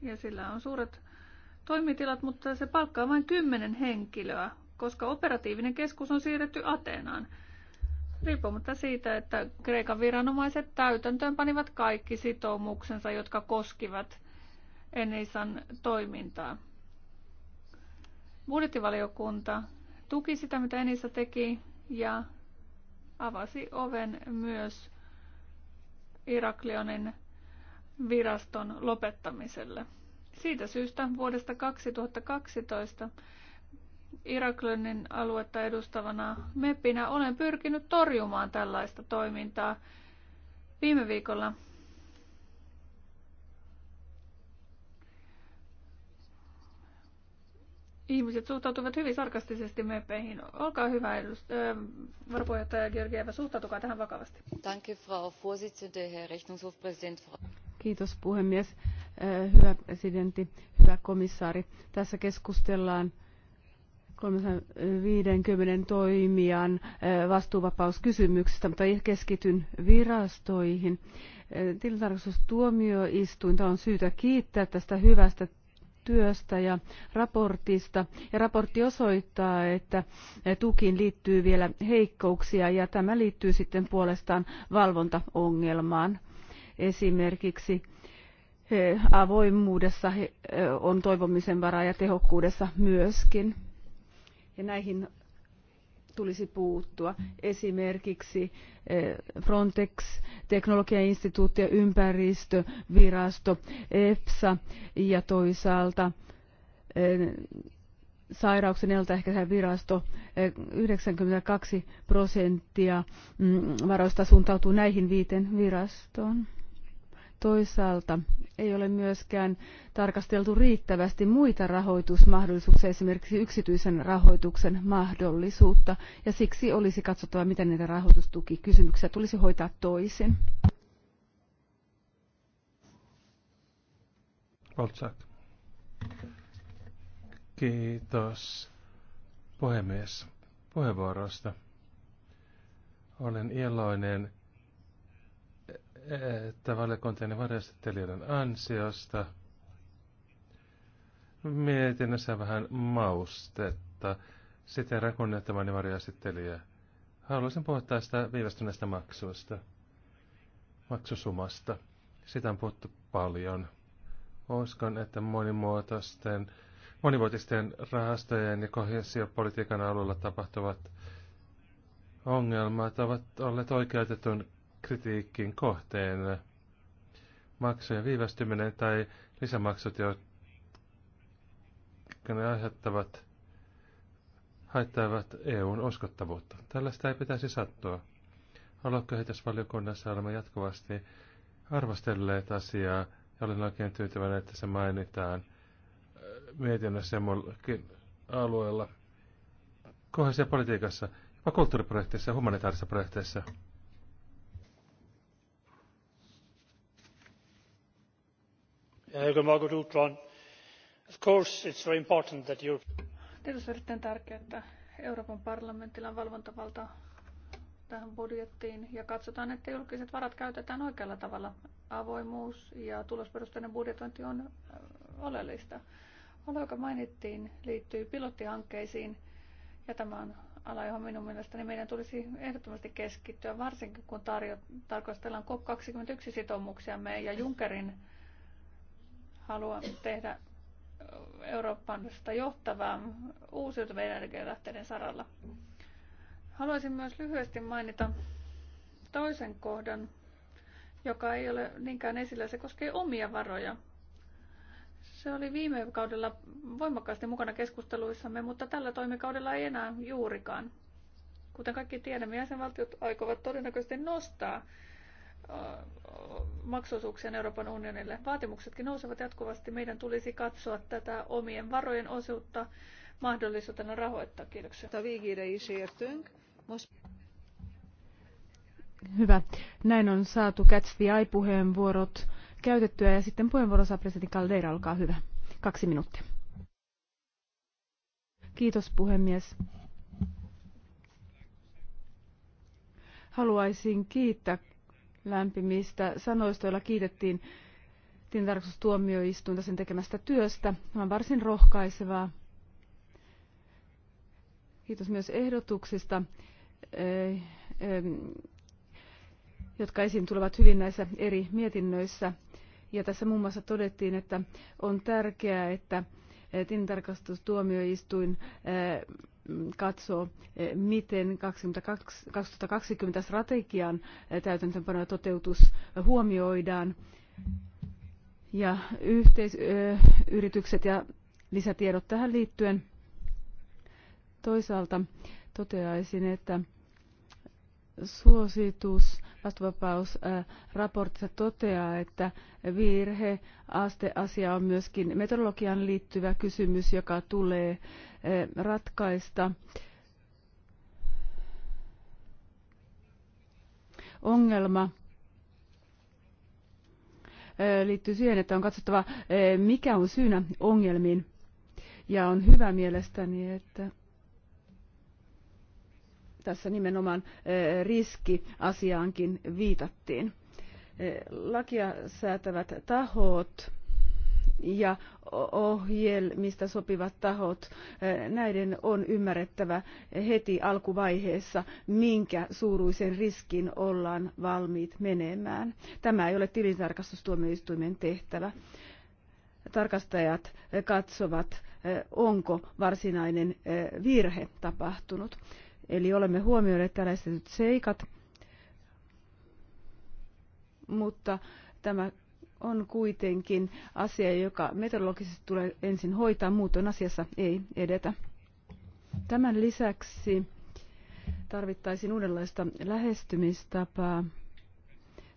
D: ja sillä on suuret toimitilat, mutta se palkkaa vain kymmenen henkilöä, koska operatiivinen keskus on siirretty Ateenaan riippumatta siitä, että Kreikan viranomaiset täytäntöön panivat kaikki sitoumuksensa, jotka koskivat Enisan toimintaa. Budjettivaliokunta tuki sitä, mitä Enisa teki ja avasi oven myös Iraklionin viraston lopettamiselle. Siitä syystä vuodesta 2012 Iraklönnin aluetta edustavana meppinä olen pyrkinyt torjumaan tällaista toimintaa viime viikolla. Ihmiset suhtautuvat hyvin sarkastisesti meppeihin. Olkaa hyvä, varapuheenjohtaja Georgieva, suhtautukaa tähän vakavasti. Danke, Frau Vorsitzende, Herr Rechnungshofpräsident.
F: Kiitos puhemies, hyvä presidentti, hyvä komissaari. Tässä keskustellaan 350 toimijan vastuuvapauskysymyksestä, mutta keskityn virastoihin. Tilintarkastustuomioistuinta on syytä kiittää tästä hyvästä työstä ja raportista. Ja raportti osoittaa, että tukiin liittyy vielä heikkouksia ja tämä liittyy sitten puolestaan valvontaongelmaan. Esimerkiksi avoimuudessa on toivomisen varaa ja tehokkuudessa myöskin ja näihin tulisi puuttua. Esimerkiksi eh, Frontex, teknologiainstituutti ja ympäristövirasto, EFSA ja toisaalta eh, sairauksen ennaltaehkäisevä virasto 92 eh, prosenttia mm, varoista suuntautuu näihin viiteen virastoon. Toisaalta ei ole myöskään tarkasteltu riittävästi muita rahoitusmahdollisuuksia, esimerkiksi yksityisen rahoituksen mahdollisuutta, ja siksi olisi katsottava, miten niitä rahoitustukikysymyksiä tulisi hoitaa toisin.
E: Valtsaat. Kiitos puhemies puheenvuorosta. Olen iloinen että valiokuntien varjastelijoiden ansiosta mietinnössä vähän maustetta. Siteerän kunnioittamani varjastettelijä. haluaisin puhua tästä viivästyneestä maksuista, maksusumasta. Sitä on puhuttu paljon. Uskon, että monimuotoisten, monivuotisten rahastojen ja kohesiopolitiikan alueella tapahtuvat ongelmat ovat olleet oikeutetun kritiikin kohteena. Maksujen viivästyminen tai lisämaksut, jotka ne aiheuttavat, haittaavat EUn uskottavuutta. Tällaista ei pitäisi sattua. Aluekehitysvaliokunnassa olemme jatkuvasti arvostelleet asiaa ja olen oikein tyytyväinen, että se mainitaan äh, mietinnössä ja alueella. Kohdassa politiikassa, jopa kulttuuriprojekteissa ja humanitaarisissa projekteissa. tietysti
D: on erittäin tärkeää että euroopan parlamentilla on valvontavalta tähän budjettiin ja katsotaan että julkiset varat käytetään oikealla tavalla. avoimuus ja tulosperusteinen budjetointi on äh, oleellista. ala joka mainittiin liittyy pilottihankkeisiin ja tämä on ala, johon minun mielestäni meidän tulisi ehdottomasti keskittyä, varsinkin kun tarjo- tarkastellaan COP21-sitoumuksiamme ja Junckerin halua tehdä Euroopasta johtavaa uusiutuvien energialähteiden saralla. Haluaisin myös lyhyesti mainita toisen kohdan, joka ei ole niinkään esillä. Se koskee omia varoja. Se oli viime kaudella voimakkaasti mukana keskusteluissamme, mutta tällä toimikaudella ei enää juurikaan. Kuten kaikki tiedämme, jäsenvaltiot aikovat todennäköisesti nostaa Äh, maksuosuuksia Euroopan unionille. Vaatimuksetkin nousevat jatkuvasti. Meidän tulisi katsoa tätä omien varojen osuutta mahdollisuutena rahoittaa. Kiitoksia.
F: Hyvä. Näin on saatu Catch the Eye-puheenvuorot käytettyä ja sitten puheenvuoro saa presidentti Caldeira. Olkaa hyvä. Kaksi minuuttia. Kiitos puhemies. Haluaisin kiittää lämpimistä sanoista, joilla kiitettiin tilintarkastustuomioistuinta sen tekemästä työstä. Tämä on varsin rohkaisevaa. Kiitos myös ehdotuksista, eh, eh, jotka esiin tulevat hyvin näissä eri mietinnöissä. Ja tässä muun muassa todettiin, että on tärkeää, että eh, tilintarkastustuomioistuin katsoo, eh, miten 2020 strategian eh, täytäntöönpano ja toteutus eh, huomioidaan. Ja yhteisyritykset ja lisätiedot tähän liittyen. Toisaalta toteaisin, että suositus vastuvapausraportissa äh, toteaa, että asia on myöskin metodologian liittyvä kysymys, joka tulee äh, ratkaista. Ongelma äh, liittyy siihen, että on katsottava, mikä on syynä ongelmiin. Ja on hyvä mielestäni, että tässä nimenomaan eh, riskiasiaankin viitattiin. Eh, lakia säätävät tahot ja ohjelmista sopivat tahot, eh, näiden on ymmärrettävä heti alkuvaiheessa, minkä suuruisen riskin ollaan valmiit menemään. Tämä ei ole tilintarkastustuomioistuimen tehtävä. Tarkastajat katsovat, onko varsinainen virhe tapahtunut. Eli olemme huomioineet tällaiset seikat, mutta tämä on kuitenkin asia, joka meteorologisesti tulee ensin hoitaa, muutoin asiassa ei edetä. Tämän lisäksi tarvittaisiin uudenlaista lähestymistapaa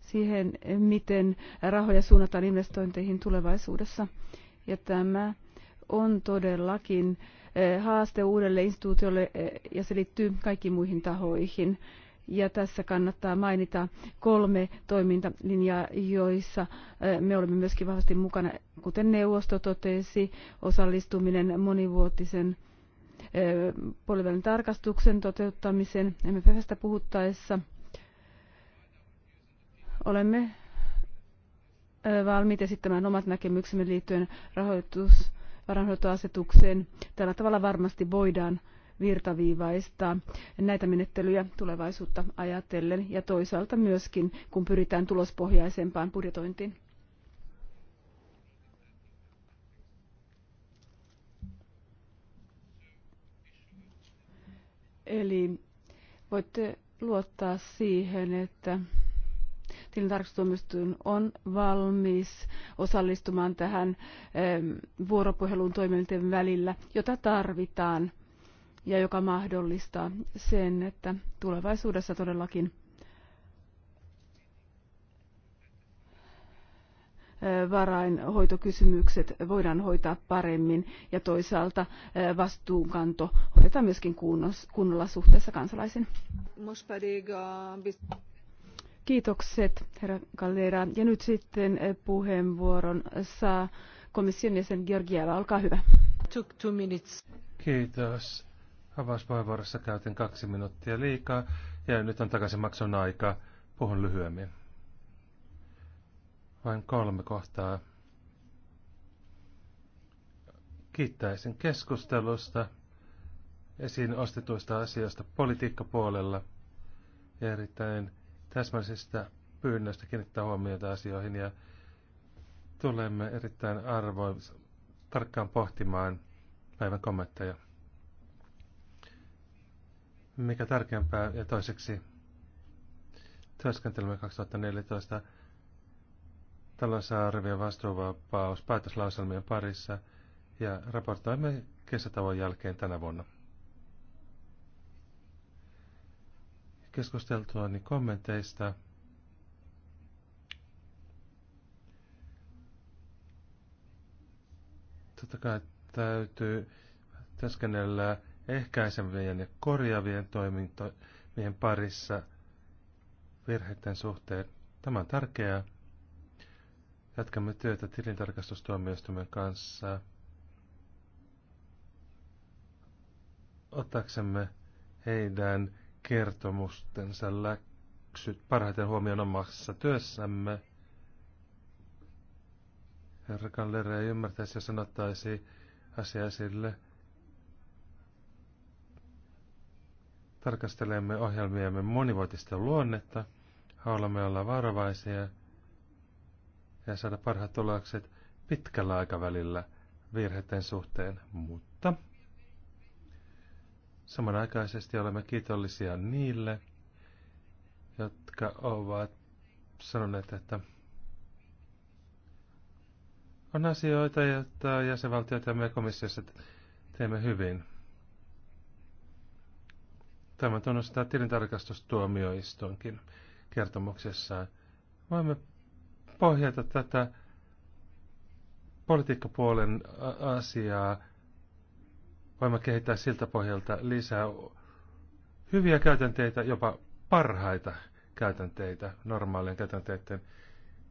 F: siihen, miten rahoja suunnataan investointeihin tulevaisuudessa. Ja tämä on todellakin äh, Eh, haaste uudelle instituutiolle eh, ja se liittyy kaikkiin muihin tahoihin. Ja tässä kannattaa mainita kolme toimintalinjaa, joissa eh, me olemme myöskin vahvasti mukana, kuten neuvosto totesi, osallistuminen monivuotisen puolivälin tarkastuksen toteuttamisen MFFstä puhuttaessa. Olemme valmiit esittämään omat näkemyksemme liittyen rahoitus varainhoitoasetukseen. Tällä tavalla varmasti voidaan virtaviivaistaa näitä menettelyjä tulevaisuutta ajatellen ja toisaalta myöskin, kun pyritään tulospohjaisempaan budjetointiin. Eli voitte luottaa siihen, että tilintarkastustuomioistuin on valmis osallistumaan tähän vuoropuheluun toimijoiden välillä, jota tarvitaan ja joka mahdollistaa sen, että tulevaisuudessa todellakin e, varainhoitokysymykset voidaan hoitaa paremmin ja toisaalta e, vastuunkanto hoidetaan myöskin kunnolla suhteessa kansalaisiin. Kiitokset, herra Kallera. Ja nyt sitten eh, puheenvuoron saa komission jäsen Georgieva. Olkaa hyvä. Took two minutes.
E: Kiitos. Avauspuheenvuorossa käytin kaksi minuuttia liikaa ja nyt on takaisin maksun aika. Puhun lyhyemmin. Vain kolme kohtaa. Kiittäisin keskustelusta esiin ostetuista asioista politiikkapuolella ja erittäin täsmällisestä pyynnöstä kiinnittää huomiota asioihin ja tulemme erittäin arvoin tarkkaan pohtimaan päivän kommentteja. Mikä tärkeämpää ja toiseksi työskentelemme 2014 talousarvion vastuuvapaus päätöslauselmien parissa ja raportoimme kesätavon jälkeen tänä vuonna. niin kommenteista. Totta kai täytyy työskennellä ehkäisevien ja korjaavien toimintojen parissa virheiden suhteen. Tämä on tärkeää. Jatkamme työtä tilintarkastustuomioistuimen kanssa. Ottaaksemme heidän kertomustensa läksyt parhaiten huomioon omassa työssämme. Herra Kallere ei ymmärtäisi, ja sanottaisi asiaa sille. Tarkastelemme ohjelmiemme monivuotista luonnetta, haluamme olla varovaisia ja saada parhaat tulokset pitkällä aikavälillä virheiden suhteen, mutta Samanaikaisesti olemme kiitollisia niille, jotka ovat sanoneet, että on asioita, joita jäsenvaltiot ja me komissiossa teemme hyvin. Tämä tunnustaa tilintarkastustuomioistuinkin kertomuksessaan. Voimme pohjata tätä politiikkapuolen asiaa voimme kehittää siltä pohjalta lisää hyviä käytänteitä, jopa parhaita käytänteitä normaalien käytänteiden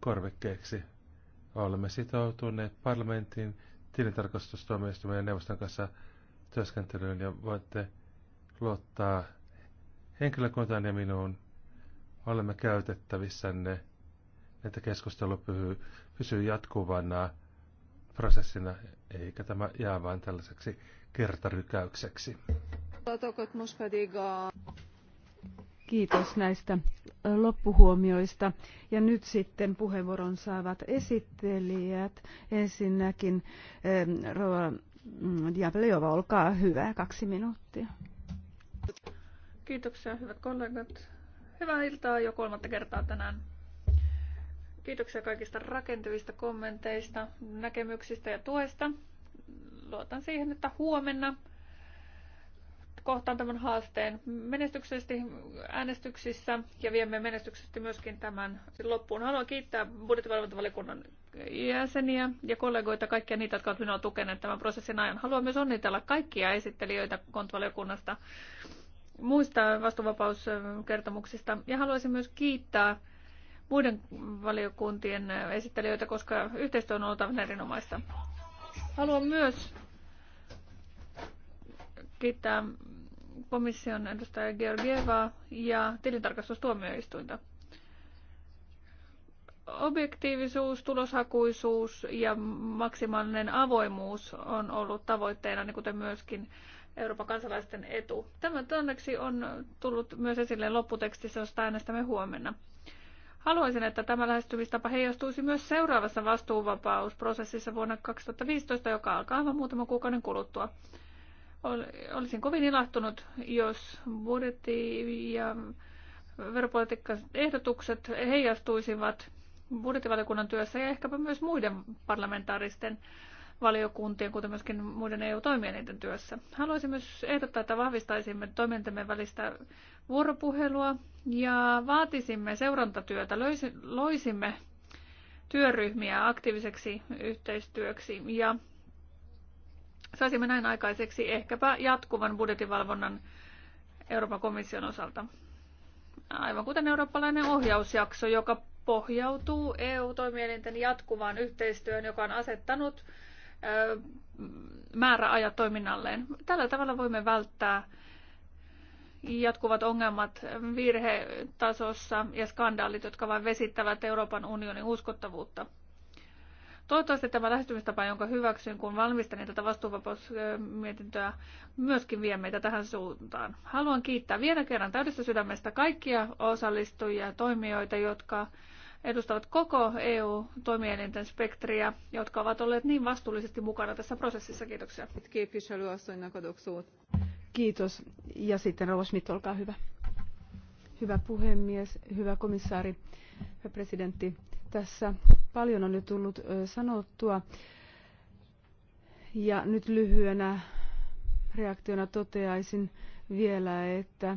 E: korvikkeeksi. Olemme sitoutuneet parlamentin tilintarkastustuomioistuimen ja neuvoston kanssa työskentelyyn ja voitte luottaa henkilökuntaan ja minuun. Olemme käytettävissänne, että keskustelu pysyy, pysyy jatkuvana prosessina, eikä tämä jää vain tällaiseksi kertarykäykseksi.
F: Kiitos näistä loppuhuomioista. Ja nyt sitten puheenvuoron saavat esittelijät. Ensinnäkin Rova mm, Diablejova, olkaa hyvä, kaksi minuuttia.
D: Kiitoksia hyvät kollegat. Hyvää iltaa jo kolmatta kertaa tänään. Kiitoksia kaikista rakentavista kommenteista, näkemyksistä ja tuesta luotan siihen, että huomenna kohtaan tämän haasteen menestyksellisesti äänestyksissä ja viemme menestyksellisesti myöskin tämän loppuun. Haluan kiittää budjettivalvontavaliokunnan jäseniä ja kollegoita, kaikkia niitä, jotka ovat minua tukeneet tämän prosessin ajan. Haluan myös onnitella kaikkia esittelijöitä kontvaliokunnasta muista vastuvapauskertomuksista ja haluaisin myös kiittää muiden valiokuntien esittelijöitä, koska yhteistyö on ollut erinomaista. Haluan myös kiittää komission edustaja Georgievaa ja tilintarkastustuomioistuinta. Objektiivisuus, tuloshakuisuus ja maksimaalinen avoimuus on ollut tavoitteena, niin kuten myöskin Euroopan kansalaisten etu. Tämä onneksi on tullut myös esille lopputekstissä, josta äänestämme huomenna. Haluaisin, että tämä lähestymistapa heijastuisi myös seuraavassa vastuuvapausprosessissa vuonna 2015, joka alkaa aivan muutaman kuukauden kuluttua. Olisin kovin ilahtunut, jos budjetti ja veropolitiikka ehdotukset heijastuisivat budjettivaliokunnan työssä ja ehkäpä myös muiden parlamentaaristen valiokuntien, kuten myöskin muiden EU-toimielinten työssä. Haluaisin myös ehdottaa, että vahvistaisimme toimintamme välistä vuoropuhelua ja vaatisimme seurantatyötä, loisimme työryhmiä aktiiviseksi yhteistyöksi ja Saisimme näin aikaiseksi ehkäpä jatkuvan budjetivalvonnan Euroopan komission osalta. Aivan kuten eurooppalainen ohjausjakso, joka pohjautuu EU-toimielinten jatkuvaan yhteistyöhön, joka on asettanut määräajat toiminnalleen. Tällä tavalla voimme välttää jatkuvat ongelmat virhetasossa ja skandaalit, jotka vain vesittävät Euroopan unionin uskottavuutta. Toivottavasti tämä lähestymistapa, jonka hyväksyn, kun valmistelin tätä vastuuvapausmietintöä, myöskin vie meitä tähän suuntaan. Haluan kiittää vielä kerran täydestä sydämestä kaikkia osallistujia ja toimijoita, jotka edustavat koko EU-toimielinten spektriä, jotka ovat olleet niin vastuullisesti mukana tässä prosessissa. Kiitoksia.
F: Kiitos. Ja sitten Rova Schmidt, olkaa hyvä. Hyvä puhemies, hyvä komissaari, hyvä presidentti tässä paljon on nyt tullut sanottua. Ja nyt lyhyenä reaktiona toteaisin vielä, että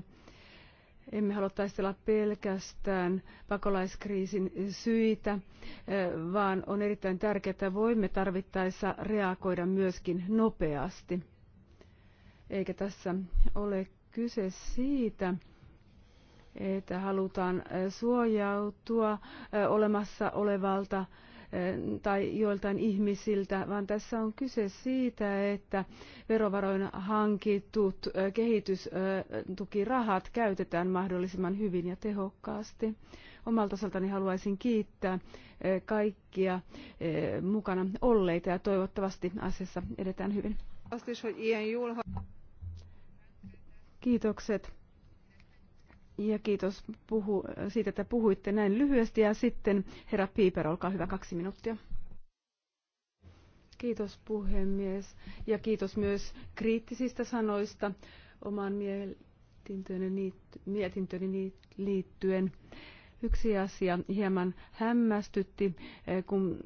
F: emme halua taistella pelkästään pakolaiskriisin syitä, vaan on erittäin tärkeää, että voimme tarvittaessa reagoida myöskin nopeasti. Eikä tässä ole kyse siitä, että halutaan suojautua olemassa olevalta tai joiltain ihmisiltä, vaan tässä on kyse siitä, että verovaroin hankitut kehitystukirahat käytetään mahdollisimman hyvin ja tehokkaasti. Omalta osaltani haluaisin kiittää kaikkia mukana olleita ja toivottavasti asiassa edetään hyvin. Kiitokset ja kiitos puhu, siitä, että puhuitte näin lyhyesti. Ja sitten herra Piiper, olkaa hyvä, kaksi minuuttia. Kiitos puhemies ja kiitos myös kriittisistä sanoista oman mietintöni, mietintöni liittyen. Yksi asia hieman hämmästytti, eh, kun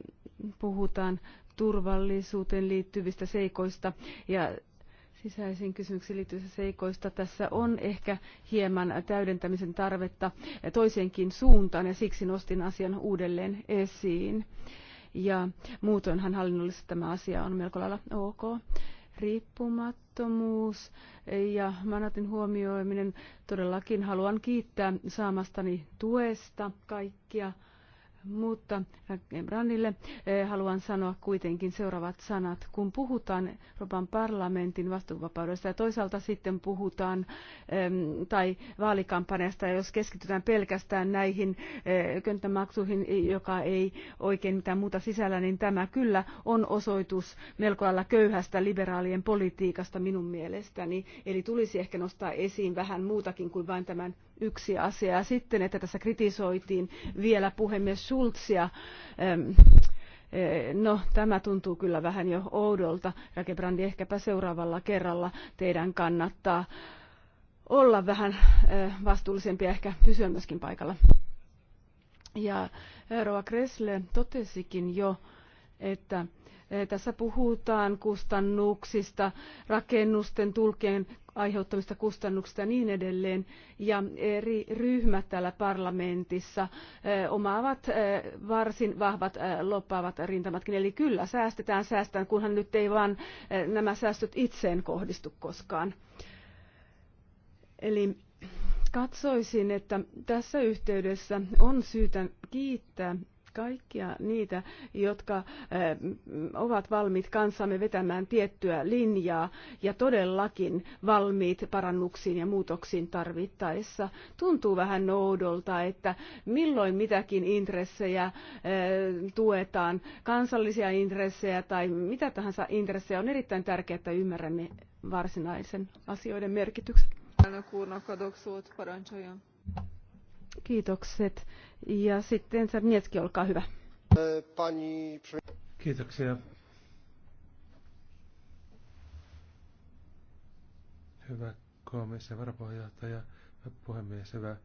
F: puhutaan turvallisuuteen liittyvistä seikoista ja sisäisiin kysymyksiin liittyvistä seikoista. Tässä on ehkä hieman täydentämisen tarvetta toiseenkin suuntaan ja siksi nostin asian uudelleen esiin. Ja muutoinhan hallinnollisesti tämä asia on melko lailla ok. Riippumattomuus ja manatin huomioiminen. Todellakin haluan kiittää saamastani tuesta kaikkia mutta äh, Brandille äh, haluan sanoa kuitenkin seuraavat sanat. Kun puhutaan Euroopan parlamentin vastuuvapaudesta ja toisaalta sitten puhutaan ähm, tai vaalikampanjasta, jos keskitytään pelkästään näihin äh, könttämaksuihin, joka ei oikein mitään muuta sisällä, niin tämä kyllä on osoitus melko lailla köyhästä liberaalien politiikasta minun mielestäni. Eli tulisi ehkä nostaa esiin vähän muutakin kuin vain tämän yksi asia. Ja sitten, että tässä kritisoitiin vielä puhemies Schulzia. Eh, no, tämä tuntuu kyllä vähän jo oudolta. Rakebrandi, ehkäpä seuraavalla kerralla teidän kannattaa olla vähän eh, vastuullisempi ja ehkä pysyä myöskin paikalla. Ja eh, roa Kressle totesikin jo, että tässä puhutaan kustannuksista, rakennusten, tulkien aiheuttamista kustannuksista ja niin edelleen. Ja eri ryhmät täällä parlamentissa eh, omaavat eh, varsin vahvat eh, loppaavat rintamatkin. Eli kyllä säästetään, säästetään, kunhan nyt ei vaan nämä säästöt itseen kohdistu koskaan. Eli katsoisin, että tässä yhteydessä on syytä kiittää kaikkia niitä, jotka eh, ovat valmiit kanssamme vetämään tiettyä linjaa ja todellakin valmiit parannuksiin ja muutoksiin tarvittaessa. Tuntuu vähän noudolta, että milloin mitäkin intressejä eh, tuetaan, kansallisia intressejä tai mitä tahansa intressejä. On erittäin tärkeää, että ymmärrämme varsinaisen asioiden merkityksen. Elnök Kiitokset. Ja sitten Sarnietski, olkaa hyvä.
E: Kiitoksia. Hyvä komission varapuheenjohtaja, hyvä puhemies, hyvä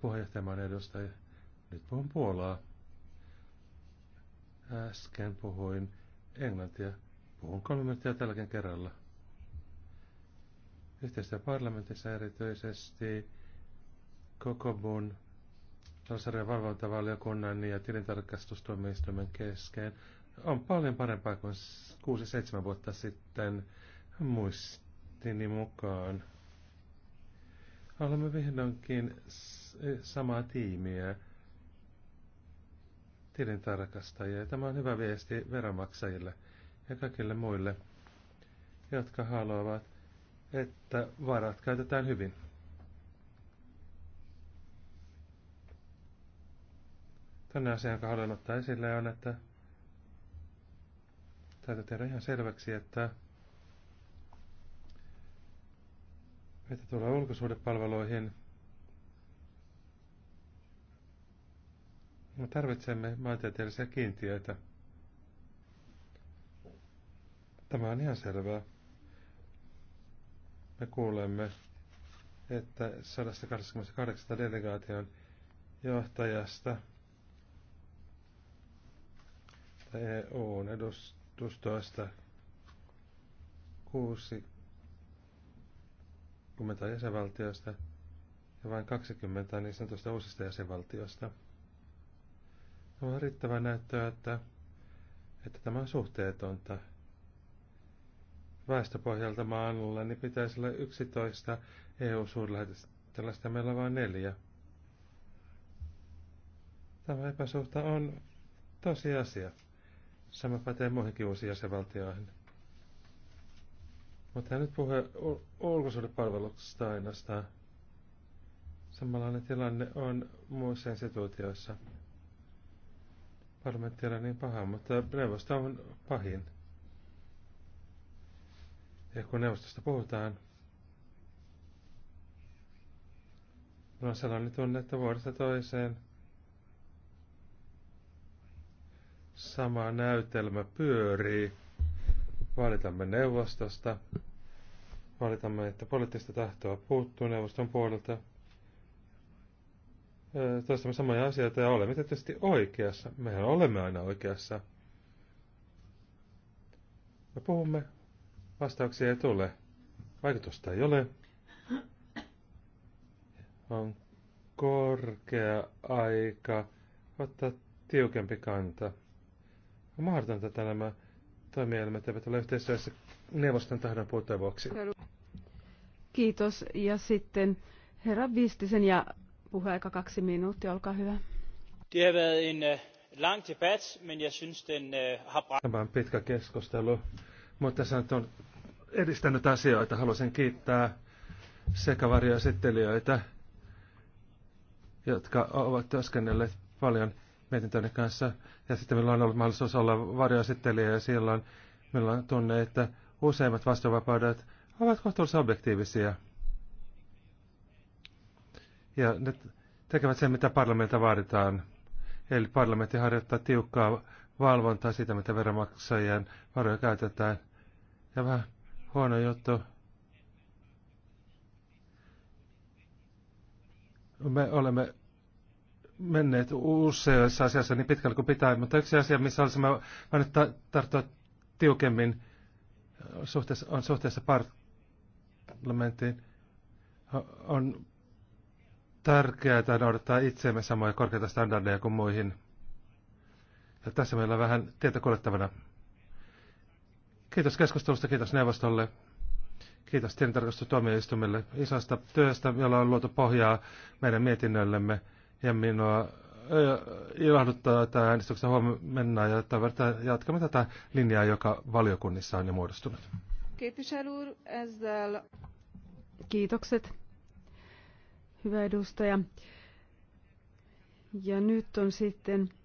E: puheenjohtajamaan edustaja. Nyt puhun Puolaa. Äsken puhuin englantia. Puhun kolme minuuttia tälläkin kerralla. Yhteistyö parlamentissa erityisesti koko mun talousarjan valvontavaliokunnan ja tilintarkastustuomioistuimen kesken on paljon parempaa kuin 6-7 vuotta sitten muistini mukaan. Olemme vihdoinkin samaa tiimiä tilintarkastajia. Tämä on hyvä viesti veronmaksajille ja kaikille muille, jotka haluavat, että varat käytetään hyvin. Toinen asia, jonka haluan ottaa esille, on, että täytyy tehdä ihan selväksi, että mitä tulee ulkosuhdepalveluihin, me tarvitsemme maantieteellisiä kiintiöitä. Tämä on ihan selvää. Me kuulemme, että 128 delegaation johtajasta – EUn edustustoista kuusi kymmentä jäsenvaltiosta ja vain 20 niin sanotusta uusista jäsenvaltiosta. Tämä on riittävä näyttöä, että, että tämä on suhteetonta. Väestöpohjalta maanulla niin pitäisi olla 11 eu tällaista meillä on vain neljä. Tämä epäsuhta on tosiasia. Sama pätee muihinkin uusiin jäsenvaltioihin. Mutta nyt puhe ulkosuhdepalveluksesta ainoastaan. Samanlainen tilanne on muissa instituutioissa. Parlamentti ei ole niin paha, mutta neuvosto on pahin. Ja kun neuvostosta puhutaan, minulla on sellainen tunne, että vuodesta toiseen – Sama näytelmä pyörii. Valitamme neuvostosta. Valitamme, että poliittista tahtoa puuttuu neuvoston puolelta. Toistamme samoja asioita ja olemme tietysti oikeassa. Mehän olemme aina oikeassa. Me puhumme, vastauksia ei tule. Vaikutusta ei ole. On korkea aika ottaa tiukempi kanta. On mahdotan tätä nämä toimielimet eivät ole yhteistyössä neuvoston tahdon puutteen vuoksi.
F: Kiitos. Ja sitten herra Vistisen ja puheaika kaksi minuuttia, olkaa
A: hyvä. Øh, øh, Tämä
E: on pitkä keskustelu, mutta se on edistänyt asioita. Haluaisin kiittää sekä varjoesittelijöitä, jotka ovat työskennelleet paljon mietintöni kanssa. Ja sitten meillä on ollut mahdollisuus olla varjoesittelijä ja silloin meillä on tunne, että useimmat vastuuvapaudet ovat kohtuullisen objektiivisia. Ja ne tekevät sen, mitä parlamentilta vaaditaan. Eli parlamentti harjoittaa tiukkaa valvontaa siitä, mitä veronmaksajien varoja käytetään. Ja vähän huono juttu. Me olemme menneet useassa asiassa niin pitkälle kuin pitää, mutta yksi asia, missä olisimme voineet tarttua tiukemmin, suhteessa, on suhteessa parlamenttiin, on tärkeää noudattaa itseemme samoja korkeita standardeja kuin muihin. Ja tässä meillä on vähän tietä kuljettavana. Kiitos keskustelusta, kiitos neuvostolle, kiitos tilintarkastustuomioistuimelle isosta työstä, jolla on luotu pohjaa meidän mietinnöllemme. Ja minua ilahduttaa tämä äänestyksen huomenna ja että jatkamme tätä linjaa, joka valiokunnissa on jo muodostunut.
F: Kiitokset. Hyvä edustaja. Ja nyt on sitten